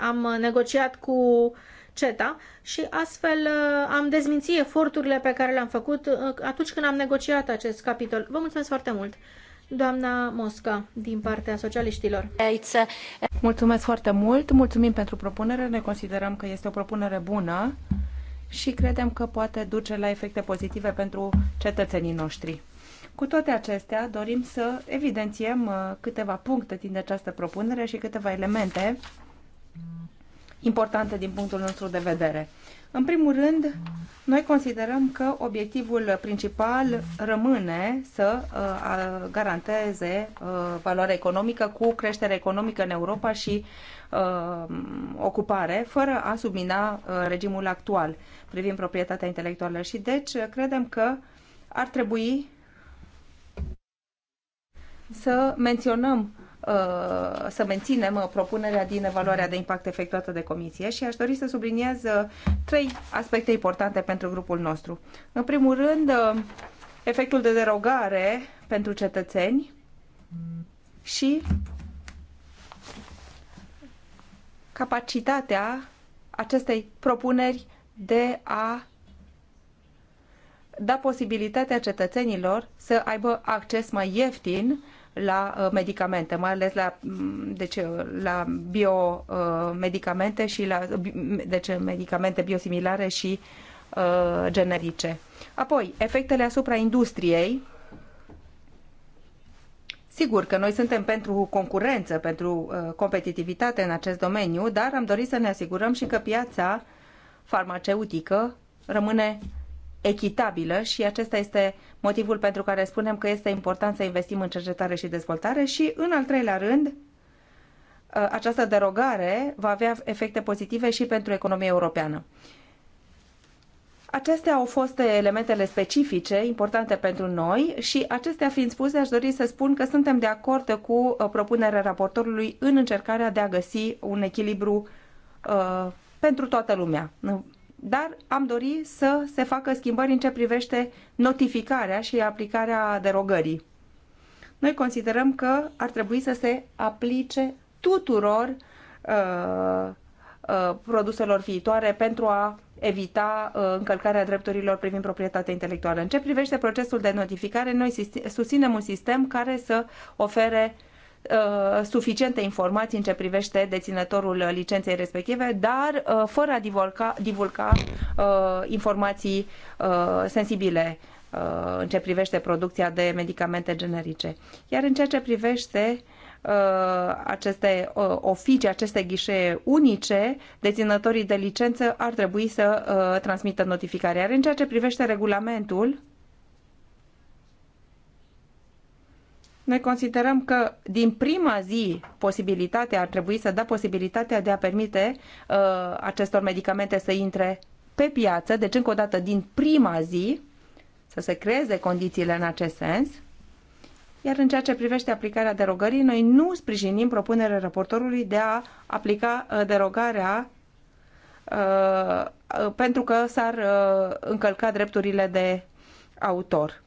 am negociat cu CETA și astfel uh, am dezmințit eforturile pe care le-am făcut atunci când am negociat acest capitol. Vă mulțumesc foarte mult! Doamna Mosca, din partea socialiștilor. Mulțumesc foarte mult, mulțumim pentru propunere, ne considerăm că este o propunere bună și credem că poate duce la efecte pozitive pentru cetățenii noștri. Cu toate acestea, dorim să evidențiem uh, câteva puncte din această propunere și câteva elemente importante din punctul nostru de vedere. În primul rând, noi considerăm că obiectivul principal rămâne să uh, garanteze uh, valoare economică cu creștere economică în Europa și uh, ocupare, fără a submina uh, regimul actual privind proprietatea intelectuală. Și deci credem că ar trebui să menționăm Uh, să menținem uh, propunerea din evaluarea de impact efectuată de comisie și aș dori să subliniez uh, trei aspecte importante pentru grupul nostru. În primul rând, efectul de derogare pentru cetățeni și capacitatea acestei propuneri de a da posibilitatea cetățenilor să aibă acces mai ieftin la uh, medicamente, mai ales la, deci, la biomedicamente și la deci, medicamente biosimilare și uh, generice. Apoi, efectele asupra industriei. Sigur că noi suntem pentru concurență, pentru uh, competitivitate în acest domeniu, dar am dorit să ne asigurăm și că piața farmaceutică rămâne echitabilă și acesta este motivul pentru care spunem că este important să investim în cercetare și dezvoltare și, în al treilea rând, uh, această derogare va avea efecte pozitive și pentru economia europeană. Acestea au fost elementele specifice importante pentru noi și acestea fiind spuse, aș dori să spun că suntem de acord cu uh, propunerea raportorului în încercarea de a găsi un echilibru uh, pentru toată lumea dar am dori să se facă schimbări în ce privește notificarea și aplicarea derogării. Noi considerăm că ar trebui să se aplice tuturor uh, uh, produselor viitoare pentru a evita uh, încălcarea drepturilor privind proprietatea intelectuală. În ce privește procesul de notificare, noi susținem un sistem care să ofere uh, Uh, suficiente informații în ce privește deținătorul licenței respective, dar uh, fără a divulca, divulca uh, informații sensibile în ce privește producția de medicamente generice. Iar în ceea ce privește aceste oficii, aceste ghișee unice, deținătorii de licență ar trebui să transmită notificarea. Iar în ceea ce privește regulamentul, Noi considerăm că din prima zi posibilitatea ar trebui să da posibilitatea de a permite uh, acestor medicamente să intre pe piață, deci încă o dată din prima zi să se creeze condițiile în acest sens. Iar în ceea ce privește aplicarea derogării, noi nu sprijinim propunerea raportorului de a aplica uh, derogarea uh, uh, pentru că s-ar încălca drepturile de autor.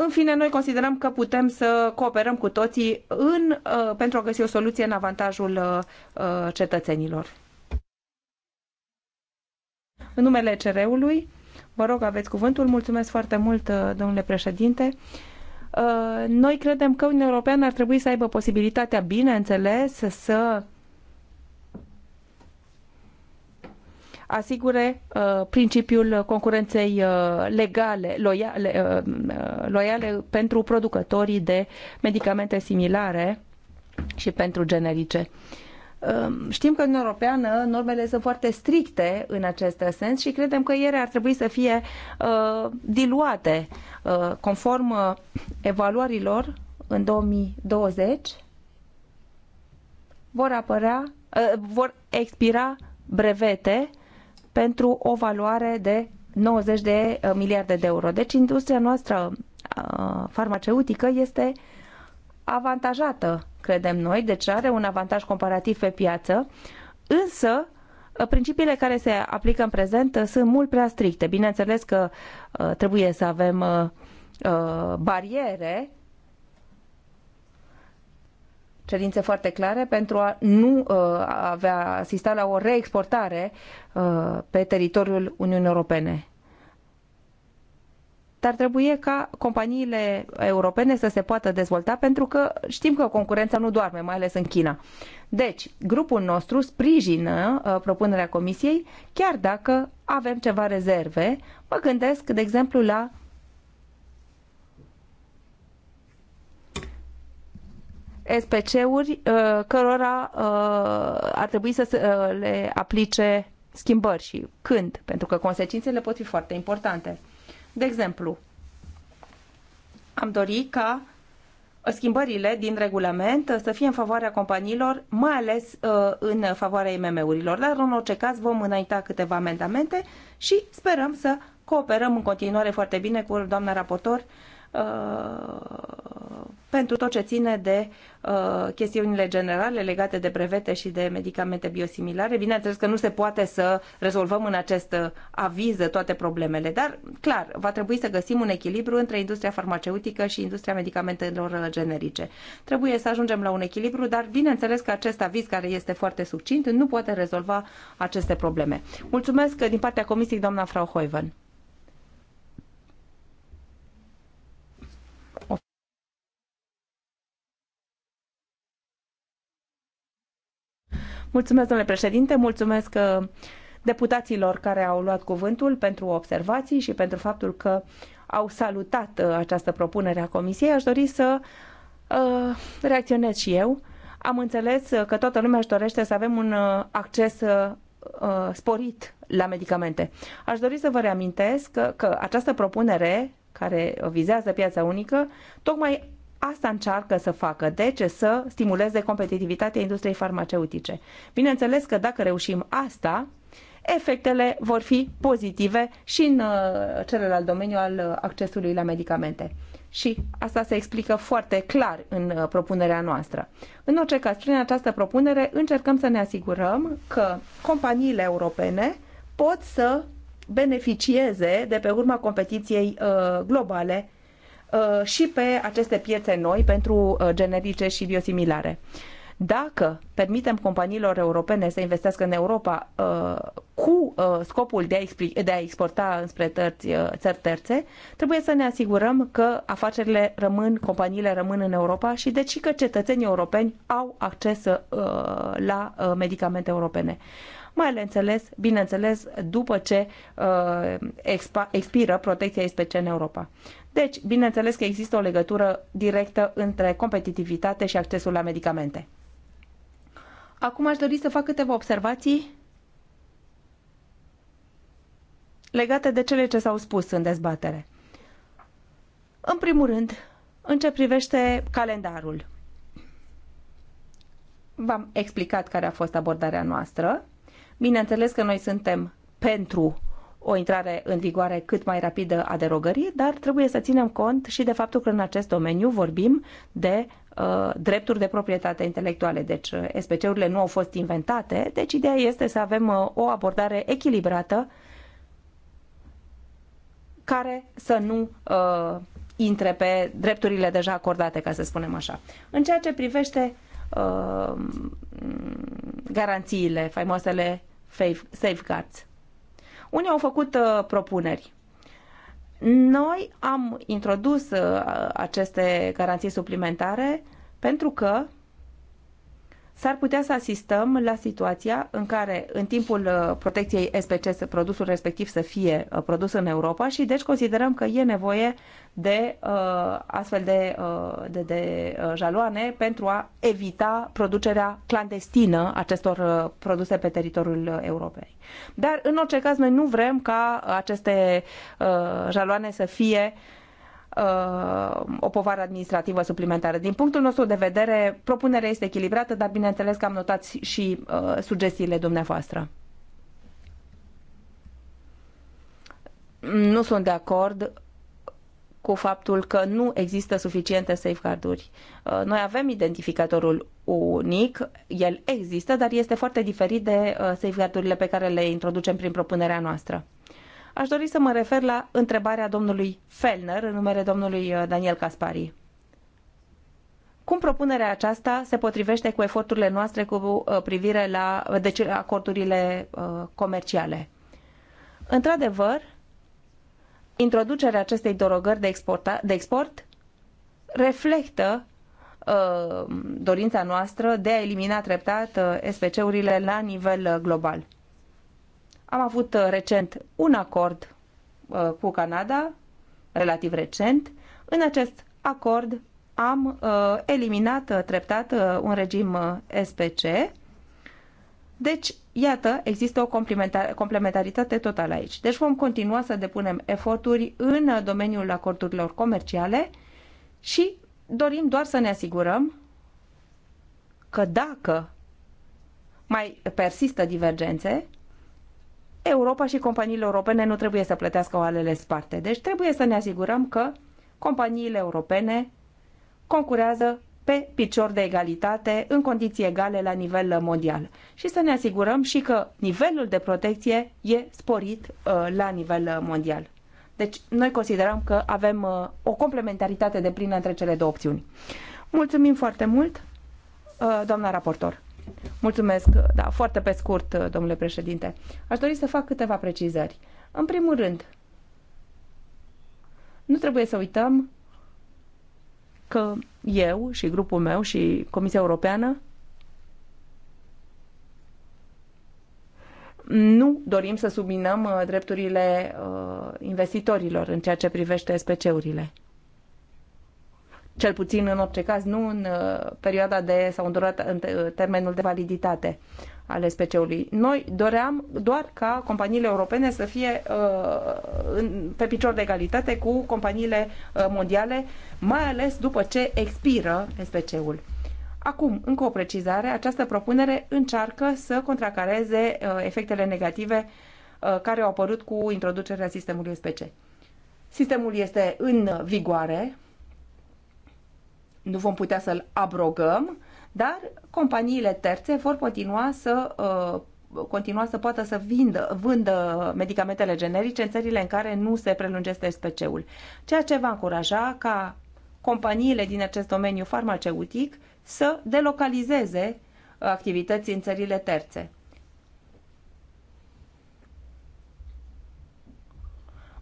În fine, noi considerăm că putem să cooperăm cu toții în, uh, pentru a găsi o soluție în avantajul uh, uh, cetățenilor. În numele cre ului vă rog, aveți cuvântul. Mulțumesc foarte mult, domnule președinte noi credem că Uniunea Europeană ar trebui să aibă posibilitatea, bineînțeles, să asigure uh, principiul concurenței uh, legale, loiale, uh, loiale pentru producătorii de medicamente similare și pentru generice. Um, știm că în Europeană normele sunt foarte stricte în acest sens și credem că ele ar trebui să fie uh, diluate uh, conform evaluărilor în 2020 vor apărea, uh, vor expira brevete pentru o valoare de 90 de uh, miliarde de euro. Deci industria noastră uh, farmaceutică este avantajată, credem noi, deci are un avantaj comparativ pe piață, însă uh, principiile care se aplică în prezent sunt mult prea stricte. Bineînțeles că trebuie să avem bariere cerințe foarte clare pentru a nu uh, avea asista la o reexportare uh, pe teritoriul Uniunii Europene dar trebuie ca companiile europene să se poată dezvolta pentru că știm că concurența nu doarme, mai ales în China. Deci, grupul nostru sprijină uh, propunerea Comisiei, chiar dacă avem ceva rezerve. Mă gândesc, de exemplu, la SPC-uri uh, cărora uh, ar trebui să uh, le aplice schimbări și când, pentru că consecințele pot fi foarte importante. De exemplu, am dorit ca schimbările din regulament să fie în favoarea companiilor, mai ales în favoarea IMM-urilor. Dar, în orice caz, vom înainta câteva amendamente și sperăm să cooperăm în continuare foarte bine cu doamna raportor Uh, pentru tot ce ține de uh, chestiunile generale legate de brevete și de medicamente biosimilare. Bineînțeles că nu se poate să rezolvăm în acest uh, aviz toate problemele, dar clar, va trebui să găsim un echilibru între industria farmaceutică și industria medicamentelor generice. Trebuie să ajungem la un echilibru, dar bineînțeles că acest aviz care este foarte succint nu poate rezolva aceste probleme. Mulțumesc din partea Comisiei doamna Frau Hoiven. Mulțumesc, domnule președinte, mulțumesc uh, deputaților care au luat cuvântul pentru observații și pentru faptul că au salutat uh, această propunere a Comisiei. Aș dori să uh, reacționez și eu. Am înțeles că toată lumea își dorește să avem un acces sporit la medicamente. Aș dori să vă reamintesc că, că această propunere care vizează piața unică, tocmai Asta încearcă să facă, deci să stimuleze competitivitatea industriei farmaceutice. Bineînțeles că dacă reușim asta, efectele vor fi pozitive și în uh, celălalt domeniu al uh, accesului la medicamente. Și asta se explică foarte clar în uh, propunerea noastră. În orice caz, prin această propunere încercăm să ne asigurăm că companiile europene pot să beneficieze de pe urma competiției globale Uh, și pe aceste piețe noi pentru uh, generice și biosimilare. Dacă permitem companiilor europene să investească în Europa uh, cu scopul de a, de a exporta înspre tărți, țări terțe, trebuie să ne asigurăm că afacerile rămân, companiile rămân în Europa și deci că cetățenii europeni au acces la medicamente europene mai ales înțeles, bineînțeles, după ce uh, expa, expiră protecția ISPC în Europa. Deci, bineînțeles că există o legătură directă între competitivitate și accesul la medicamente. Acum aș dori să fac câteva observații legate de cele ce s-au spus în dezbatere. În primul rând, în ce privește calendarul. V-am explicat care a fost abordarea noastră. Bineînțeles că noi suntem pentru o intrare în vigoare cât mai rapidă a derogării, dar trebuie să ținem cont și de faptul că în acest domeniu vorbim de uh, drepturi de proprietate intelectuale. Deci uh, SPC-urile nu au fost inventate, deci ideea este să avem uh, o abordare echilibrată care să nu uh, intre pe drepturile deja acordate, ca să spunem așa. În ceea ce privește uh, garanțiile, faimoasele safeguards, unii au făcut uh, propuneri. Noi am introdus uh, aceste garanții suplimentare pentru că s-ar putea să asistăm la situația în care în timpul uh, protecției SPC produsul respectiv să fie uh, produs în Europa și deci considerăm că e nevoie de uh, astfel de, uh, de, de uh, jaloane pentru a evita producerea clandestină acestor uh, produse pe teritoriul Europei. Dar în orice caz noi nu vrem ca aceste uh, jaloane să fie uh, Uh, o povară administrativă suplimentară. Din punctul nostru de vedere, propunerea este echilibrată, dar bineînțeles că am notat și uh, sugestiile dumneavoastră. Nu sunt de acord cu faptul că nu există suficiente safeguard-uri. Uh, noi avem identificatorul unic, el există, dar este foarte diferit de safeguard-urile pe care le introducem prin propunerea noastră aș dori să mă refer la întrebarea domnului Fellner în numele domnului uh, Daniel Caspari. Cum propunerea aceasta se potrivește cu eforturile noastre cu uh, privire la uh, deci, acordurile comerciale? Într-adevăr, introducerea acestei derogări de, exporta, de export reflectă dorința noastră de a elimina treptat uh, SPC-urile la nivel global. Am avut uh, recent un acord uh, cu Canada, relativ recent. În acest acord am uh, eliminat treptat un regim SPC. Deci, iată, există o complementaritate totală aici. Deci vom continua să depunem eforturi în domeniul acordurilor comerciale și dorim doar să ne asigurăm că dacă mai persistă divergențe, Europa și companiile europene nu trebuie să plătească oalele sparte. Deci trebuie să ne asigurăm că companiile europene concurează pe picior de egalitate, în condiții egale la nivel mondial. Și să ne asigurăm și că nivelul de protecție e sporit uh, la nivel mondial. Deci noi considerăm că avem uh, o complementaritate de plină între cele două opțiuni. Mulțumim foarte mult, uh, doamna raportor. Mulțumesc, da, foarte pe scurt, domnule președinte. Aș dori să fac câteva precizări. În primul rând, nu trebuie să uităm că eu și grupul meu și Comisia Europeană nu dorim să subminăm uh, drepturile uh, investitorilor în ceea ce privește SPC-urile cel puțin în orice caz, nu în uh, perioada de sau în, durata, în termenul de validitate al SPC-ului. Noi doream doar ca companiile europene să fie uh, în, pe picior de egalitate cu companiile uh, mondiale, mai ales după ce expiră SPC-ul. Acum, încă o precizare, această propunere încearcă să contracareze uh, efectele negative uh, care au apărut cu introducerea sistemului SPC. Sistemul este în vigoare, nu vom putea să-l abrogăm, dar companiile terțe vor continua să uh, continua să poată să vindă, vândă medicamentele generice în țările în care nu se prelungește SPC-ul, ceea ce va încuraja ca companiile din acest domeniu farmaceutic să delocalizeze uh, activități în țările terțe.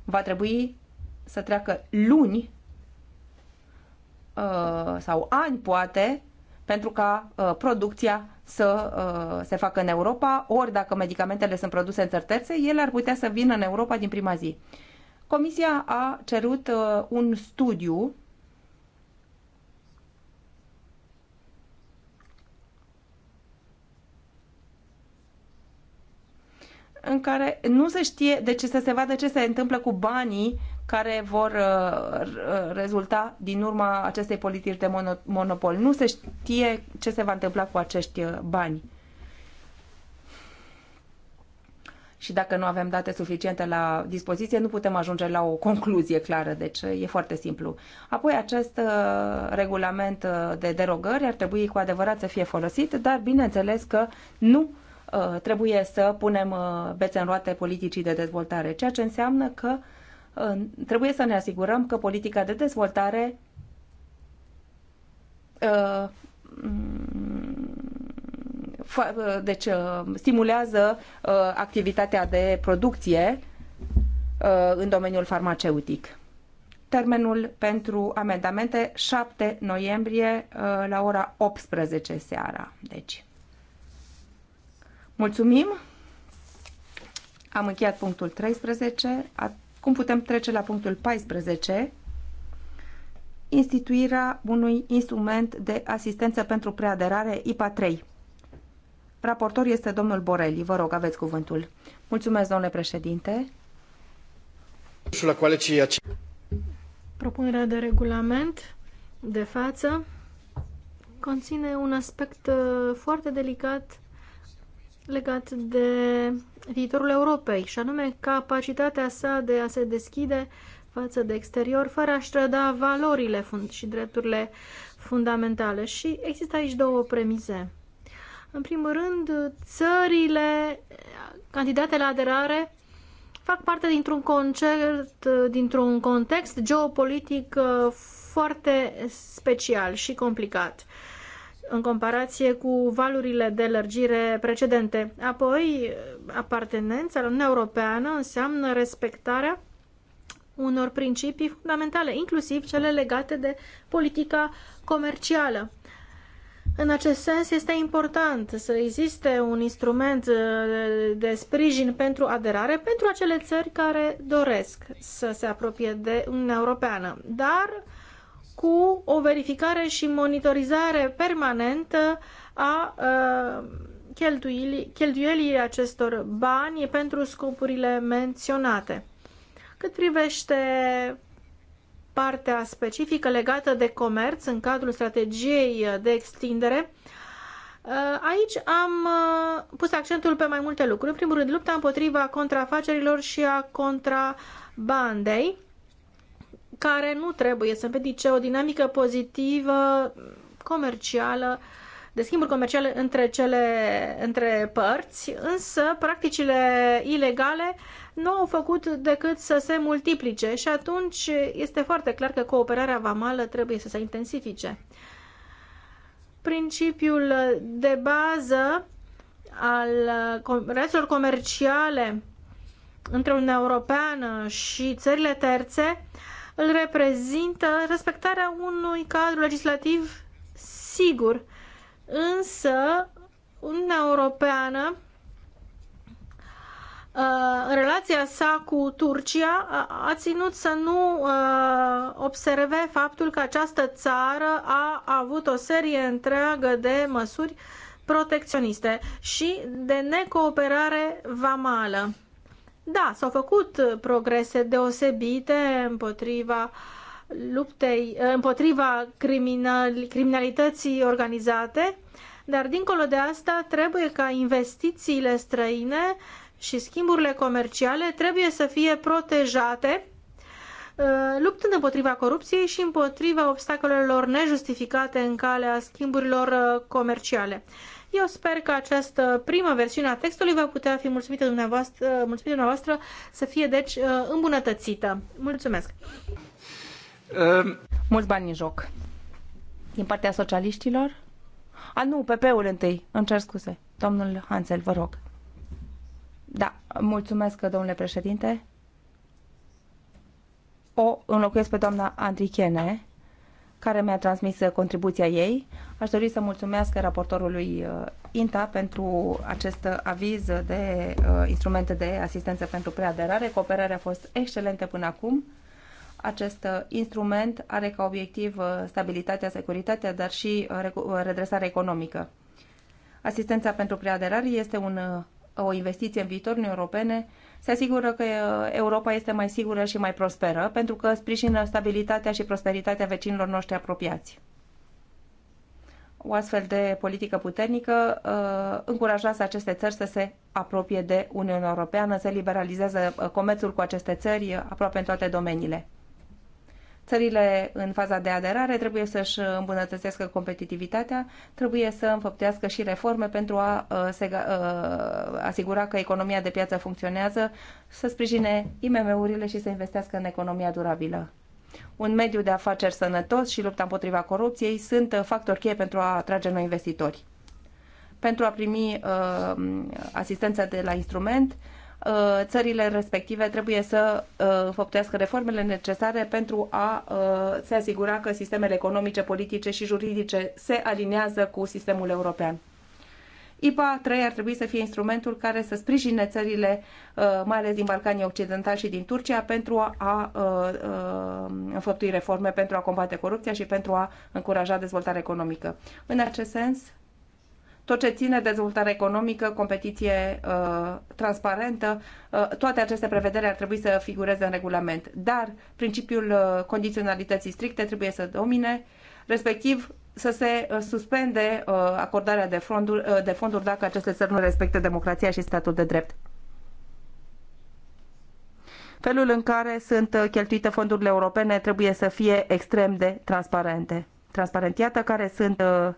Va trebui să treacă luni Uh, sau ani poate pentru ca uh, producția să uh, se facă în Europa, ori dacă medicamentele sunt produse în țări terțe, ele ar putea să vină în Europa din prima zi. Comisia a cerut un studiu în care nu se știe, ce să se vadă ce se întâmplă cu banii care vor uh, rezulta din urma acestei politici de monopol. Nu se știe ce se va întâmpla cu acești uh, bani. Și dacă nu avem date suficiente la dispoziție, nu putem ajunge la o concluzie clară. Deci uh, e foarte simplu. Apoi acest regulament de derogări ar trebui cu adevărat să fie folosit, dar bineînțeles că nu trebuie să punem bețe în roate politicii de dezvoltare, ceea ce înseamnă că uh, trebuie să ne asigurăm că politica de dezvoltare uh, mm, uh, deci uh, stimulează activitatea de producție în domeniul farmaceutic. Termenul pentru amendamente 7 noiembrie la ora 18 seara. Deci. Mulțumim. Am încheiat punctul 13. Cum putem trece la punctul 14, instituirea unui instrument de asistență pentru preaderare IPA 3. Raportor este domnul Borelli. Vă rog, aveți cuvântul. Mulțumesc, domnule președinte. Propunerea de regulament de față conține un aspect uh, foarte delicat legat de viitorul Europei, și anume capacitatea sa de a se deschide față de exterior, fără a străda valorile valorile și drepturile fundamentale. Și există aici două premize. În primul rând, țările candidate la aderare fac parte dintr-un concert, dintr-un context geopolitic uh, foarte special și complicat în comparație cu valurile de lărgire precedente. Apoi, apartenența la Uniunea Europeană înseamnă respectarea unor principii fundamentale, inclusiv cele legate de politica comercială. În acest sens, este important să existe un instrument uh, de sprijin pentru aderare pentru acele țări care doresc să se apropie de Uniunea Europeană. Dar cu o verificare și monitorizare permanentă a cheltuielii acestor bani pentru scopurile menționate. Cât privește partea specifică legată de comerț în cadrul strategiei de extindere, Aici am pus accentul pe mai multe lucruri. În primul rând, lupta împotriva contrafacerilor și a contrabandei care nu trebuie să împiedice o dinamică pozitivă comercială, de schimburi comerciale între, cele, între părți, însă practicile ilegale nu au făcut decât să se multiplice și atunci este foarte clar că cooperarea vamală trebuie să se intensifice. Principiul de bază al relațiilor comerciale între Uniunea Europeană și țările terțe îl reprezintă respectarea unui cadru legislativ sigur. Însă, Uniunea Europeană uh, în relația sa cu Turcia a ținut să nu uh, observe faptul că această țară a avut o serie întreagă de măsuri protecționiste și de necooperare vamală. Da, s-au făcut uh, progrese deosebite împotriva luptei, uh, împotriva criminal, criminalității organizate, dar dincolo de asta trebuie ca investițiile străine și schimburile comerciale trebuie să fie protejate uh, luptând împotriva corupției și împotriva obstacolelor nejustificate în calea schimburilor comerciale. Eu sper că această primă versiune a textului va putea fi mulțumită dumneavoastră, mulțumită dumneavoastră să fie, deci, uh, îmbunătățită. Mulțumesc! Um... Mulți bani în joc. Din partea socialiștilor? A, nu, PP-ul întâi. Îmi cer scuze. Domnul Hansel, vă rog. Da, mulțumesc, domnule președinte. O înlocuiesc pe doamna Andrichene care mi-a transmis contribuția ei. Aș dori să mulțumesc raportorului uh, INTA pentru acest aviz de uh, instrumente de asistență pentru preaderare. Cooperarea a fost excelentă până acum. Acest uh, instrument are ca obiectiv stabilitatea, securitatea, dar și redresarea economică. Asistența pentru preaderare este un, o investiție în viitorul europene se asigură că uh, Europa este mai sigură și mai prosperă, pentru că sprijină stabilitatea și prosperitatea vecinilor noștri apropiați. O astfel de politică puternică uh, încurajează aceste țări să se apropie de Uniunea Europeană, se liberalizează uh, comerțul cu aceste țări aproape în toate domeniile. Țările în faza de aderare trebuie să-și îmbunătățească competitivitatea, trebuie să înfăptească și reforme pentru a uh, se uh, asigura că economia de piață funcționează, să sprijine IMM-urile și să investească în economia durabilă. Un mediu de afaceri sănătos și lupta împotriva corupției sunt factori cheie pentru a atrage noi investitori. Pentru a primi uh, asistență de la instrument, uh, Uh, țările respective trebuie să uh, făptuiască reformele necesare pentru a uh, se asigura că sistemele economice, politice și juridice se aliniază cu sistemul european. IPA 3 ar trebui să fie instrumentul care să sprijine țările, mai ales din Balcanii Occidentali și din Turcia, pentru a, a înfăptui reforme, pentru a combate corupția și pentru a încuraja dezvoltarea economică. În acest sens, tot ce ține dezvoltare economică, competiție uh, transparentă, uh, toate aceste prevederi ar trebui să figureze în regulament. Dar principiul uh, condiționalității stricte trebuie să domine, respectiv să se uh, suspende uh, acordarea de fonduri, uh, de fonduri dacă aceste țări nu respectă democrația și statul de drept felul în care sunt uh, cheltuite fondurile europene trebuie să fie extrem de transparente. Transparent. Iată care sunt uh,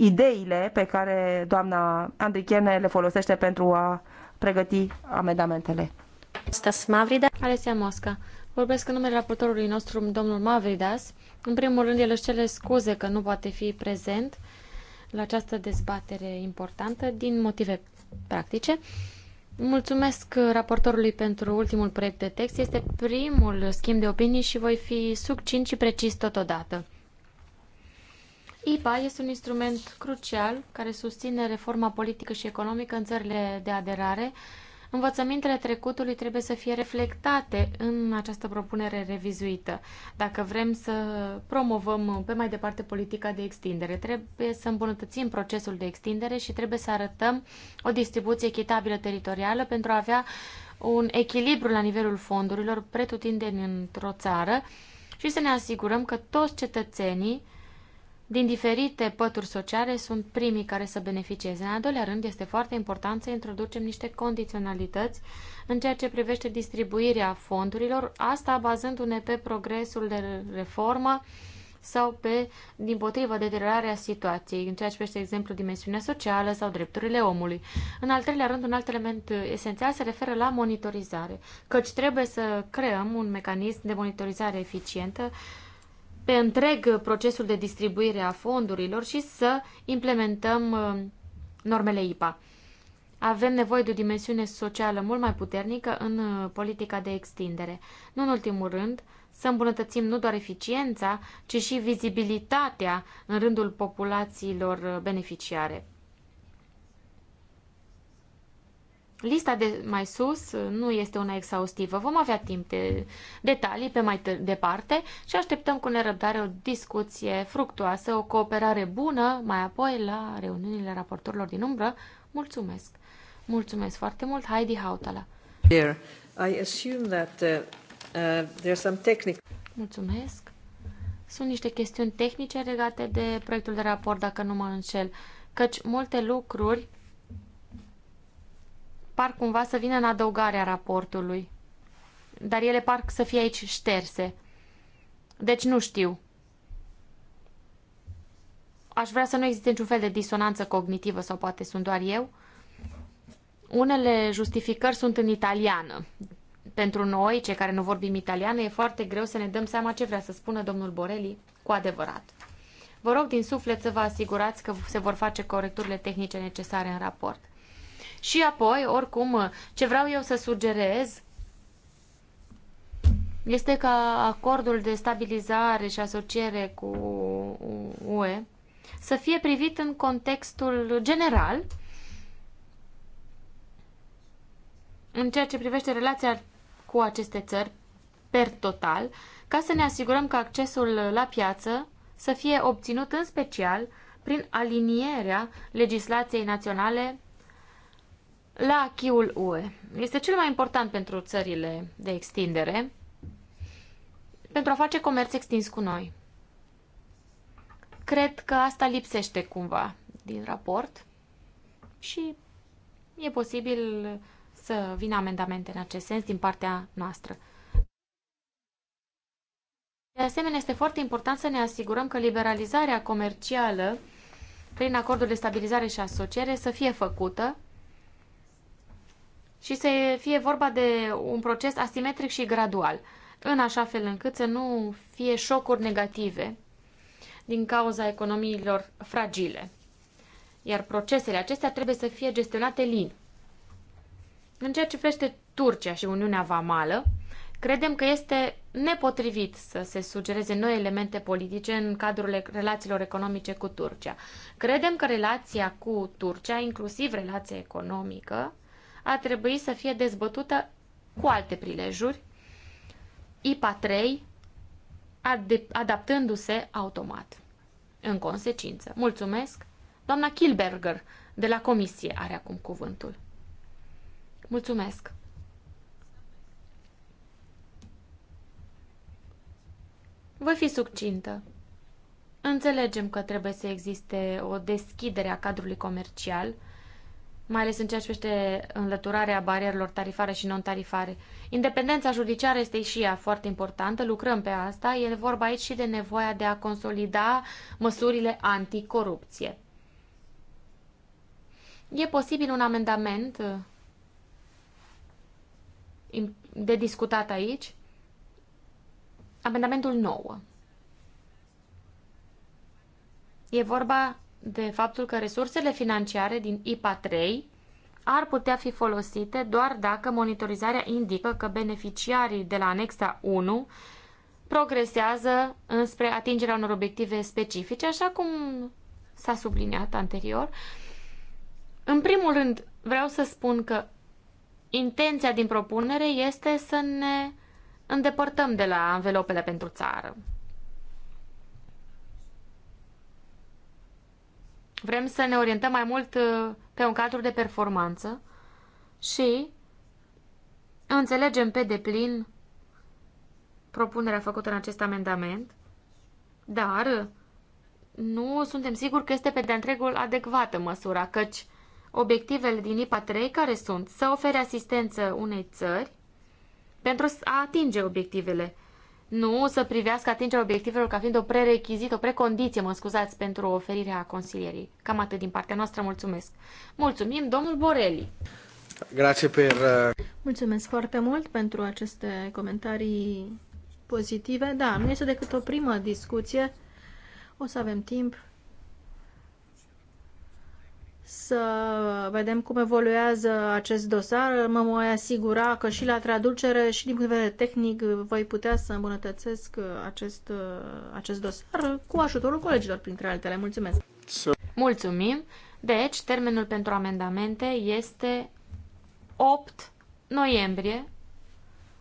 ideile pe care doamna Andrichene le folosește pentru a pregăti amendamentele. Stas Mavrida, Alesia Mosca. Vorbesc în numele raportorului nostru, domnul Mavridas. În primul rând, el își cere scuze că nu poate fi prezent la această dezbatere importantă din motive practice. Mulțumesc raportorului pentru ultimul proiect de text. Este primul schimb de opinii și voi fi succint și precis totodată. IPA este un instrument crucial care susține reforma politică și economică în țările de aderare. Învățămintele trecutului trebuie să fie reflectate în această propunere revizuită. Dacă vrem să promovăm pe mai departe politica de extindere, trebuie să îmbunătățim procesul de extindere și trebuie să arătăm o distribuție echitabilă teritorială pentru a avea un echilibru la nivelul fondurilor pretutindeni într-o țară și să ne asigurăm că toți cetățenii din diferite pături sociale sunt primii care să beneficieze. În al doilea rând, este foarte important să introducem niște condiționalități în ceea ce privește distribuirea fondurilor, asta bazându-ne pe progresul de reformă sau pe, din potrivă, deteriorarea situației, în ceea ce privește, exemplu, dimensiunea socială sau drepturile omului. În al treilea rând, un alt element esențial se referă la monitorizare, căci trebuie să creăm un mecanism de monitorizare eficientă pe întreg procesul de distribuire a fondurilor și să implementăm uh, normele IPA. Avem nevoie de o dimensiune socială mult mai puternică în uh, politica de extindere. Nu în ultimul rând, să îmbunătățim nu doar eficiența, ci și vizibilitatea în rândul populațiilor uh, beneficiare. Lista de mai sus uh, nu este una exhaustivă. Vom avea timp de detalii pe mai departe și așteptăm cu nerăbdare o discuție fructuoasă, o cooperare bună, mai apoi la reuniunile raportorilor din umbră. Mulțumesc! Mulțumesc foarte mult, Heidi Hautala! I assume that uh, uh there are some technical... Mulțumesc! Sunt niște chestiuni tehnice legate de proiectul de raport, dacă nu mă înșel, căci multe lucruri par cumva să vină în adăugarea raportului. Dar ele par să fie aici șterse. Deci nu știu. Aș vrea să nu existe niciun fel de disonanță cognitivă sau poate sunt doar eu. Unele justificări sunt în italiană. Pentru noi, cei care nu vorbim italiană, e foarte greu să ne dăm seama ce vrea să spună domnul Borelli cu adevărat. Vă rog din suflet să vă asigurați că se vor face corecturile tehnice necesare în raport. Și apoi, oricum, ce vreau eu să sugerez este ca acordul de stabilizare și asociere cu UE să fie privit în contextul general în ceea ce privește relația cu aceste țări per total, ca să ne asigurăm că accesul la piață să fie obținut în special prin alinierea legislației naționale la chiul UE. Este cel mai important pentru țările de extindere pentru a face comerț extins cu noi. Cred că asta lipsește cumva din raport și e posibil să vină amendamente în acest sens din partea noastră. De asemenea, este foarte important să ne asigurăm că liberalizarea comercială prin acordul de stabilizare și asociere să fie făcută și să fie vorba de un proces asimetric și gradual, în așa fel încât să nu fie șocuri negative din cauza economiilor fragile. Iar procesele acestea trebuie să fie gestionate lin. În ceea ce privește Turcia și Uniunea Vamală, credem că este nepotrivit să se sugereze noi elemente politice în cadrul relațiilor economice cu Turcia. Credem că relația cu Turcia, inclusiv relația economică, a trebuit să fie dezbătută cu alte prilejuri, IPA 3 adaptându-se automat. În consecință, mulțumesc, doamna Kilberger de la comisie are acum cuvântul. Mulțumesc! Voi fi succintă. Înțelegem că trebuie să existe o deschidere a cadrului comercial – mai ales în ceea ce privește înlăturarea barierelor tarifare și non-tarifare. Independența judiciară este și ea foarte importantă, lucrăm pe asta. E vorba aici și de nevoia de a consolida măsurile anticorupție. E posibil un amendament uh, de discutat aici? Amendamentul 9. E vorba de faptul că resursele financiare din IPA 3 ar putea fi folosite doar dacă monitorizarea indică că beneficiarii de la anexa 1 progresează înspre atingerea unor obiective specifice, așa cum s-a subliniat anterior. În primul rând, vreau să spun că intenția din propunere este să ne îndepărtăm de la anvelopele pentru țară. Vrem să ne orientăm mai mult uh, pe un cadru de performanță și înțelegem pe deplin propunerea făcută în acest amendament, dar nu suntem siguri că este pe de întregul adecvată măsura, căci obiectivele din IPA 3 care sunt să ofere asistență unei țări pentru a atinge obiectivele nu să privească atingerea obiectivelor ca fiind o prerechizită, o precondiție, mă scuzați, pentru oferirea consilierii. Cam atât din partea noastră, mulțumesc. Mulțumim, domnul Borelli. Grazie per... Uh, mulțumesc foarte mult pentru aceste comentarii pozitive. Da, nu este decât o primă discuție. O să avem timp să vedem cum evoluează acest dosar. Mă voi asigura că și la traducere și din punct de vedere tehnic voi putea să îmbunătățesc acest, acest dosar cu ajutorul colegilor, printre altele. Mulțumesc! Mulțumim! Deci, termenul pentru amendamente este 8 noiembrie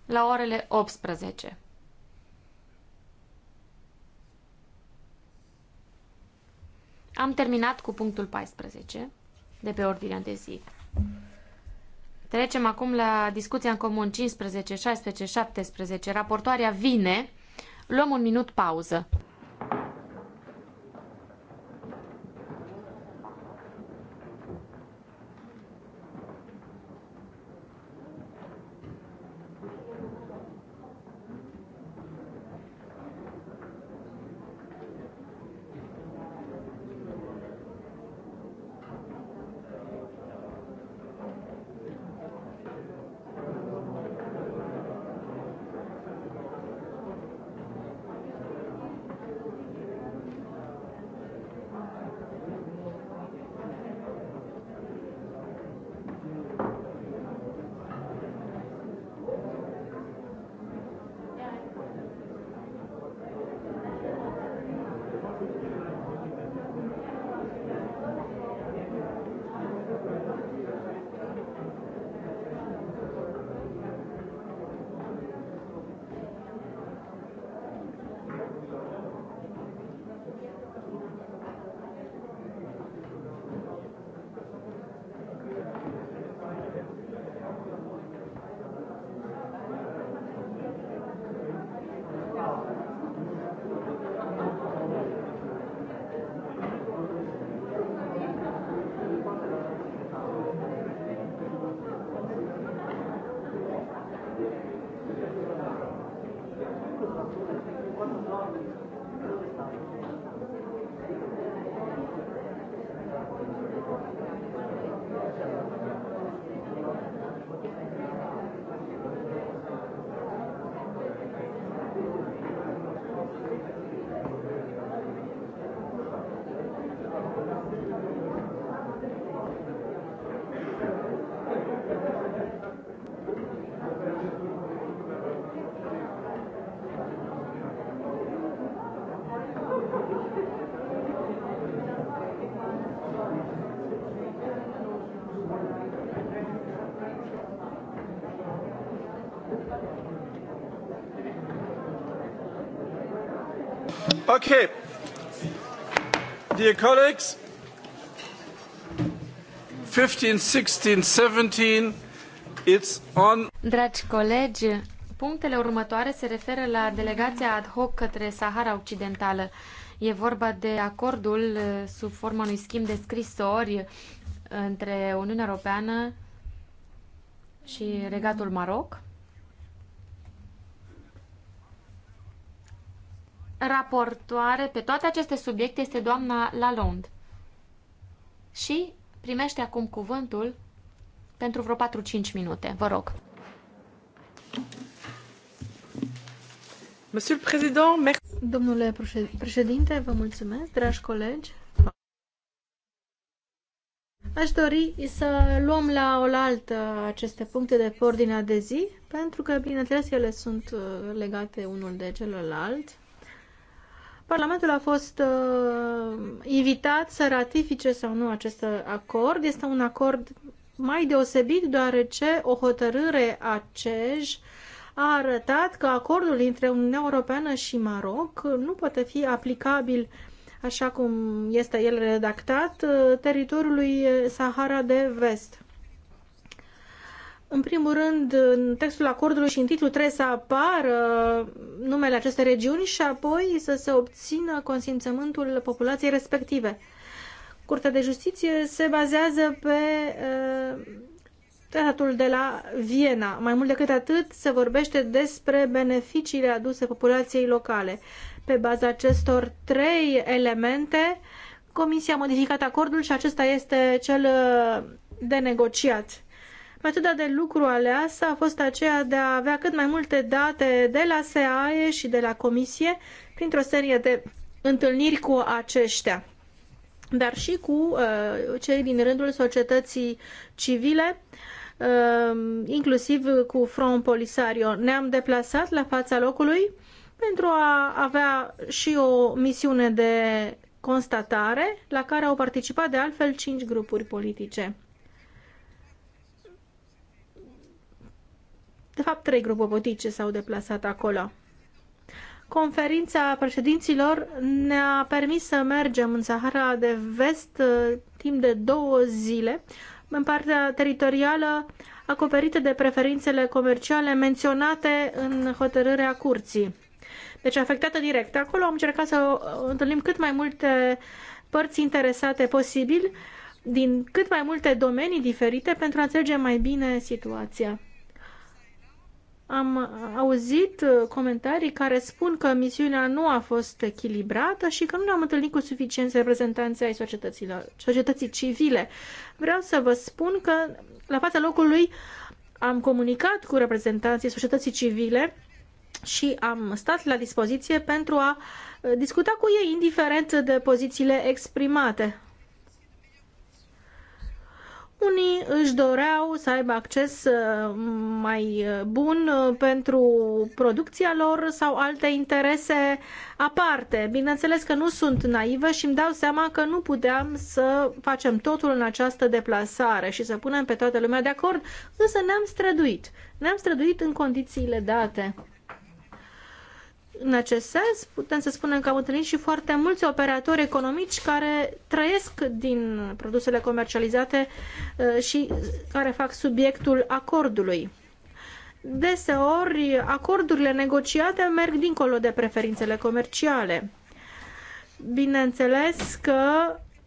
la orele 18. Am terminat cu punctul 14 de pe ordinea de zi. Trecem acum la discuția în comun 15, 16, 17. Raportoarea vine. Luăm un minut pauză. Okay. Dear colleagues, 15, 16, 17, it's on. Dragi colegi, punctele următoare se referă la delegația ad hoc către Sahara Occidentală. E vorba de acordul uh, sub forma unui schimb de scrisori uh, între Uniunea Europeană și Regatul Maroc. raportoare pe toate aceste subiecte este doamna Lalonde. Și primește acum cuvântul pentru vreo 4-5 minute. Vă rog. Monsieur le Président, merci. Domnule președinte, vă mulțumesc, dragi colegi. Aș dori să luăm la oaltă aceste puncte de ordinea de zi, pentru că, bineînțeles, ele sunt uh, legate unul de celălalt. Parlamentul a fost uh, invitat să ratifice sau nu acest acord. Este un acord mai deosebit deoarece o hotărâre a CEJ a arătat că acordul între Uniunea Europeană și Maroc nu poate fi aplicabil așa cum este el redactat uh, teritoriului Sahara de Vest. În primul rând, în textul acordului și în titlu trebuie să apară numele acestei regiuni și apoi să se obțină consimțământul populației respective. Curtea de Justiție se bazează pe uh, tratatul de la Viena. Mai mult decât atât, se vorbește despre beneficiile aduse populației locale. Pe baza acestor trei elemente, Comisia a modificat acordul și acesta este cel uh, de negociat. Metoda de lucru aleasă a fost aceea de a avea cât mai multe date de la SEAE și de la Comisie printr-o serie de întâlniri cu aceștia, dar și cu uh, cei din rândul societății civile, uh, inclusiv cu Front Polisario. Ne-am deplasat la fața locului pentru a avea și o misiune de constatare la care au participat de altfel cinci grupuri politice. De fapt, trei grupuri s-au deplasat acolo. Conferința președinților ne-a permis să mergem în Sahara de Vest uh, timp de două zile, în partea teritorială acoperită de preferințele comerciale menționate în hotărârea curții. Deci afectată direct. Acolo am încercat să întâlnim cât mai multe părți interesate posibil din cât mai multe domenii diferite pentru a înțelege mai bine situația am auzit uh, comentarii care spun că misiunea nu a fost echilibrată și că nu ne-am întâlnit cu suficienți reprezentanți ai societăților, societății civile. Vreau să vă spun că la fața locului am comunicat cu reprezentanții societății civile și am stat la dispoziție pentru a uh, discuta cu ei, indiferent de pozițiile exprimate. Unii își doreau să aibă acces uh, mai uh, bun uh, pentru producția lor sau alte interese aparte. Bineînțeles că nu sunt naivă și îmi dau seama că nu puteam să facem totul în această deplasare și să punem pe toată lumea de acord, însă ne-am străduit. Ne-am străduit în condițiile date. În acest sens, putem să spunem că am întâlnit și foarte mulți operatori economici care trăiesc din produsele comercializate uh, și care fac subiectul acordului. Deseori, acordurile negociate merg dincolo de preferințele comerciale. Bineînțeles că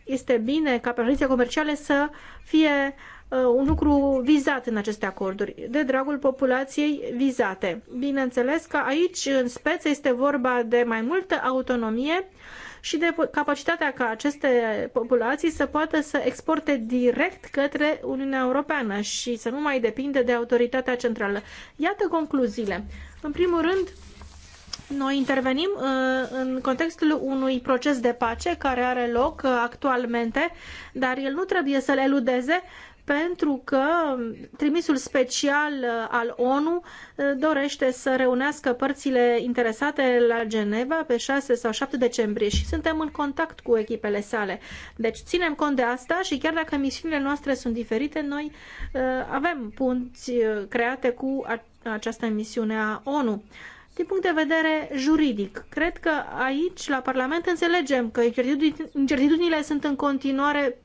este bine ca preferințele comerciale să fie Uh, un lucru vizat în aceste acorduri, de dragul populației vizate. Bineînțeles că aici, în speță, este vorba de mai multă autonomie și de capacitatea ca aceste populații să poată să exporte direct către Uniunea Europeană și să nu mai depinde de autoritatea centrală. Iată concluziile. În primul rând, noi intervenim uh, în contextul unui proces de pace care are loc uh, actualmente, dar el nu trebuie să-l eludeze pentru că trimisul special uh, al ONU uh, dorește să reunească părțile interesate la Geneva pe 6 sau 7 decembrie și suntem în contact cu echipele sale. Deci ținem cont de asta și chiar dacă misiunile noastre sunt diferite, noi uh, avem punți create cu această misiune a ONU. Din punct de vedere juridic, cred că aici, la Parlament, înțelegem că incertitudinile sunt în continuare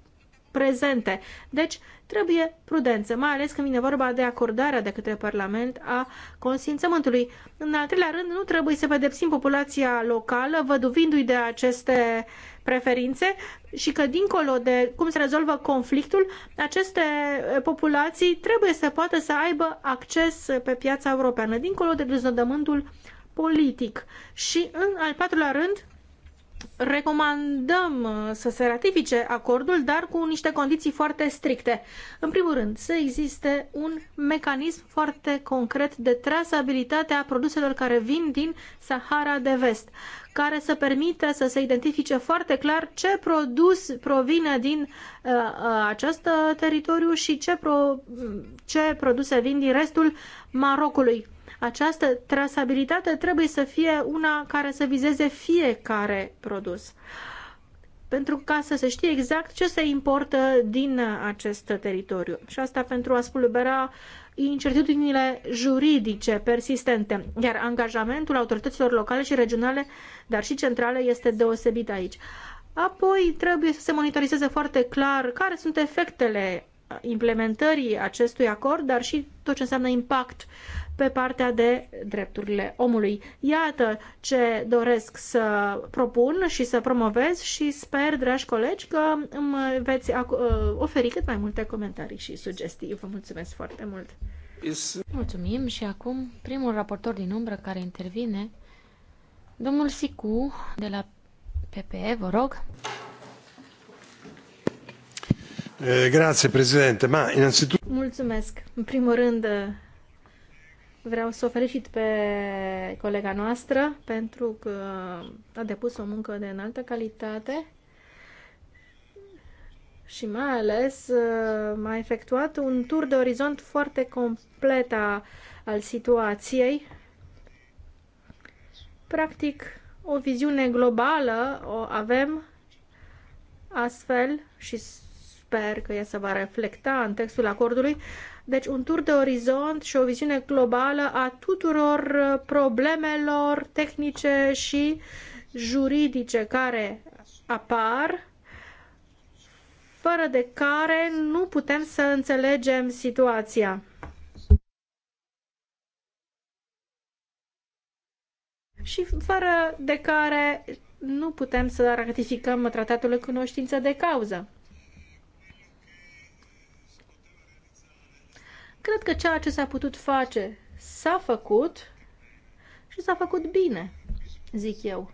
prezente. Deci, trebuie prudență, mai ales când vine vorba de acordarea de către Parlament a consimțământului. În al treilea rând, nu trebuie să pedepsim populația locală văduvindu-i de aceste preferințe și că dincolo de cum se rezolvă conflictul, aceste populații trebuie să poată să aibă acces pe piața europeană, dincolo de deznodământul politic. Și în al patrulea rând, recomandăm uh, să se ratifice acordul, dar cu niște condiții foarte stricte. În primul rând, să existe un mecanism foarte concret de trasabilitate a produselor care vin din Sahara de Vest, care să permită să se identifice foarte clar ce produs provine din uh, uh acest teritoriu și ce, pro, ce produse vin din restul Marocului această trasabilitate trebuie să fie una care să vizeze fiecare produs pentru ca să se știe exact ce se importă din acest teritoriu. Și asta pentru a spulbera incertitudinile juridice persistente, iar angajamentul autorităților locale și regionale, dar și centrale, este deosebit aici. Apoi trebuie să se monitorizeze foarte clar care sunt efectele implementării acestui acord, dar și tot ce înseamnă impact pe partea de drepturile omului. Iată ce doresc să propun și să promovez și sper, dragi colegi, că îmi veți uh, oferi cât mai multe comentarii și sugestii. Vă mulțumesc foarte mult! Mulțumim și acum primul raportor din umbră care intervine, domnul Sicu de la PPE, vă rog. Eh, grazie, Ma, innanzitutto... Mulțumesc. În primul rând, eh, vreau să o felicit pe colega noastră pentru că a depus o muncă de înaltă calitate și mai ales eh, a efectuat un tur de orizont foarte complet a, al situației. Practic, o viziune globală o avem astfel și sper că ea se va reflecta în textul acordului. Deci un tur de orizont și o viziune globală a tuturor uh, problemelor tehnice și juridice care apar, fără de care nu putem să înțelegem situația. și fără de care nu putem să ratificăm tratatul cunoștință de cauză. Cred că ceea ce s-a putut face s-a făcut și s-a făcut bine, zic eu.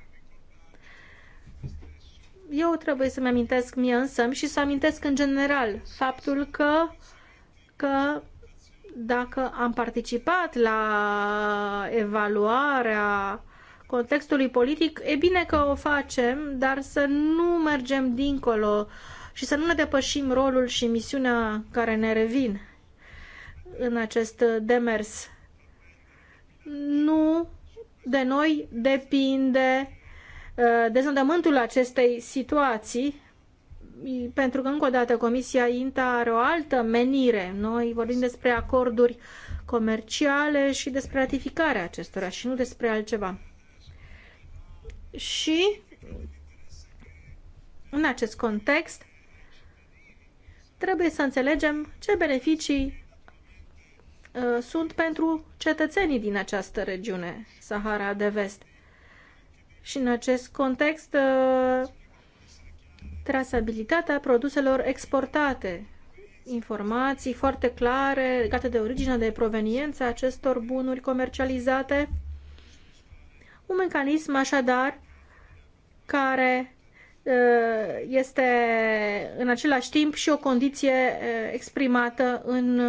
Eu trebuie să-mi amintesc mie însă și să amintesc în general faptul că, că dacă am participat la evaluarea contextului politic, e bine că o facem, dar să nu mergem dincolo și să nu ne depășim rolul și misiunea care ne revin în acest demers. Nu de noi depinde uh, dezandământul acestei situații, pentru că, încă o dată, Comisia INTA are o altă menire. Noi vorbim despre acorduri comerciale și despre ratificarea acestora și nu despre altceva. Și, în acest context, trebuie să înțelegem ce beneficii Uh, sunt pentru cetățenii din această regiune, Sahara de Vest. Și în acest context, uh, trasabilitatea produselor exportate, informații foarte clare legate de originea, de proveniența acestor bunuri comercializate, un mecanism așadar care uh, este în același timp și o condiție exprimată în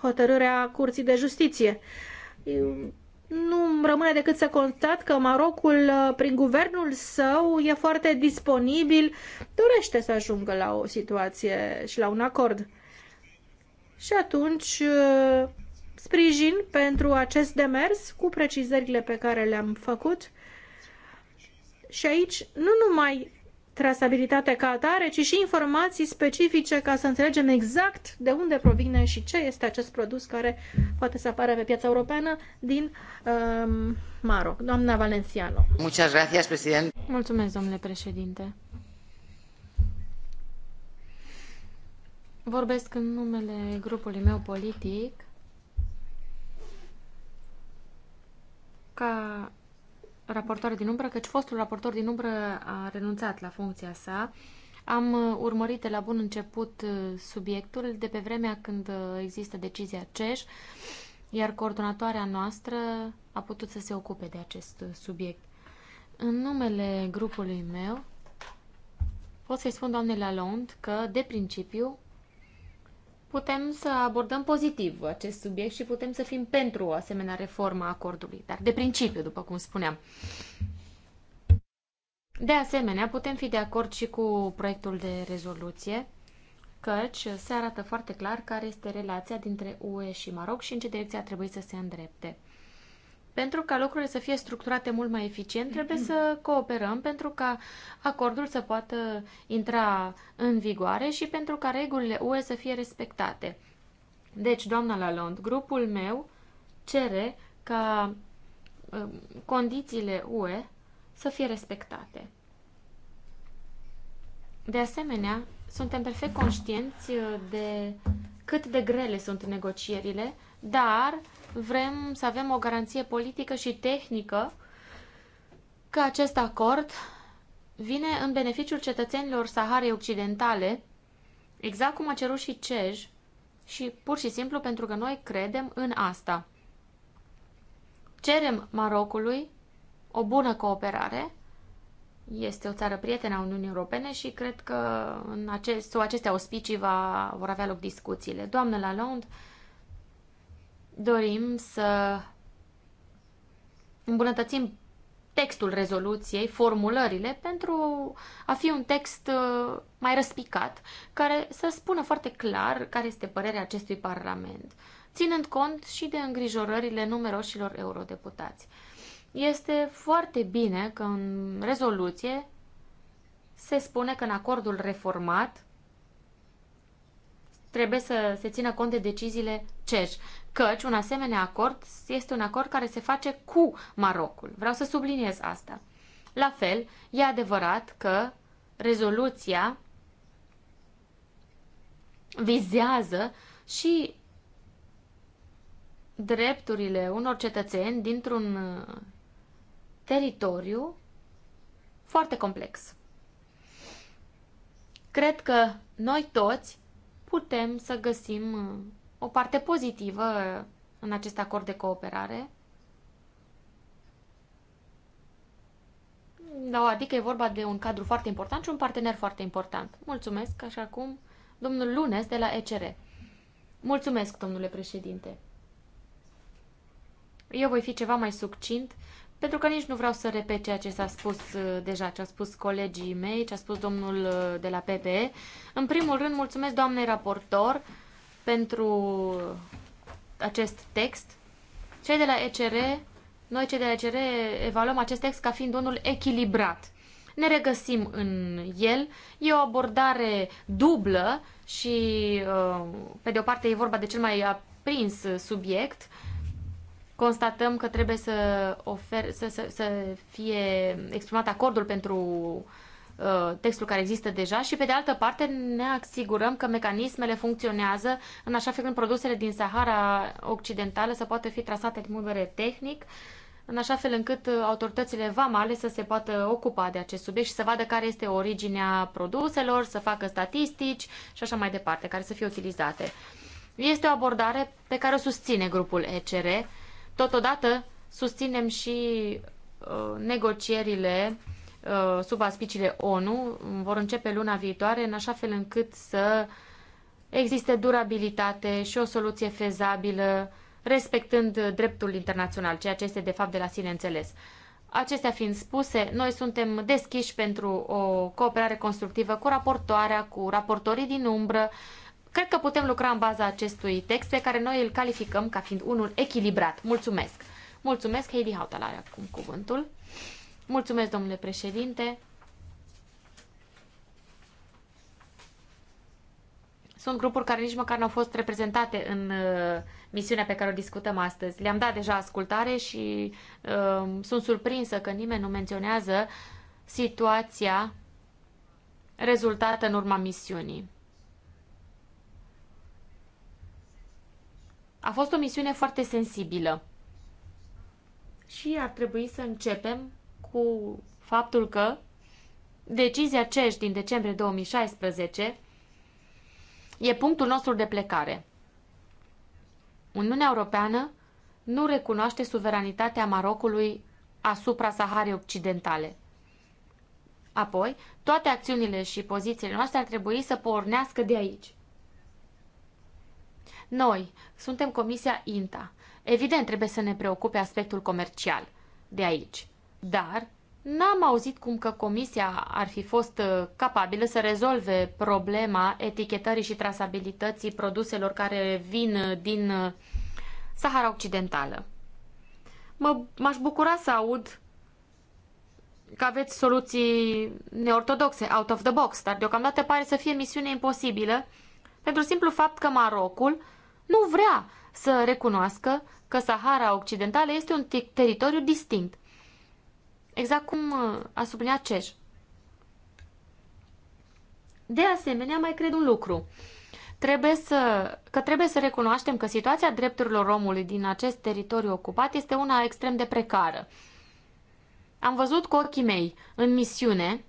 hotărârea Curții de Justiție. Nu îmi rămâne decât să constat că Marocul, prin guvernul său, e foarte disponibil, dorește să ajungă la o situație și la un acord. Și atunci sprijin pentru acest demers cu precizările pe care le-am făcut. Și aici nu numai trasabilitate ca atare, ci și informații specifice ca să înțelegem exact de unde provine și ce este acest produs care poate să apară pe piața europeană din um, Maroc. Doamna Valenciano. Mulțumesc, domnule președinte. Vorbesc în numele grupului meu politic ca raportoare din umbră, căci fostul raportor din umbră a renunțat la funcția sa. Am uh, urmărit de la bun început uh, subiectul de pe vremea când uh, există decizia CEJ, iar coordonatoarea noastră a putut să se ocupe de acest subiect. În numele grupului meu, pot să-i spun doamnele Alond că, de principiu, putem să abordăm pozitiv acest subiect și putem să fim pentru o asemenea reformă a acordului, dar de principiu, după cum spuneam. De asemenea, putem fi de acord și cu proiectul de rezoluție, căci se arată foarte clar care este relația dintre UE și Maroc și în ce direcție ar trebui să se îndrepte. Pentru ca lucrurile să fie structurate mult mai eficient, trebuie să cooperăm pentru ca acordul să poată intra în vigoare și pentru ca regulile UE să fie respectate. Deci, doamna Lalonde, grupul meu cere ca um, condițiile UE să fie respectate. De asemenea, suntem perfect conștienți uh, de cât de grele sunt negocierile, dar vrem să avem o garanție politică și tehnică că acest acord vine în beneficiul cetățenilor Saharei Occidentale, exact cum a cerut și CEJ, și pur și simplu pentru că noi credem în asta. Cerem Marocului o bună cooperare, este o țară prietenă a Uniunii Europene și cred că în acest, sau aceste auspicii va, vor avea loc discuțiile. Doamnă Lalonde, dorim să îmbunătățim textul rezoluției, formulările, pentru a fi un text uh, mai răspicat, care să spună foarte clar care este părerea acestui Parlament, ținând cont și de îngrijorările numeroșilor eurodeputați. Este foarte bine că în rezoluție se spune că în acordul reformat trebuie să se țină cont de deciziile CEJ, căci un asemenea acord este un acord care se face cu Marocul. Vreau să subliniez asta. La fel, e adevărat că rezoluția vizează și drepturile unor cetățeni dintr-un teritoriu foarte complex. Cred că noi toți putem să găsim uh, o parte pozitivă uh, în acest acord de cooperare. Da, adică e vorba de un cadru foarte important și un partener foarte important. Mulțumesc, așa cum domnul Lunes de la ECR. Mulțumesc, domnule președinte. Eu voi fi ceva mai succint pentru că nici nu vreau să repet ceea ce s-a spus uh, deja, ce a spus colegii mei, ce a spus domnul uh, de la PPE. În primul rând, mulțumesc doamnei raportor pentru acest text. Cei de la ECR, noi cei de la ECR evaluăm acest text ca fiind unul echilibrat. Ne regăsim în el, e o abordare dublă și, uh, pe de o parte, e vorba de cel mai aprins subiect, constatăm că trebuie să, ofer, să, să, să fie exprimat acordul pentru uh, textul care există deja și pe de altă parte ne asigurăm că mecanismele funcționează în așa fel când produsele din Sahara Occidentală să poată fi trasate din punct tehnic, în așa fel încât uh, autoritățile vamale să se poată ocupa de acest subiect și să vadă care este originea produselor, să facă statistici și așa mai departe, care să fie utilizate. Este o abordare pe care o susține grupul ECR, Totodată susținem și uh, negocierile uh, sub aspiciile ONU vor începe luna viitoare în așa fel încât să existe durabilitate și o soluție fezabilă respectând dreptul internațional, ceea ce este de fapt de la sine înțeles. Acestea fiind spuse, noi suntem deschiși pentru o cooperare constructivă cu raportoarea, cu raportorii din umbră, Cred că putem lucra în baza acestui text pe care noi îl calificăm ca fiind unul echilibrat. Mulțumesc! Mulțumesc, Heidi Hautala are acum cuvântul. Mulțumesc, domnule președinte. Sunt grupuri care nici măcar n-au fost reprezentate în uh, misiunea pe care o discutăm astăzi. Le-am dat deja ascultare și uh, sunt surprinsă că nimeni nu menționează situația rezultată în urma misiunii. A fost o misiune foarte sensibilă. Și ar trebui să începem cu faptul că decizia CEJ din decembrie 2016 e punctul nostru de plecare. Uniunea Europeană nu recunoaște suveranitatea Marocului asupra Saharei Occidentale. Apoi, toate acțiunile și pozițiile noastre ar trebui să pornească de aici. Noi suntem Comisia INTA. Evident, trebuie să ne preocupe aspectul comercial de aici. Dar n-am auzit cum că Comisia ar fi fost uh, capabilă să rezolve problema etichetării și trasabilității produselor care vin uh, din uh, Sahara Occidentală. m-aș bucura să aud că aveți soluții neortodoxe, out of the box, dar deocamdată pare să fie misiune imposibilă pentru simplu fapt că Marocul nu vrea să recunoască că Sahara Occidentală este un teritoriu distinct. Exact cum uh, a subliniat Ceș. De asemenea, mai cred un lucru. Trebuie să, că trebuie să recunoaștem că situația drepturilor omului din acest teritoriu ocupat este una extrem de precară. Am văzut cu ochii mei, în misiune,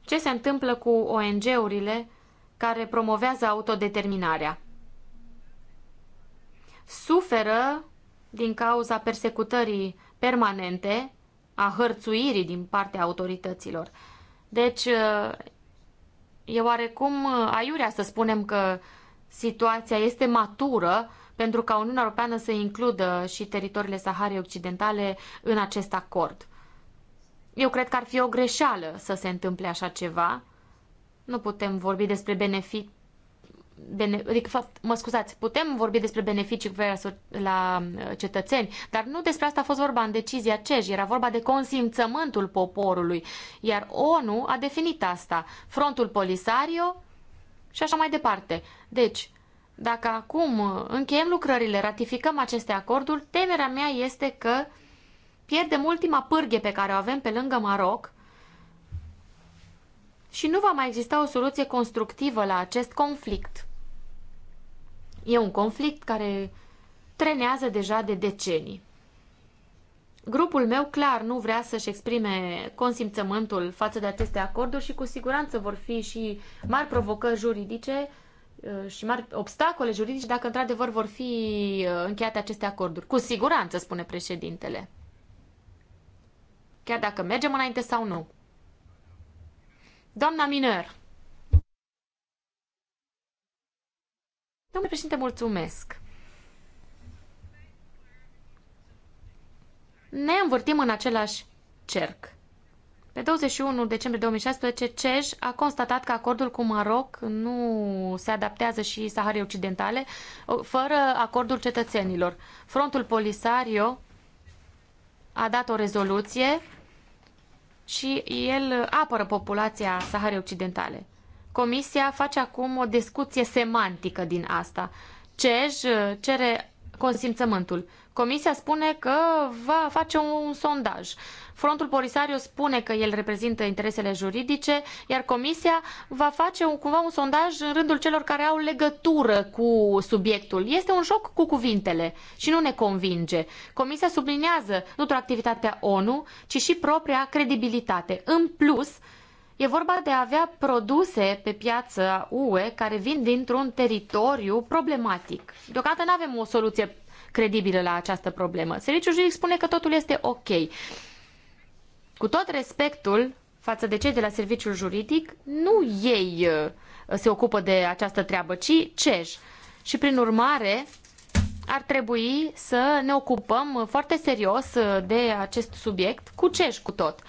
ce se întâmplă cu ONG-urile care promovează autodeterminarea suferă din cauza persecutării permanente a hărțuirii din partea autorităților. Deci, e oarecum aiurea să spunem că situația este matură pentru ca Uniunea Europeană să includă și teritoriile Saharei Occidentale în acest acord. Eu cred că ar fi o greșeală să se întâmple așa ceva. Nu putem vorbi despre benefic bene, adică, fapt, mă scuzați, putem vorbi despre beneficii la uh, cetățeni, dar nu despre asta a fost vorba în decizia CEJ, era vorba de consimțământul poporului, iar ONU a definit asta, frontul Polisario și așa mai departe. Deci, dacă acum uh, încheiem lucrările, ratificăm aceste acorduri, temerea mea este că pierdem ultima pârghie pe care o avem pe lângă Maroc și nu va mai exista o soluție constructivă la acest conflict. E un conflict care trenează deja de decenii. Grupul meu clar nu vrea să-și exprime consimțământul față de aceste acorduri și cu siguranță vor fi și mari provocări juridice uh, și mari obstacole juridice dacă într-adevăr vor fi uh, încheiate aceste acorduri. Cu siguranță, spune președintele. Chiar dacă mergem înainte sau nu. Doamna Miner, Domnule președinte, mulțumesc! Ne învârtim în același cerc. Pe 21 decembrie 2016, CEJ a constatat că acordul cu Maroc nu se adaptează și Saharei Occidentale fără acordul cetățenilor. Frontul Polisario a dat o rezoluție și el apără populația Saharei Occidentale. Comisia face acum o discuție semantică din asta. CEJ uh, cere consimțământul. Comisia spune că va face un sondaj. Frontul Polisario spune că el reprezintă interesele juridice, iar comisia va face un, cumva un sondaj în rândul celor care au legătură cu subiectul. Este un joc cu cuvintele și nu ne convinge. Comisia subliniază nu doar activitatea ONU, ci și propria credibilitate. În plus, E vorba de a avea produse pe piață UE care vin dintr-un teritoriu problematic. Deocamdată nu avem o soluție credibilă la această problemă. Serviciul juridic spune că totul este ok. Cu tot respectul față de cei de la serviciul juridic, nu ei uh, se ocupă de această treabă, ci CEJ. Și prin urmare, ar trebui să ne ocupăm foarte serios uh, de acest subiect, cu CEJ cu tot.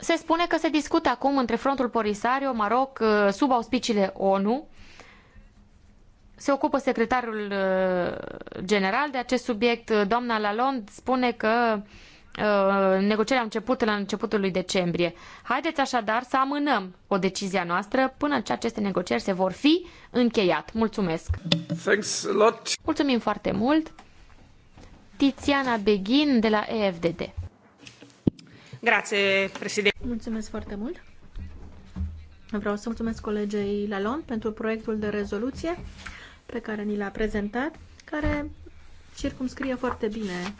se spune că se discută acum între frontul Polisario, Maroc, uh, sub auspiciile ONU. Se ocupă secretarul uh, general de acest subiect. Uh, doamna Lalonde spune că negocierea a început la începutul lui decembrie. Haideți așadar să amânăm o decizie noastră până ce aceste negocieri se vor fi încheiat. Mulțumesc! Thanks a lot. Mulțumim foarte mult! Tiziana Beghin de la EFDD. Grazie, Mulțumesc foarte mult. Vreau să mulțumesc colegei Lalon pentru proiectul de rezoluție pe care ni l-a prezentat, care circumscrie foarte bine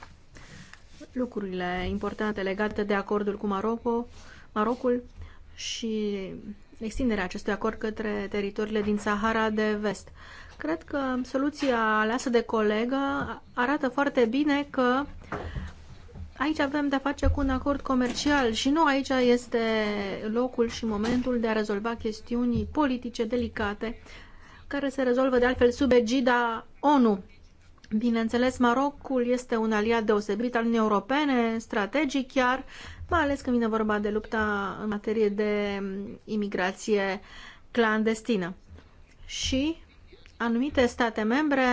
lucrurile importante legate de acordul cu Maroco, Marocul și extinderea acestui acord către teritoriile din Sahara de Vest. Cred că soluția aleasă de colegă arată foarte bine că Aici avem de-a face cu un acord comercial și nu aici este locul și momentul de a rezolva chestiuni politice delicate care se rezolvă de altfel sub egida ONU. Bineînțeles, Marocul este un aliat deosebit al Uniunii Europene, strategic chiar, mai ales când vine vorba de lupta în materie de imigrație clandestină. Și anumite state membre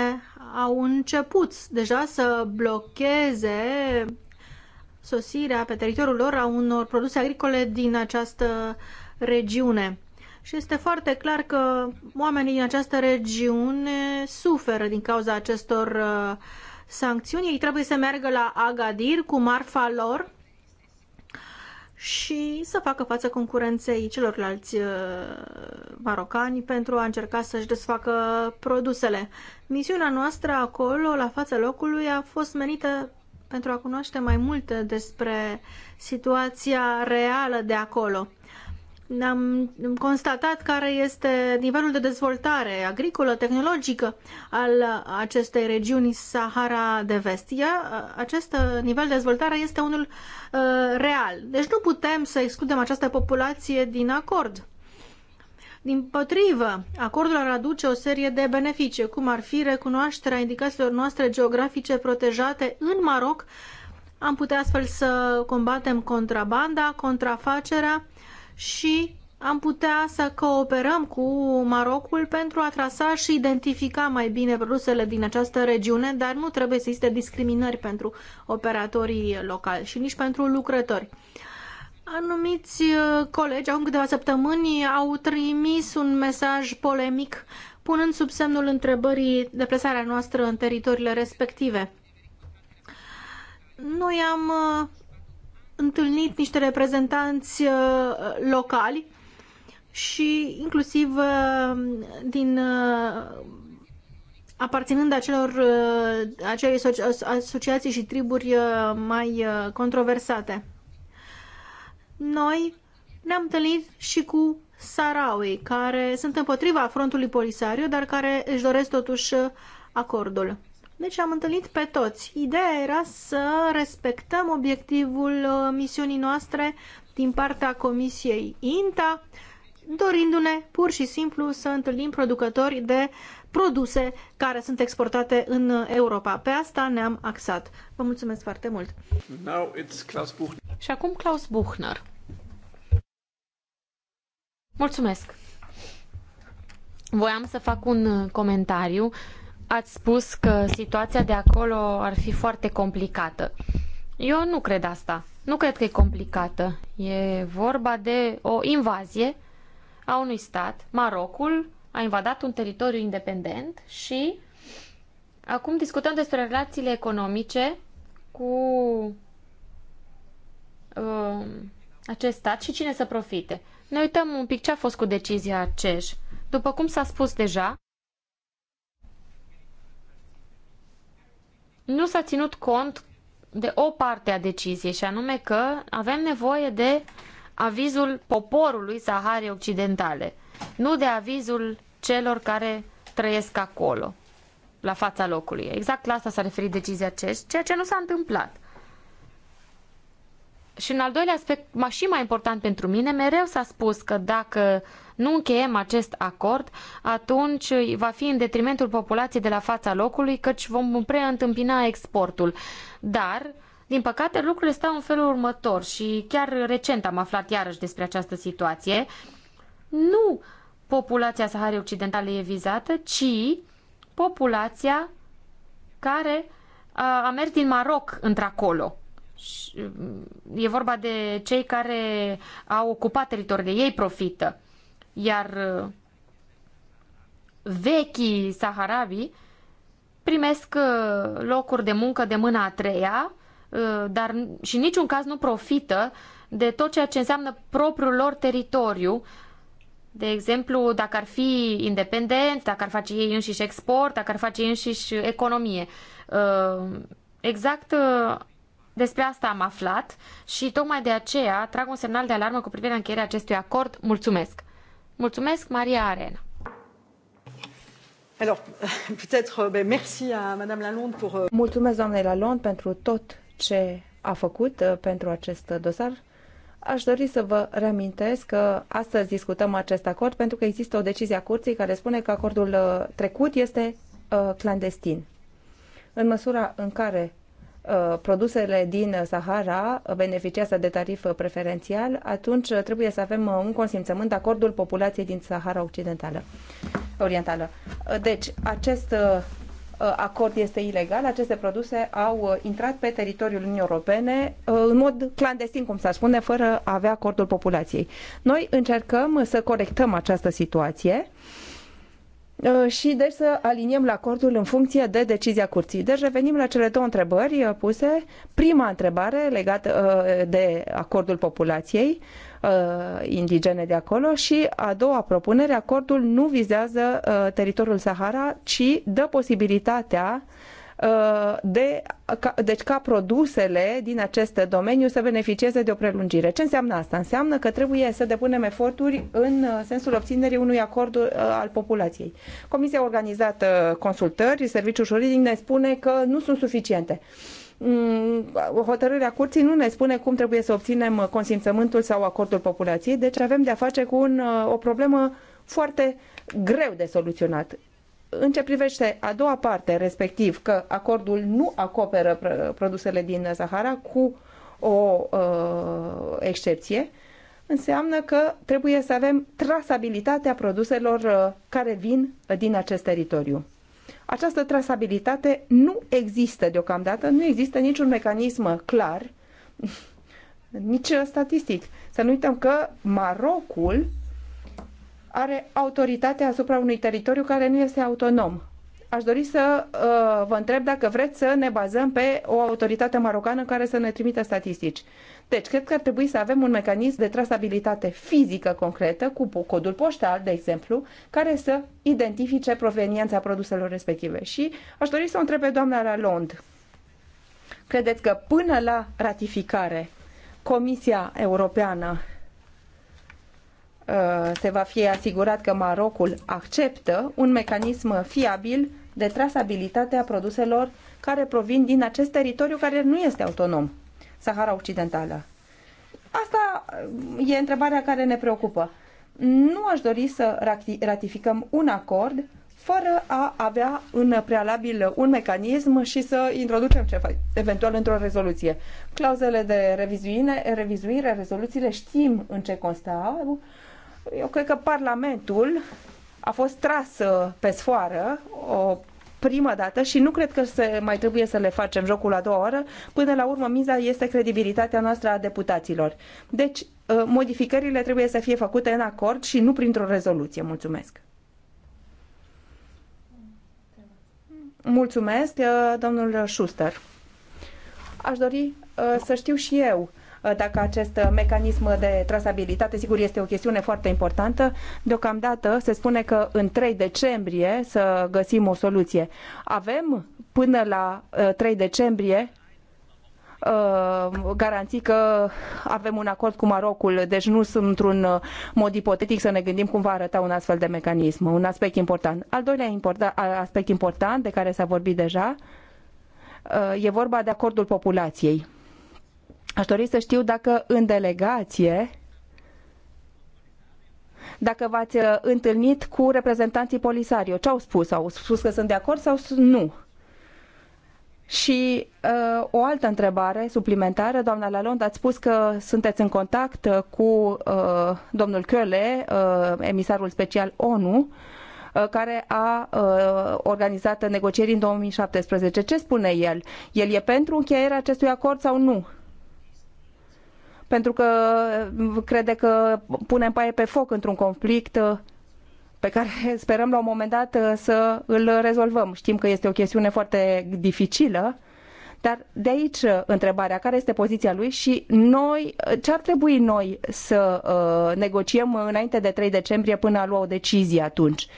au început deja să blocheze sosirea pe teritoriul lor a unor produse agricole din această regiune. Și este foarte clar că oamenii din această regiune suferă din cauza acestor uh, sancțiuni. Ei trebuie să meargă la Agadir cu marfa lor și să facă față concurenței celorlalți uh, marocani pentru a încerca să-și desfacă produsele. Misiunea noastră acolo, la fața locului, a fost menită pentru a cunoaște mai multe despre situația reală de acolo. Am constatat care este nivelul de dezvoltare agricolă, tehnologică al acestei regiuni Sahara de Vest. Ia, acest nivel de dezvoltare este unul uh, real. Deci nu putem să excludem această populație din acord din potrivă, acordul ar aduce o serie de beneficii, cum ar fi recunoașterea indicațiilor noastre geografice protejate în Maroc, am putea astfel să combatem contrabanda, contrafacerea și am putea să cooperăm cu Marocul pentru a trasa și identifica mai bine produsele din această regiune, dar nu trebuie să existe discriminări pentru operatorii locali și nici pentru lucrători. Anumiți uh, colegi, acum câteva săptămâni, au trimis un mesaj polemic punând sub semnul întrebării deplasarea noastră în teritoriile respective. Noi am uh, întâlnit niște reprezentanți uh, locali și inclusiv din aparținând acelor, acelei asociații și triburi mai controversate noi ne-am întâlnit și cu Sarawi, care sunt împotriva frontului Polisario, dar care își doresc totuși acordul. Deci am întâlnit pe toți. Ideea era să respectăm obiectivul uh, misiunii noastre din partea Comisiei INTA, dorindu-ne pur și simplu să întâlnim producători de produse care sunt exportate în Europa. Pe asta ne-am axat. Vă mulțumesc foarte mult! Now it's Klaus Și acum Klaus Buchner. Mulțumesc! Voiam să fac un comentariu. Ați spus că situația de acolo ar fi foarte complicată. Eu nu cred asta. Nu cred că e complicată. E vorba de o invazie a unui stat, Marocul, a invadat un teritoriu independent și acum discutăm despre relațiile economice cu uh, acest stat și cine să profite. Ne uităm un pic ce a fost cu decizia CEJ. După cum s-a spus deja, nu s-a ținut cont de o parte a deciziei și anume că avem nevoie de avizul poporului Saharei Occidentale, nu de avizul celor care trăiesc acolo, la fața locului. Exact la asta s-a referit decizia CES, ceea ce nu s-a întâmplat. Și în al doilea aspect, și mai important pentru mine, mereu s-a spus că dacă nu încheiem acest acord, atunci va fi în detrimentul populației de la fața locului, căci vom preîntâmpina exportul. Dar din păcate, lucrurile stau în felul următor și chiar recent am aflat iarăși despre această situație. Nu populația Saharei Occidentale e vizată, ci populația care a mers din Maroc într-acolo. Mm, e vorba de cei care au ocupat teritoriile, ei profită. Iar vechii saharabi primesc locuri de muncă de mâna a treia, Uh, dar și în niciun caz nu profită de tot ceea ce înseamnă propriul lor teritoriu. De exemplu, dacă ar fi independenți, dacă ar face ei înșiși export, dacă ar face ei înșiși economie. Uh, exact uh, despre asta am aflat și tocmai de aceea trag un semnal de alarmă cu privire la încheierea acestui acord. Mulțumesc! Mulțumesc, Maria Arena! Alors, peut-être, euh, ben, merci à Madame Lalonde pour... Euh, Mulțumesc, doamnei Lalonde, pentru tot ce a făcut uh, pentru acest dosar. Aș dori să vă reamintesc că astăzi discutăm acest acord pentru că există o decizie a curții care spune că acordul uh, trecut este uh, clandestin. În măsura în care produsele din Sahara beneficiază de tarif preferențial, atunci trebuie să avem un consimțământ, acordul populației din Sahara Occidentală, Orientală. Deci, acest Uh, acord este ilegal, aceste produse au uh, intrat pe teritoriul Uniunii Europene uh, în mod clandestin, cum s-ar spune, fără a avea acordul populației. Noi încercăm să corectăm această situație și deci să aliniem la acordul în funcție de decizia curții. Deci revenim la cele două întrebări puse. Prima întrebare legată de acordul populației uh, indigene de acolo și a doua propunere, acordul nu vizează uh, teritoriul Sahara, ci dă posibilitatea uh, de, ca, deci ca produsele din acest domeniu să beneficieze de o prelungire. Ce înseamnă asta? Înseamnă că trebuie să depunem eforturi în uh, sensul obținerii unui acord uh, al populației. Comisia a organizat consultări, serviciul juridic ne spune că nu sunt suficiente. Uh, Mm, hotărârea curții nu ne spune cum trebuie să obținem consimțământul sau acordul populației, deci avem de-a face cu un, uh, o problemă foarte greu de soluționat. În ce privește a doua parte, respectiv că acordul nu acoperă produsele din Sahara cu o uh, excepție, înseamnă că trebuie să avem trasabilitatea produselor uh, care vin din acest teritoriu. Această trasabilitate nu există deocamdată, nu există niciun mecanism clar, nici statistic. Să nu uităm că Marocul are autoritatea asupra unui teritoriu care nu este autonom aș dori să uh, vă întreb dacă vreți să ne bazăm pe o autoritate marocană care să ne trimită statistici. Deci, cred că ar trebui să avem un mecanism de trasabilitate fizică concretă, cu codul poștal, de exemplu, care să identifice proveniența produselor respective. Și aș dori să o întreb pe doamna Lalond. Credeți că până la ratificare, Comisia Europeană Uh, se va fi asigurat că Marocul acceptă un mecanism fiabil de trasabilitate a produselor care provin din acest teritoriu care nu este autonom, Sahara Occidentală. Asta uh, e întrebarea care ne preocupă. Nu aș dori să ratificăm un acord fără a avea în prealabil un mecanism și să introducem ceva, eventual într-o rezoluție. Clauzele de revizuire, revizuire, rezoluțiile știm în ce constau, eu cred că Parlamentul a fost tras uh, pe sfoară o prima dată și nu cred că se mai trebuie să le facem jocul a doua oară. Până la urmă, miza este credibilitatea noastră a deputaților. Deci, uh, modificările trebuie să fie făcute în acord și nu printr-o rezoluție. Mulțumesc! Mulțumesc, uh, domnul Schuster. Aș dori să știu și eu Uh, dacă acest uh, mecanism de trasabilitate, sigur, este o chestiune foarte importantă. Deocamdată se spune că în 3 decembrie să găsim o soluție. Avem până la 3 uh, decembrie garanții că avem un acord cu Marocul, deci nu sunt într-un mod ipotetic să ne gândim cum va arăta un astfel de mecanism, un aspect important. Al doilea aspect important de care s-a vorbit deja, e vorba de acordul populației. Aș dori să știu dacă în delegație dacă v-ați uh, întâlnit cu reprezentanții Polisario. Ce au spus? Au spus că sunt de acord sau nu? Și uh, o altă întrebare suplimentară, doamna Lalonde, ați spus că sunteți în contact uh, cu uh, domnul Köle, uh, emisarul special ONU, uh, care a uh, organizat negocieri în 2017. Ce spune el? El e pentru încheierea acestui acord sau nu? pentru că uh, crede că punem paie pe foc într-un conflict uh, pe care sperăm la un moment dat uh, să îl rezolvăm. Știm că este o chestiune foarte dificilă, dar de aici întrebarea, care este poziția lui și noi, ce ar trebui noi să negociem înainte de 3 decembrie până a lua o decizie atunci? Uh,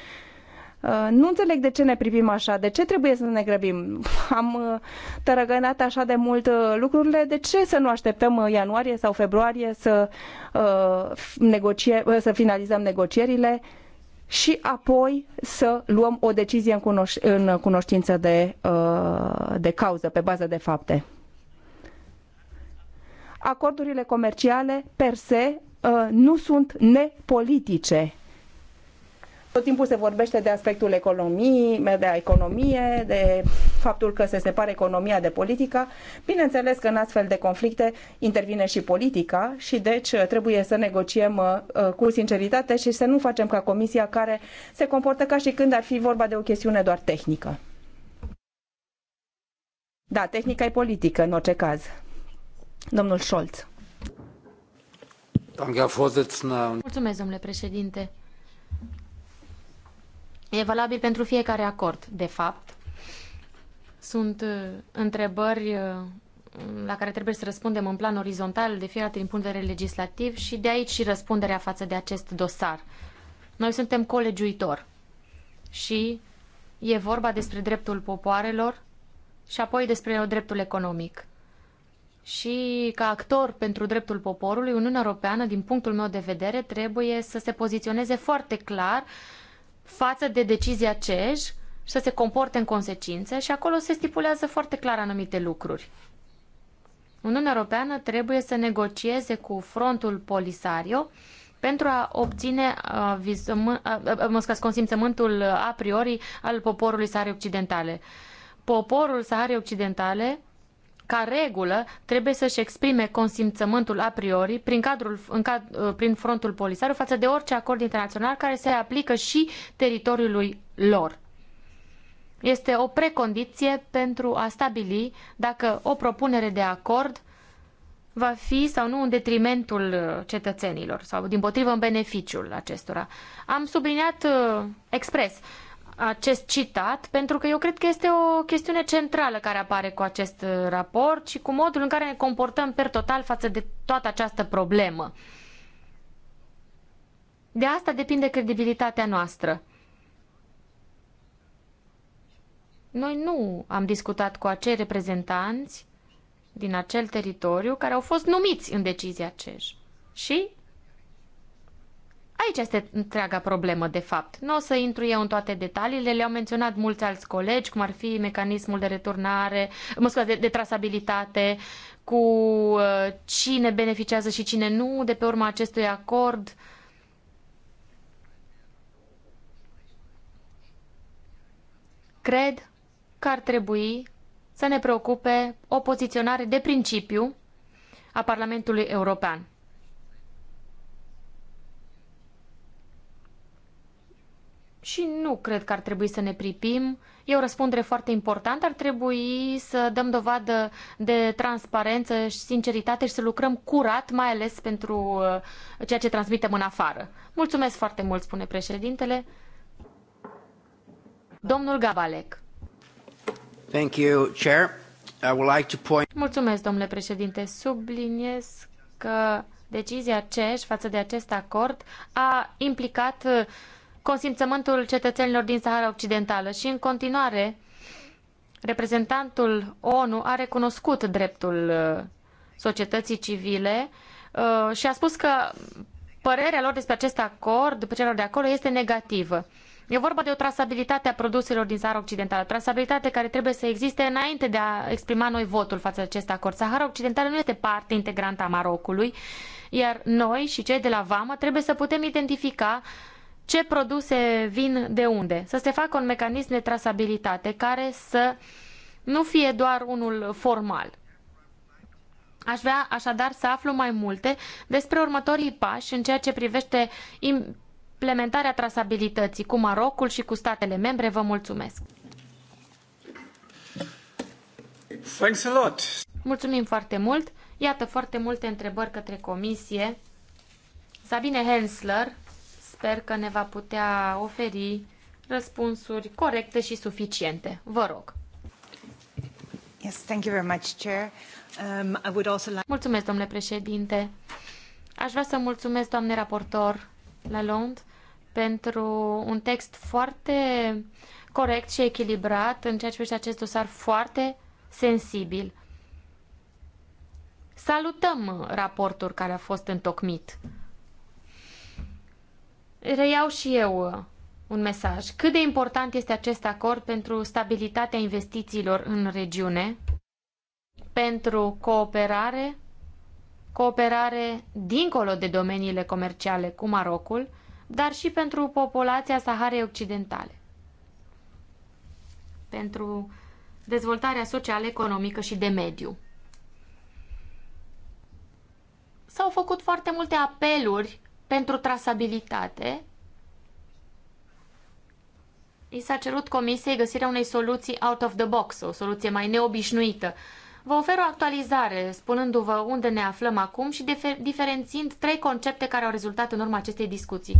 Uh, nu înțeleg de ce ne privim așa, de ce trebuie să ne grăbim. Am uh, tărăgănat așa de mult uh, lucrurile, de ce să nu așteptăm ianuarie sau februarie să, negocie, să finalizăm negocierile și apoi să luăm o decizie în, cunoș- în cunoștință de, de cauză, pe bază de fapte. Acordurile comerciale, per se, nu sunt nepolitice tot timpul se vorbește de aspectul economiei, de economie, de faptul că se separă economia de politica. Bineînțeles că în astfel de conflicte intervine și politica și deci trebuie să negociem uh, cu sinceritate și să nu facem ca comisia care se comportă ca și când ar fi vorba de o chestiune doar tehnică. Da, tehnica e politică în orice caz. Domnul Scholz. Mulțumesc, domnule președinte. E valabil pentru fiecare acord, de fapt. Sunt uh, întrebări uh, la care trebuie să răspundem în plan orizontal, de fiecare dată din punct de vedere legislativ și de aici și răspunderea față de acest dosar. Noi suntem colegiuitor și e vorba despre dreptul popoarelor și apoi despre dreptul economic. Și ca actor pentru dreptul poporului, Uniunea Europeană, din punctul meu de vedere, trebuie să se poziționeze foarte clar uh, față de decizia CEJ să se comporte în consecință și acolo se stipulează foarte clar anumite lucruri. Uniunea Europeană trebuie să negocieze cu frontul Polisario pentru a obține avizăm, mă consimțământul a priori al poporului Saharei Occidentale. Poporul Saharei Occidentale ca regulă, trebuie să-și exprime consimțământul a priori prin, cadrul, în cad, uh, prin frontul polisario față de orice acord internațional care se aplică și teritoriului lor. Este o precondiție pentru a stabili dacă o propunere de acord va fi sau nu în detrimentul uh, cetățenilor sau din potrivă în beneficiul acestora. Am subliniat uh, expres acest citat, pentru că eu cred că este o chestiune centrală care apare cu acest uh, raport și cu modul în care ne comportăm per total față de toată această problemă. De asta depinde credibilitatea noastră. Noi nu am discutat cu acei reprezentanți din acel teritoriu care au fost numiți în decizia CEJ. Și Aici este întreaga problemă, de fapt. Nu o să intru eu în toate detaliile, le-au menționat mulți alți colegi, cum ar fi mecanismul de returnare, mă scuze, de, de trasabilitate, cu uh, cine beneficiază și cine nu de pe urma acestui acord. Cred că ar trebui să ne preocupe o poziționare de principiu a Parlamentului European și nu cred că ar trebui să ne pripim. E o răspundere foarte importantă. Ar trebui să dăm dovadă de transparență și sinceritate și să lucrăm curat, mai ales pentru uh, ceea ce transmitem în afară. Mulțumesc foarte mult, spune președintele. Domnul Gabalec. Thank you, Chair. I would like to point... Mulțumesc, domnule președinte. Subliniez că decizia CEJ față de acest acord a implicat uh, consimțământul cetățenilor din Sahara Occidentală și în continuare reprezentantul ONU a recunoscut dreptul uh, societății civile uh, și a spus că părerea lor despre acest acord, după celor de acolo, este negativă. E vorba de o trasabilitate a produselor din Sahara Occidentală, trasabilitate care trebuie să existe înainte de a exprima noi votul față de acest acord. Sahara Occidentală nu este parte integrantă a Marocului, iar noi și cei de la Vama trebuie să putem identifica uh, ce produse vin de unde. Să se facă un mecanism de trasabilitate care să nu fie doar unul formal. Aș vrea așadar să aflu mai multe despre următorii pași în ceea ce privește implementarea trasabilității cu Marocul și cu statele membre. Vă mulțumesc! Thanks a lot. Mulțumim foarte mult! Iată foarte multe întrebări către comisie. Sabine Hensler, sper că ne va putea oferi răspunsuri corecte și suficiente. Vă rog. Yes, thank you very much, Chair. Um, I would also like... Mulțumesc, domnule președinte. Aș vrea să mulțumesc, doamne raportor Lalonde, pentru un text foarte corect și echilibrat în ceea ce privește acest dosar foarte sensibil. Salutăm raportul care a fost întocmit reiau și eu uh, un mesaj. Cât de important este acest acord pentru stabilitatea investițiilor în regiune, pentru cooperare, cooperare dincolo de domeniile comerciale cu Marocul, dar și pentru populația Saharei Occidentale, pentru dezvoltarea socială, economică și de mediu. S-au făcut foarte multe apeluri pentru trasabilitate, i s-a cerut comisiei găsirea unei soluții out of the box, o soluție mai neobișnuită. Vă ofer o actualizare, spunându-vă unde ne aflăm acum și difer- trei concepte care au rezultat în urma acestei discuții.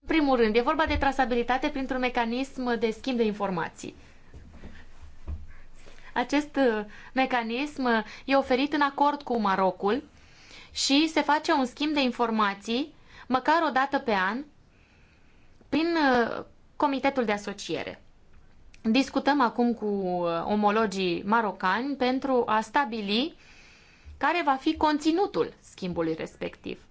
În primul rând, e vorba de trasabilitate printr-un mecanism de schimb de informații. Acest uh, mecanism uh, e oferit în acord cu Marocul, și se face un schimb de informații, măcar o dată pe an, prin uh, comitetul de asociere. Discutăm acum cu uh, omologii marocani pentru a stabili care va fi conținutul schimbului respectiv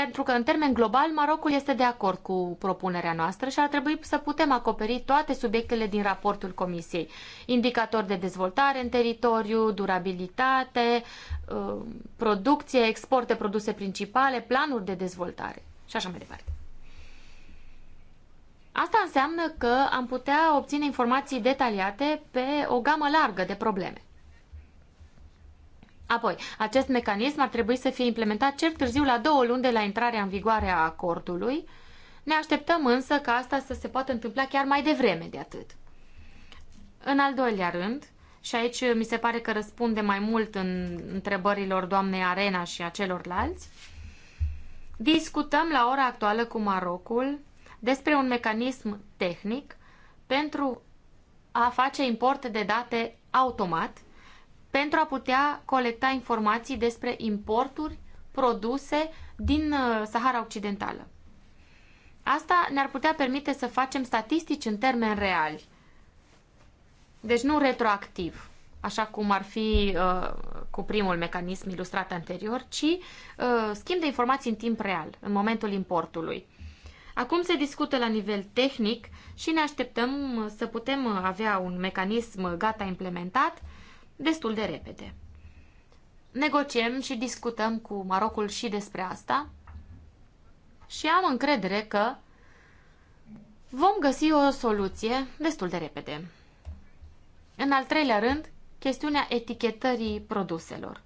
pentru că în termen global Marocul este de acord cu propunerea noastră și ar trebui să putem acoperi toate subiectele din raportul Comisiei. Indicatori de dezvoltare în teritoriu, durabilitate, uh, producție, export de produse principale, planuri de dezvoltare și așa mai departe. Asta înseamnă că am putea obține informații detaliate pe o gamă largă de probleme. Apoi, acest mecanism ar trebui să fie implementat cel târziu la două luni de la intrarea în vigoare a acordului. Ne așteptăm însă ca asta să se poată întâmpla chiar mai devreme de atât. În al doilea rând, și aici mi se pare că răspunde mai mult în întrebărilor doamnei Arena și a celorlalți, discutăm la ora actuală cu Marocul despre un mecanism tehnic pentru a face import de date automat pentru a putea colecta informații despre importuri, produse din uh, Sahara Occidentală. Asta ne-ar putea permite să facem statistici în termeni reali, deci nu retroactiv, așa cum ar fi uh, cu primul mecanism ilustrat anterior, ci uh, schimb de informații în timp real, în momentul importului. Acum se discută la nivel tehnic și ne așteptăm să putem avea un mecanism gata implementat destul de repede. Negociem și discutăm cu Marocul și despre asta și am încredere că vom găsi o soluție destul de repede. În al treilea rând, chestiunea etichetării produselor.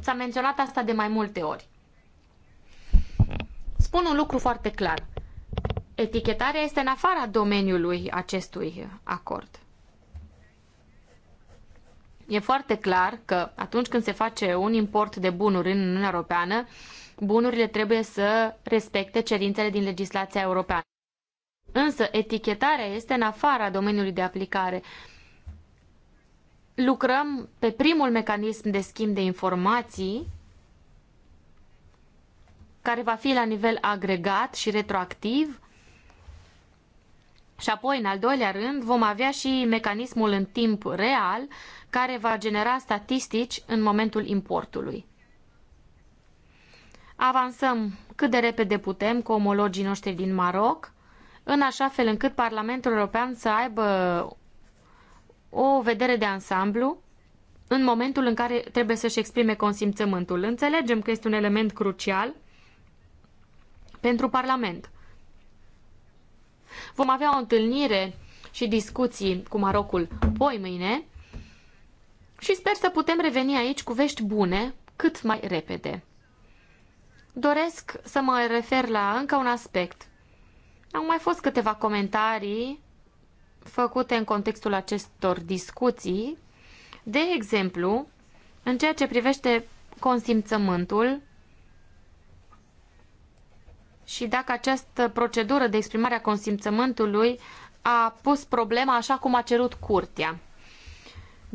S-a menționat asta de mai multe ori. Spun un lucru foarte clar. Etichetarea este în afara domeniului acestui acord. E foarte clar că atunci când se face un import de bunuri în Uniunea Europeană, bunurile trebuie să respecte cerințele din legislația europeană. Însă etichetarea este în afara domeniului de aplicare. Lucrăm pe primul mecanism de schimb de informații care va fi la nivel agregat și retroactiv și apoi, în al doilea rând, vom avea și mecanismul în timp real care va genera statistici în momentul importului. Avansăm cât de repede putem cu omologii noștri din Maroc, în așa fel încât Parlamentul European să aibă o vedere de ansamblu în momentul în care trebuie să-și exprime consimțământul. Înțelegem că este un element crucial pentru Parlament. Vom avea o întâlnire și discuții cu Marocul poi mâine și sper să putem reveni aici cu vești bune cât mai repede. Doresc să mă refer la încă un aspect. Au mai fost câteva comentarii făcute în contextul acestor discuții. De exemplu, în ceea ce privește consimțământul și dacă această procedură de exprimare a consimțământului a pus problema așa cum a cerut curtea.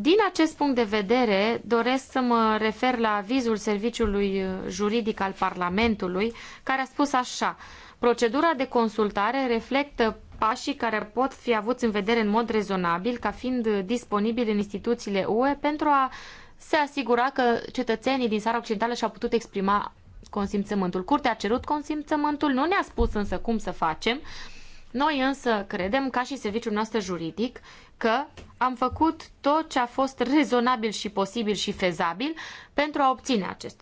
Din acest punct de vedere, doresc să mă refer la avizul Serviciului Juridic al Parlamentului, care a spus așa. Procedura de consultare reflectă pașii care pot fi avuți în vedere în mod rezonabil ca fiind disponibili în instituțiile UE pentru a se asigura că cetățenii din țara occidentală și-au putut exprima consimțământul. Curtea a cerut consimțământul, nu ne-a spus însă cum să facem. Noi însă credem, ca și serviciul nostru juridic, că am făcut tot ce a fost rezonabil și posibil și fezabil pentru a obține acest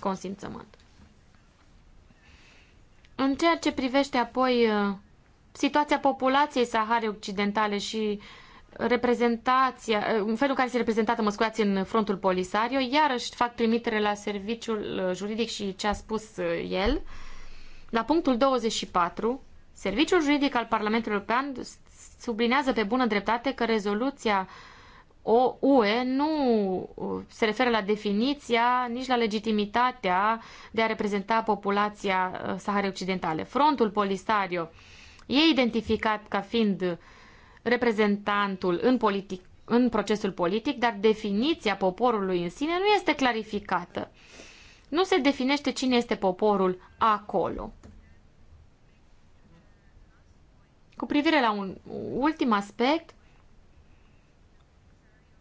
consimțământ. În ceea ce privește apoi uh, situația populației Saharei Occidentale și reprezentația, uh, în felul în care se reprezentată, mă scuzați, în frontul Polisario, iarăși fac trimitere la serviciul uh, juridic și ce a spus el. La punctul 24, serviciul juridic al Parlamentului European sublinează pe bună dreptate că rezoluția o UE nu uh, se referă la definiția, nici la legitimitatea de a reprezenta populația uh, Saharei Occidentale. Frontul Polisario e identificat ca fiind reprezentantul în, politic, în procesul politic, dar definiția poporului în sine nu este clarificată. Nu se definește cine este poporul acolo. Cu privire la un ultim aspect,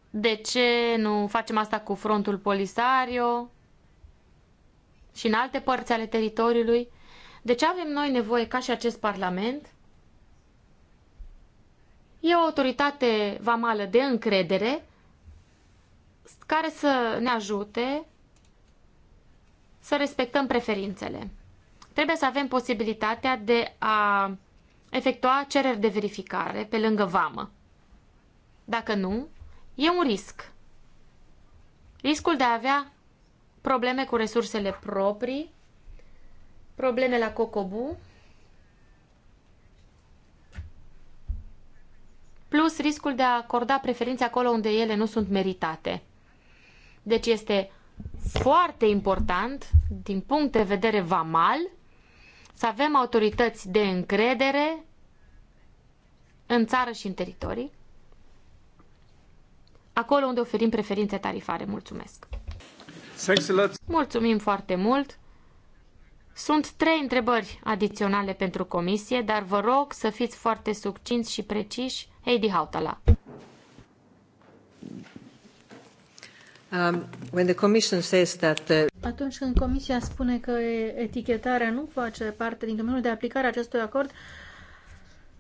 de ce nu facem asta cu frontul Polisario și în alte părți ale teritoriului? De ce avem noi nevoie ca și acest Parlament? E o autoritate vamală de încredere care să ne ajute să respectăm preferințele. Trebuie să avem posibilitatea de a efectua cereri de verificare pe lângă vamă. Dacă nu, e un risc. Riscul de a avea probleme cu resursele proprii, probleme la cocobu, plus riscul de a acorda preferințe acolo unde ele nu sunt meritate. Deci este foarte important, din punct de vedere vamal, să avem autorități de încredere în țară și în teritorii, acolo unde oferim preferințe tarifare. Mulțumesc! Mulțumim foarte mult! Sunt trei întrebări adiționale pentru comisie, dar vă rog să fiți foarte succinți și preciși. Heidi Hautala. Um, when the commission says that, uh, Atunci când Comisia spune că etichetarea nu face parte din domeniul de aplicare a acestui acord,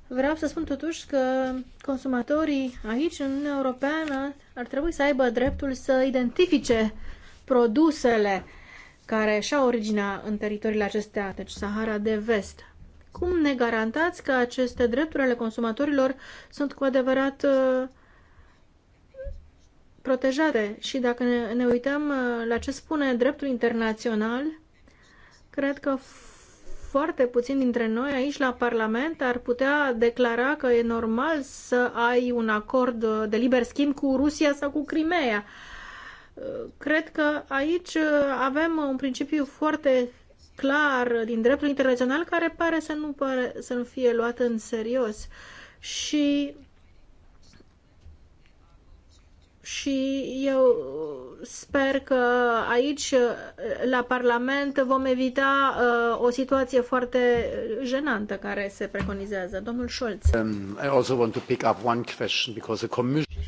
vreau să spun totuși că consumatorii aici, în Uniunea Europeană, ar trebui să aibă dreptul să identifice produsele care și-au originea în teritoriile acestea, deci Sahara de Vest. Cum ne garantați că aceste drepturi ale consumatorilor sunt cu adevărat uh, protejate. Și dacă ne, ne uităm uh, la ce spune dreptul internațional, cred că foarte puțin dintre noi aici la Parlament ar putea declara că e normal să ai un acord de liber schimb cu Rusia sau cu Crimea. Uh, cred că aici uh, avem un principiu foarte clar din dreptul internațional care pare să nu, pare, să nu fie luat în serios. Și și eu sper că aici, la Parlament, vom evita uh, o situație foarte jenantă care se preconizează. Domnul Scholz. Um,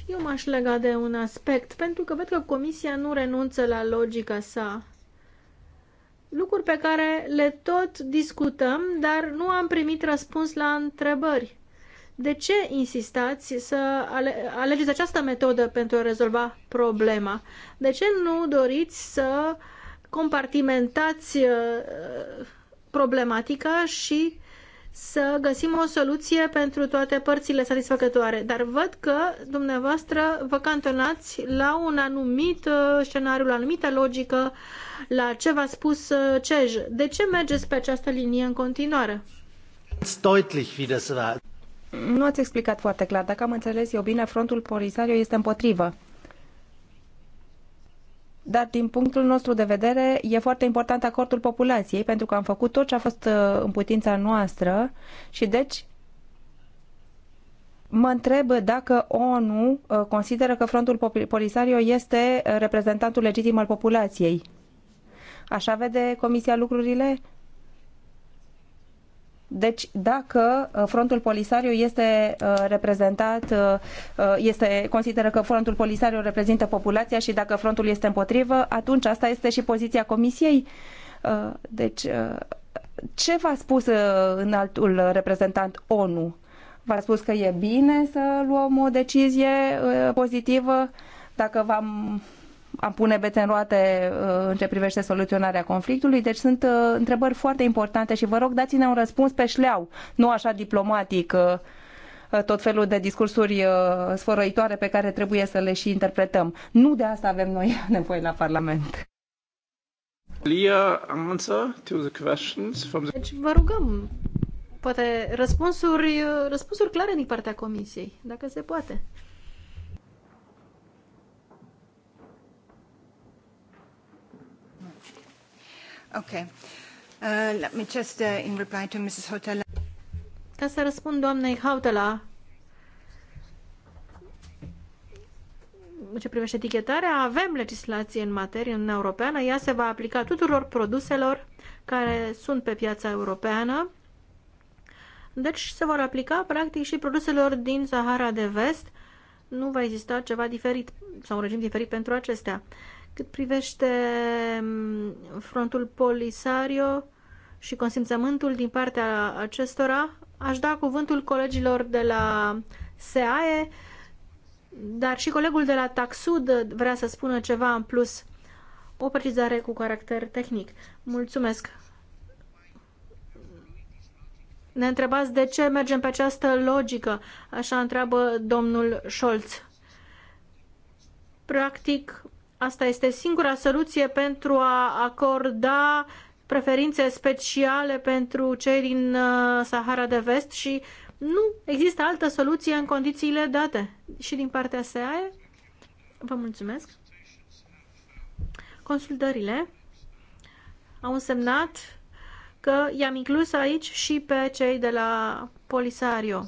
Eu m-aș lega de un aspect, pentru că văd că Comisia nu renunță la logica sa. Lucruri pe care le tot discutăm, dar nu am primit răspuns la întrebări. De ce insistați să ale alegeți această metodă pentru a rezolva problema? De ce nu doriți să compartimentați uh, problematica și să găsim o soluție pentru toate părțile satisfăcătoare. Dar văd că dumneavoastră vă cantonați la un anumit uh, scenariu, la anumită logică, la ce v-a spus CEJ. Uh, De ce mergeți pe această linie în continuare? Nu ați explicat foarte clar. Dacă am înțeles eu bine, frontul Polisario este împotrivă. Dar din punctul nostru de vedere e foarte important acordul populației pentru că am făcut tot ce a fost uh, în putința noastră și deci mă întreb dacă ONU uh, consideră că frontul Polisario este uh, reprezentantul legitim al populației. Așa vede Comisia lucrurile? Deci, dacă uh, frontul Polisario este uh, reprezentat, uh, este, consideră că frontul Polisario reprezintă populația și dacă frontul este împotrivă, atunci asta este și poziția Comisiei. Deci, ce v-a spus în altul reprezentant ONU? V-a spus că e bine să luăm o decizie pozitivă dacă v-am am pune bete în roate uh, în ce privește soluționarea conflictului. Deci sunt uh, întrebări foarte importante și vă rog dați-ne un răspuns pe șleau, nu așa diplomatic uh, tot felul de discursuri sfărăitoare pe care trebuie să le și interpretăm. Nu de asta avem noi nevoie la Parlament. to the questions from Deci vă rugăm poate răspunsuri, răspunsuri clare din partea Comisiei, dacă se poate. Okay. Uh, let me just, uh, in reply to Mrs. Hotela. Ca să răspund doamnei Hautela, ce privește etichetarea, avem legislație în materie în europeană, ea se va aplica tuturor produselor care sunt pe piața europeană, deci se vor aplica practic și produselor din Sahara de Vest, nu va exista ceva diferit sau un regim diferit pentru acestea. Uh, cât privește mm, frontul Polisario și consimțământul din partea acestora, aș da cuvântul colegilor de la SEAE, dar și colegul de la Taxud vrea să spună ceva în plus. O precizare cu caracter tehnic. Mulțumesc! Ne întrebați de ce mergem pe această logică, așa întreabă domnul Scholz. Practic, Asta este singura soluție pentru a acorda preferințe speciale pentru cei din uh, Sahara de Vest și nu există altă soluție în condițiile date. Și din partea SEAE, vă mulțumesc. Consultările au însemnat că i-am inclus aici și pe cei de la Polisario.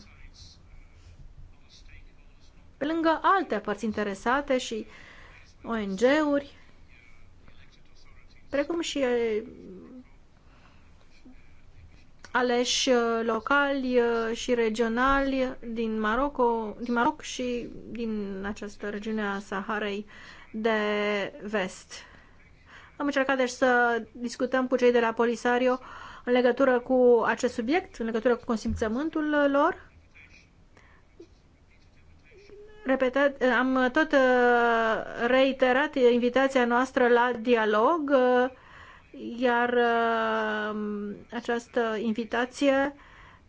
Pe lângă alte părți interesate și uh, ONG-uri, precum și aleși locali și regionali din, Maroco, din Maroc și din această regiune a Saharei de vest. Am încercat deci să discutăm cu cei de la Polisario în legătură cu acest subiect, în legătură cu consimțământul lor repetat, am tot uh, reiterat invitația noastră la dialog, uh, iar uh, această invitație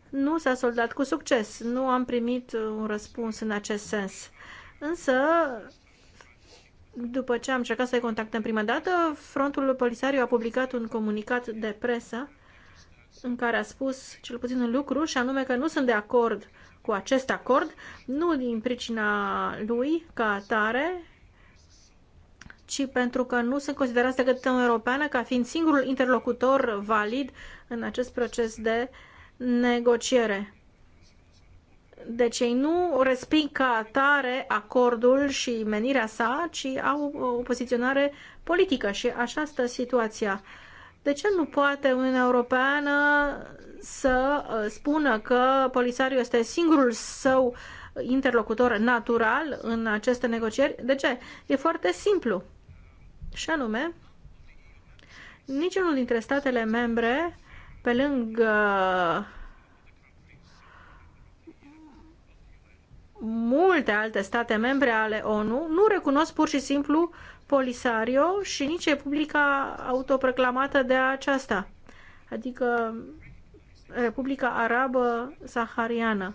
nu s-a soldat cu succes. Nu am primit un răspuns în acest sens. Însă, după ce am încercat să-i contactăm prima dată, Frontul Polisariu a publicat un comunicat de presă în care a spus cel puțin un lucru și anume că nu sunt de acord cu acest acord, nu din pricina lui ca atare, ci pentru că nu sunt considerați de către Europeană ca fiind singurul interlocutor valid în acest proces de negociere. Deci ei nu resping ca atare acordul și menirea sa, ci au o poziționare politică și așa stă situația. De ce nu poate Uniunea Europeană să uh, spună că Polisario este singurul său interlocutor natural în aceste negocieri? De ce? E foarte simplu. Și anume, niciunul dintre statele membre, pe lângă multe alte state membre ale ONU, nu recunosc pur și simplu Polisario și nici Republica autoproclamată de aceasta, adică Republica Arabă Sahariană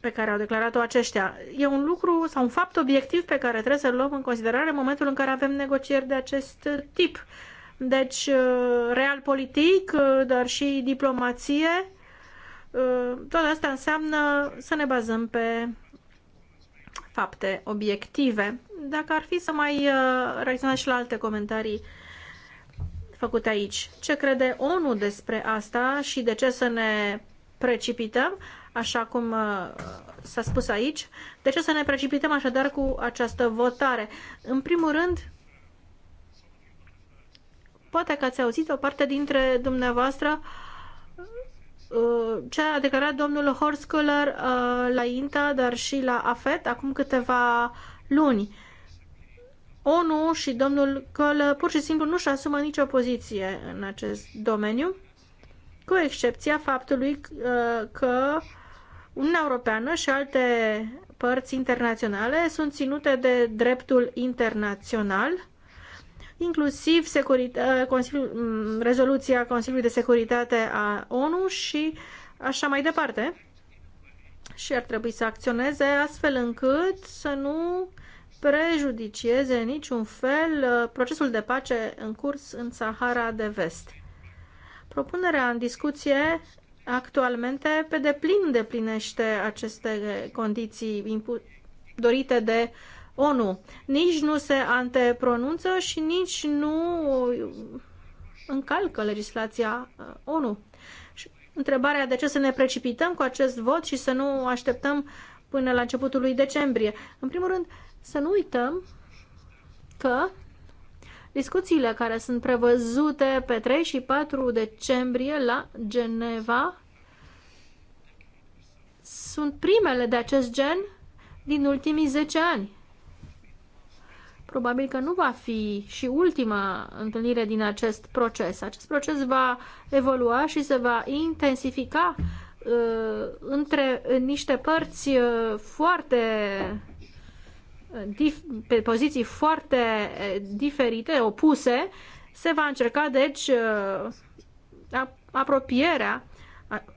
pe care au declarat-o aceștia. E un lucru sau un fapt obiectiv pe care trebuie să-l luăm în considerare în momentul în care avem negocieri de acest tip. Deci, uh, real politic, uh, dar și diplomație, uh, tot asta înseamnă să ne bazăm pe fapte obiective dacă ar fi să mai uh, reacționez și la alte comentarii făcute aici. Ce crede ONU despre asta și de ce să ne precipităm, așa cum uh, s-a spus aici? De ce să ne precipităm așadar cu această votare? În primul rând, poate că ați auzit o parte dintre dumneavoastră uh, ce a declarat domnul Horskăler la INTA, dar și la AFET acum câteva luni ONU și domnul Col pur și simplu nu-și asumă nicio poziție în acest domeniu, cu excepția faptului uh, că Uniunea Europeană și alte părți internaționale sunt ținute de dreptul internațional, inclusiv uh, Consiliul, mm, rezoluția Consiliului de Securitate a ONU și așa mai departe. Și ar trebui să acționeze astfel încât să nu prejudicieze în niciun fel uh, procesul de pace în curs în Sahara de Vest. Propunerea în discuție actualmente pe deplin deplinește aceste condiții dorite de ONU. Nici nu se antepronunță și nici nu încalcă legislația uh, ONU. Și întrebarea de ce să ne precipităm cu acest vot și să nu așteptăm până la începutul lui decembrie. În primul rând, să nu uităm că discuțiile care sunt prevăzute pe 3 și 4 decembrie la Geneva sunt primele de acest gen din ultimii 10 ani. Probabil că nu va fi și ultima întâlnire din acest proces. Acest proces va evolua și se va intensifica uh, între niște părți uh, foarte Uh, pe poziții foarte uh, diferite, opuse, se va încerca, deci, uh, apropierea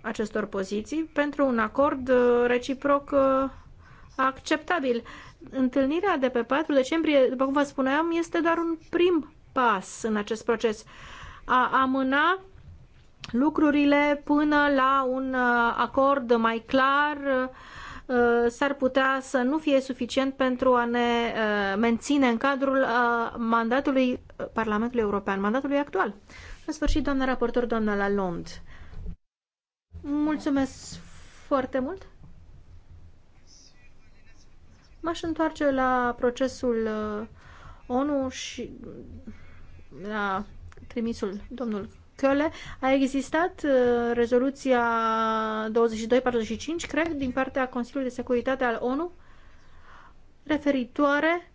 acestor poziții pentru un acord reciproc acceptabil. Întâlnirea de pe 4 decembrie, după cum vă spuneam, este doar un prim pas în acest proces. A amâna lucrurile până la un acord mai clar Uh, s-ar putea să nu fie suficient pentru a ne uh, menține în cadrul uh, mandatului Parlamentului European, mandatului actual. În sfârșit, doamna raportor, doamna Lalond. Mulțumesc foarte mult. M-aș întoarce la procesul ONU și la trimisul domnul Kölle. A existat uh, rezoluția 2245, cred, din partea Consiliului de Securitate al ONU, referitoare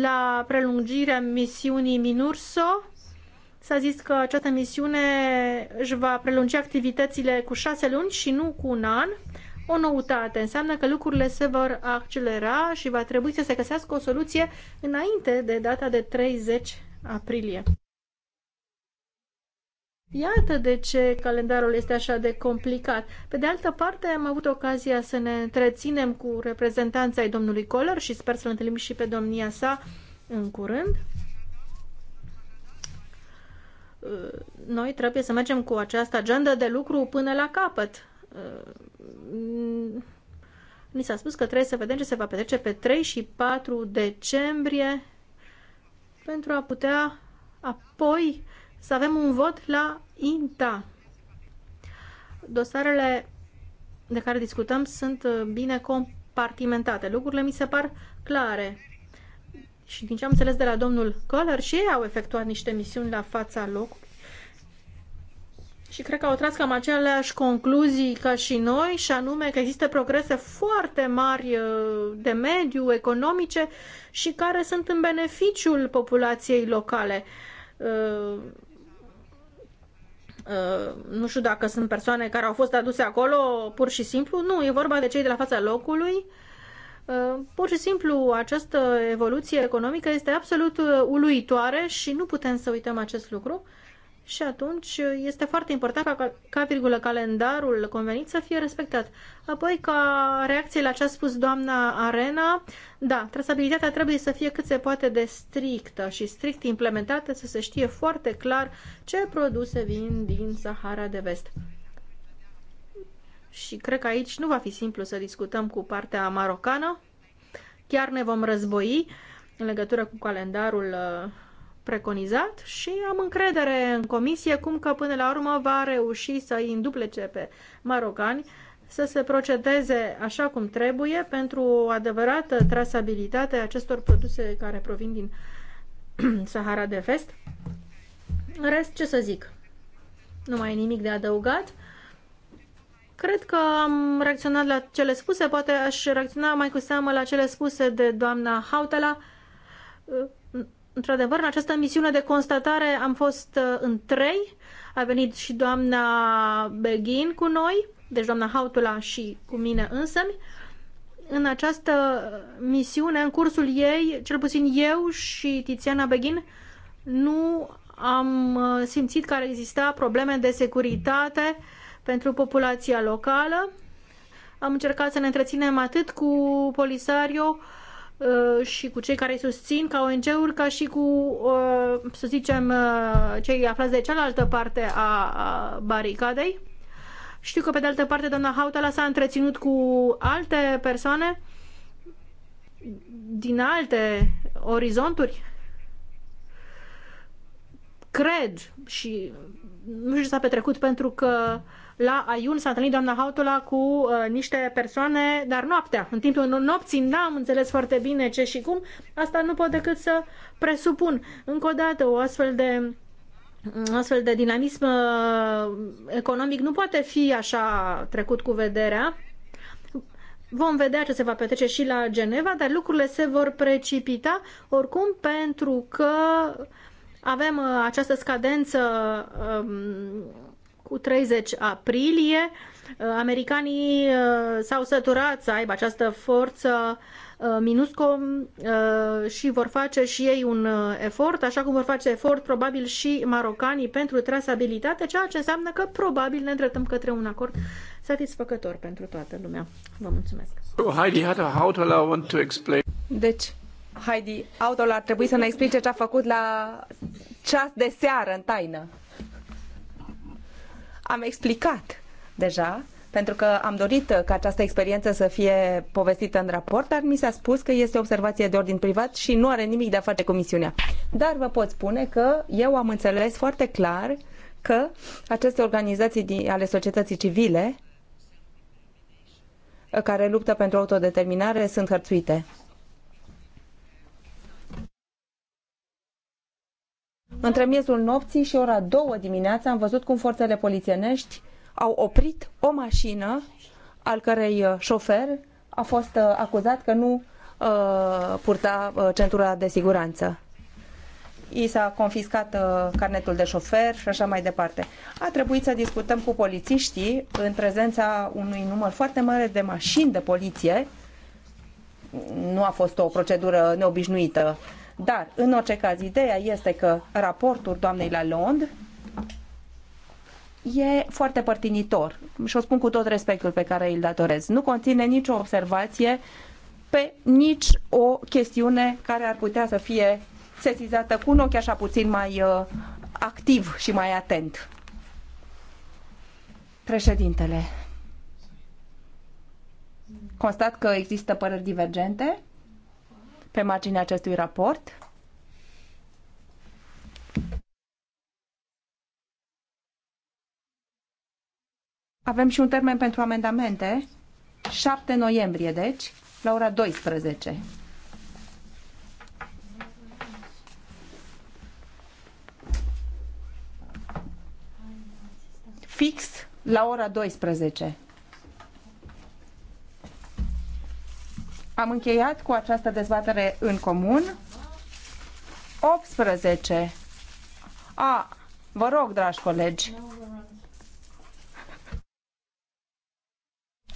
la prelungirea misiunii MINURSO. S-a zis că această misiune își va prelungi activitățile cu șase luni și nu cu un an. O noutate înseamnă că lucrurile se vor accelera și va trebui să se găsească o soluție înainte de data de 30 aprilie. Iată de ce calendarul este așa de complicat. Pe de altă parte, am avut ocazia să ne întreținem cu reprezentanța ai domnului Coller și sper să-l întâlnim și pe domnia sa în curând. Noi trebuie să mergem cu această agenda de lucru până la capăt. Ni s-a spus că trebuie să vedem ce se va petrece pe 3 și 4 decembrie pentru a putea apoi să avem un vot la INTA. Dosarele de care discutăm sunt uh, bine compartimentate. Lucrurile mi se par clare. Și din ce am înțeles de la domnul Coller, și ei au efectuat niște misiuni la fața locului. Și cred că au tras cam aceleași concluzii ca și noi, și anume că există progrese foarte mari uh, de mediu, economice și care sunt în beneficiul populației locale uh, Uh, nu știu dacă sunt persoane care au fost aduse acolo pur și simplu, nu, e vorba de cei de la fața locului. Uh, pur și simplu, această evoluție economică este absolut uh, uluitoare și nu putem să uităm acest lucru și atunci este foarte important ca, ca virgulă, calendarul convenit să fie respectat. Apoi, ca reacție la ce a spus doamna Arena, da, trasabilitatea trebuie să fie cât se poate de strictă și strict implementată, să se știe foarte clar ce produse vin din Sahara de Vest. Și cred că aici nu va fi simplu să discutăm cu partea marocană, chiar ne vom război în legătură cu calendarul uh, preconizat și am încredere în comisie cum că până la urmă va reuși să îi înduplece pe marocani să se procedeze așa cum trebuie pentru o adevărată trasabilitate a acestor produse care provin din Sahara de Vest. În rest, ce să zic? Nu mai e nimic de adăugat. Cred că am reacționat la cele spuse, poate aș reacționa mai cu seamă la cele spuse de doamna Hautala Într-adevăr, în această misiune de constatare am fost uh, în trei. A venit și doamna Beghin cu noi, deci doamna Hautula și cu mine însămi. În această misiune, în cursul ei, cel puțin eu și Tiziana Beghin, nu am uh, simțit că ar exista probleme de securitate pentru populația locală. Am încercat să ne întreținem atât cu Polisario, Uh, și cu cei care susțin ca ONG-uri, ca și cu, uh, să zicem, uh, cei aflați de cealaltă parte a baricadei. Știu că, pe de altă parte, doamna Hautala s-a întreținut cu alte persoane din alte orizonturi. Cred și nu știu ce s-a petrecut pentru că uh, la Aiun s-a întâlnit doamna Hautula cu uh, niște persoane, dar noaptea, în timpul nopții, n-am înțeles foarte bine ce și cum, asta nu pot decât să presupun. Încă o dată, o astfel de astfel de dinamism uh, economic nu poate fi așa trecut cu vederea. Vom vedea ce se va petrece și la Geneva, dar lucrurile se vor precipita oricum pentru că avem uh, această scadență um, cu 30 aprilie. Uh, americanii uh, s-au săturat să aibă această forță uh, MINUSCO și vor face și ei un efort, așa cum vor face efort probabil și marocanii pentru trasabilitate, ceea ce înseamnă că probabil ne îndreptăm către un acord satisfăcător pentru toată lumea. Vă mulțumesc. Oh, Heidi I want to explain. Deci, Heidi Autola ar trebui să ne explice ce a făcut la ceas de seară în taină. Am explicat deja pentru că am dorit ca această experiență să fie povestită în raport, dar mi s-a spus că este o observație de ordin privat și nu are nimic de a face cu misiunea. Dar vă pot spune că eu am înțeles foarte clar că aceste organizații din, ale societății civile care luptă pentru autodeterminare sunt hărțuite. Între miezul nopții și ora 2 dimineața am văzut cum forțele polițienești au oprit o mașină al cărei uh, șofer a fost uh, acuzat că nu uh, purta uh, centura de siguranță. I s-a confiscat uh, carnetul de șofer și așa mai departe. A trebuit să discutăm cu polițiștii în prezența unui număr foarte mare de mașini de poliție. Nu a fost o procedură neobișnuită dar, în orice caz, ideea este că raportul doamnei Lalonde e foarte părtinitor și o spun cu tot respectul pe care îl datorez. Nu conține nicio observație pe nici o chestiune care ar putea să fie sesizată cu un ochi așa puțin mai uh, activ și mai atent. Președintele, constat că există păreri divergente pe marginea acestui raport. Avem și un termen pentru amendamente, 7 noiembrie, deci, la ora 12. Fix la ora 12. Am încheiat cu această dezbatere în comun. 18. A, vă rog, dragi colegi.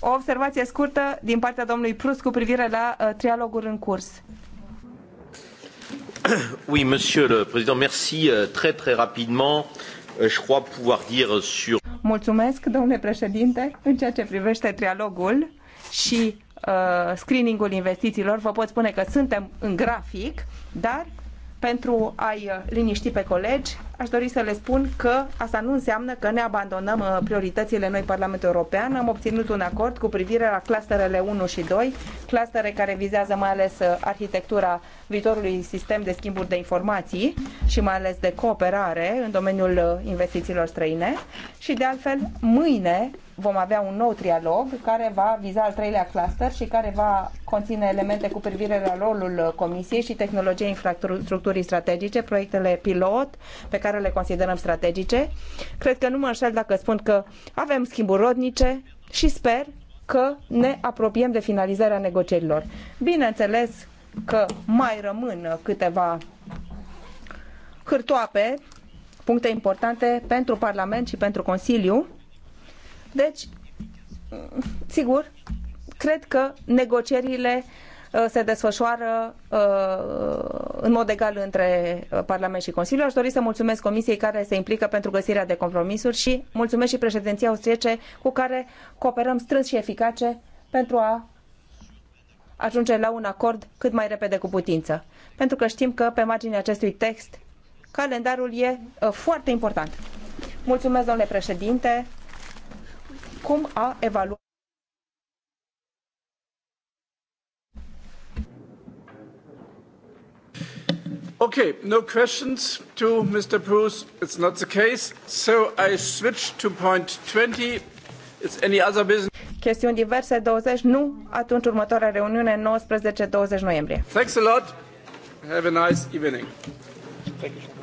O observație scurtă din partea domnului Prus cu privire la uh, trialogul în curs. Oui, monsieur le président, merci uh, très très rapidement. Uh, je crois pouvoir dire uh, sur Mulțumesc, domnule președinte, în ceea ce privește trialogul și Uh, screeningul investițiilor, vă pot spune că suntem în grafic, dar pentru a-i uh, liniști pe colegi, aș dori să le spun că asta nu înseamnă că ne abandonăm uh, prioritățile noi Parlamentul European. Am obținut un acord cu privire la clusterele 1 și 2, clustere care vizează mai ales arhitectura viitorului sistem de schimburi de informații și mai ales de cooperare în domeniul investițiilor străine. Și de altfel, mâine vom avea un nou trialog care va viza al treilea cluster și care va conține elemente cu privire la rolul Comisiei și tehnologiei infrastructurii strategice, proiectele pilot pe care le considerăm strategice. Cred că nu mă înșel dacă spun că avem schimburi rodnice și sper că ne apropiem de finalizarea negocierilor. Bineînțeles că mai rămân câteva hârtoape, puncte importante pentru Parlament și pentru Consiliu, deci, sigur, cred că negocierile uh, se desfășoară uh, în mod egal între uh, Parlament și Consiliu. Aș dori să mulțumesc Comisiei care se implică pentru găsirea de compromisuri și mulțumesc și președinția austriece cu care cooperăm strâns și eficace pentru a ajunge la un acord cât mai repede cu putință. Pentru că știm că pe marginea acestui text calendarul e foarte important. Mulțumesc, domnule președinte cum a evaluat Okay, no questions to Mr. Bruce. It's not the case. So I switch to point 20. It's any other business. Chestiuni diverse 20 nu, atunci următoarea reuniune 19-20 noiembrie. Thanks a lot. Have a nice evening. Thank you.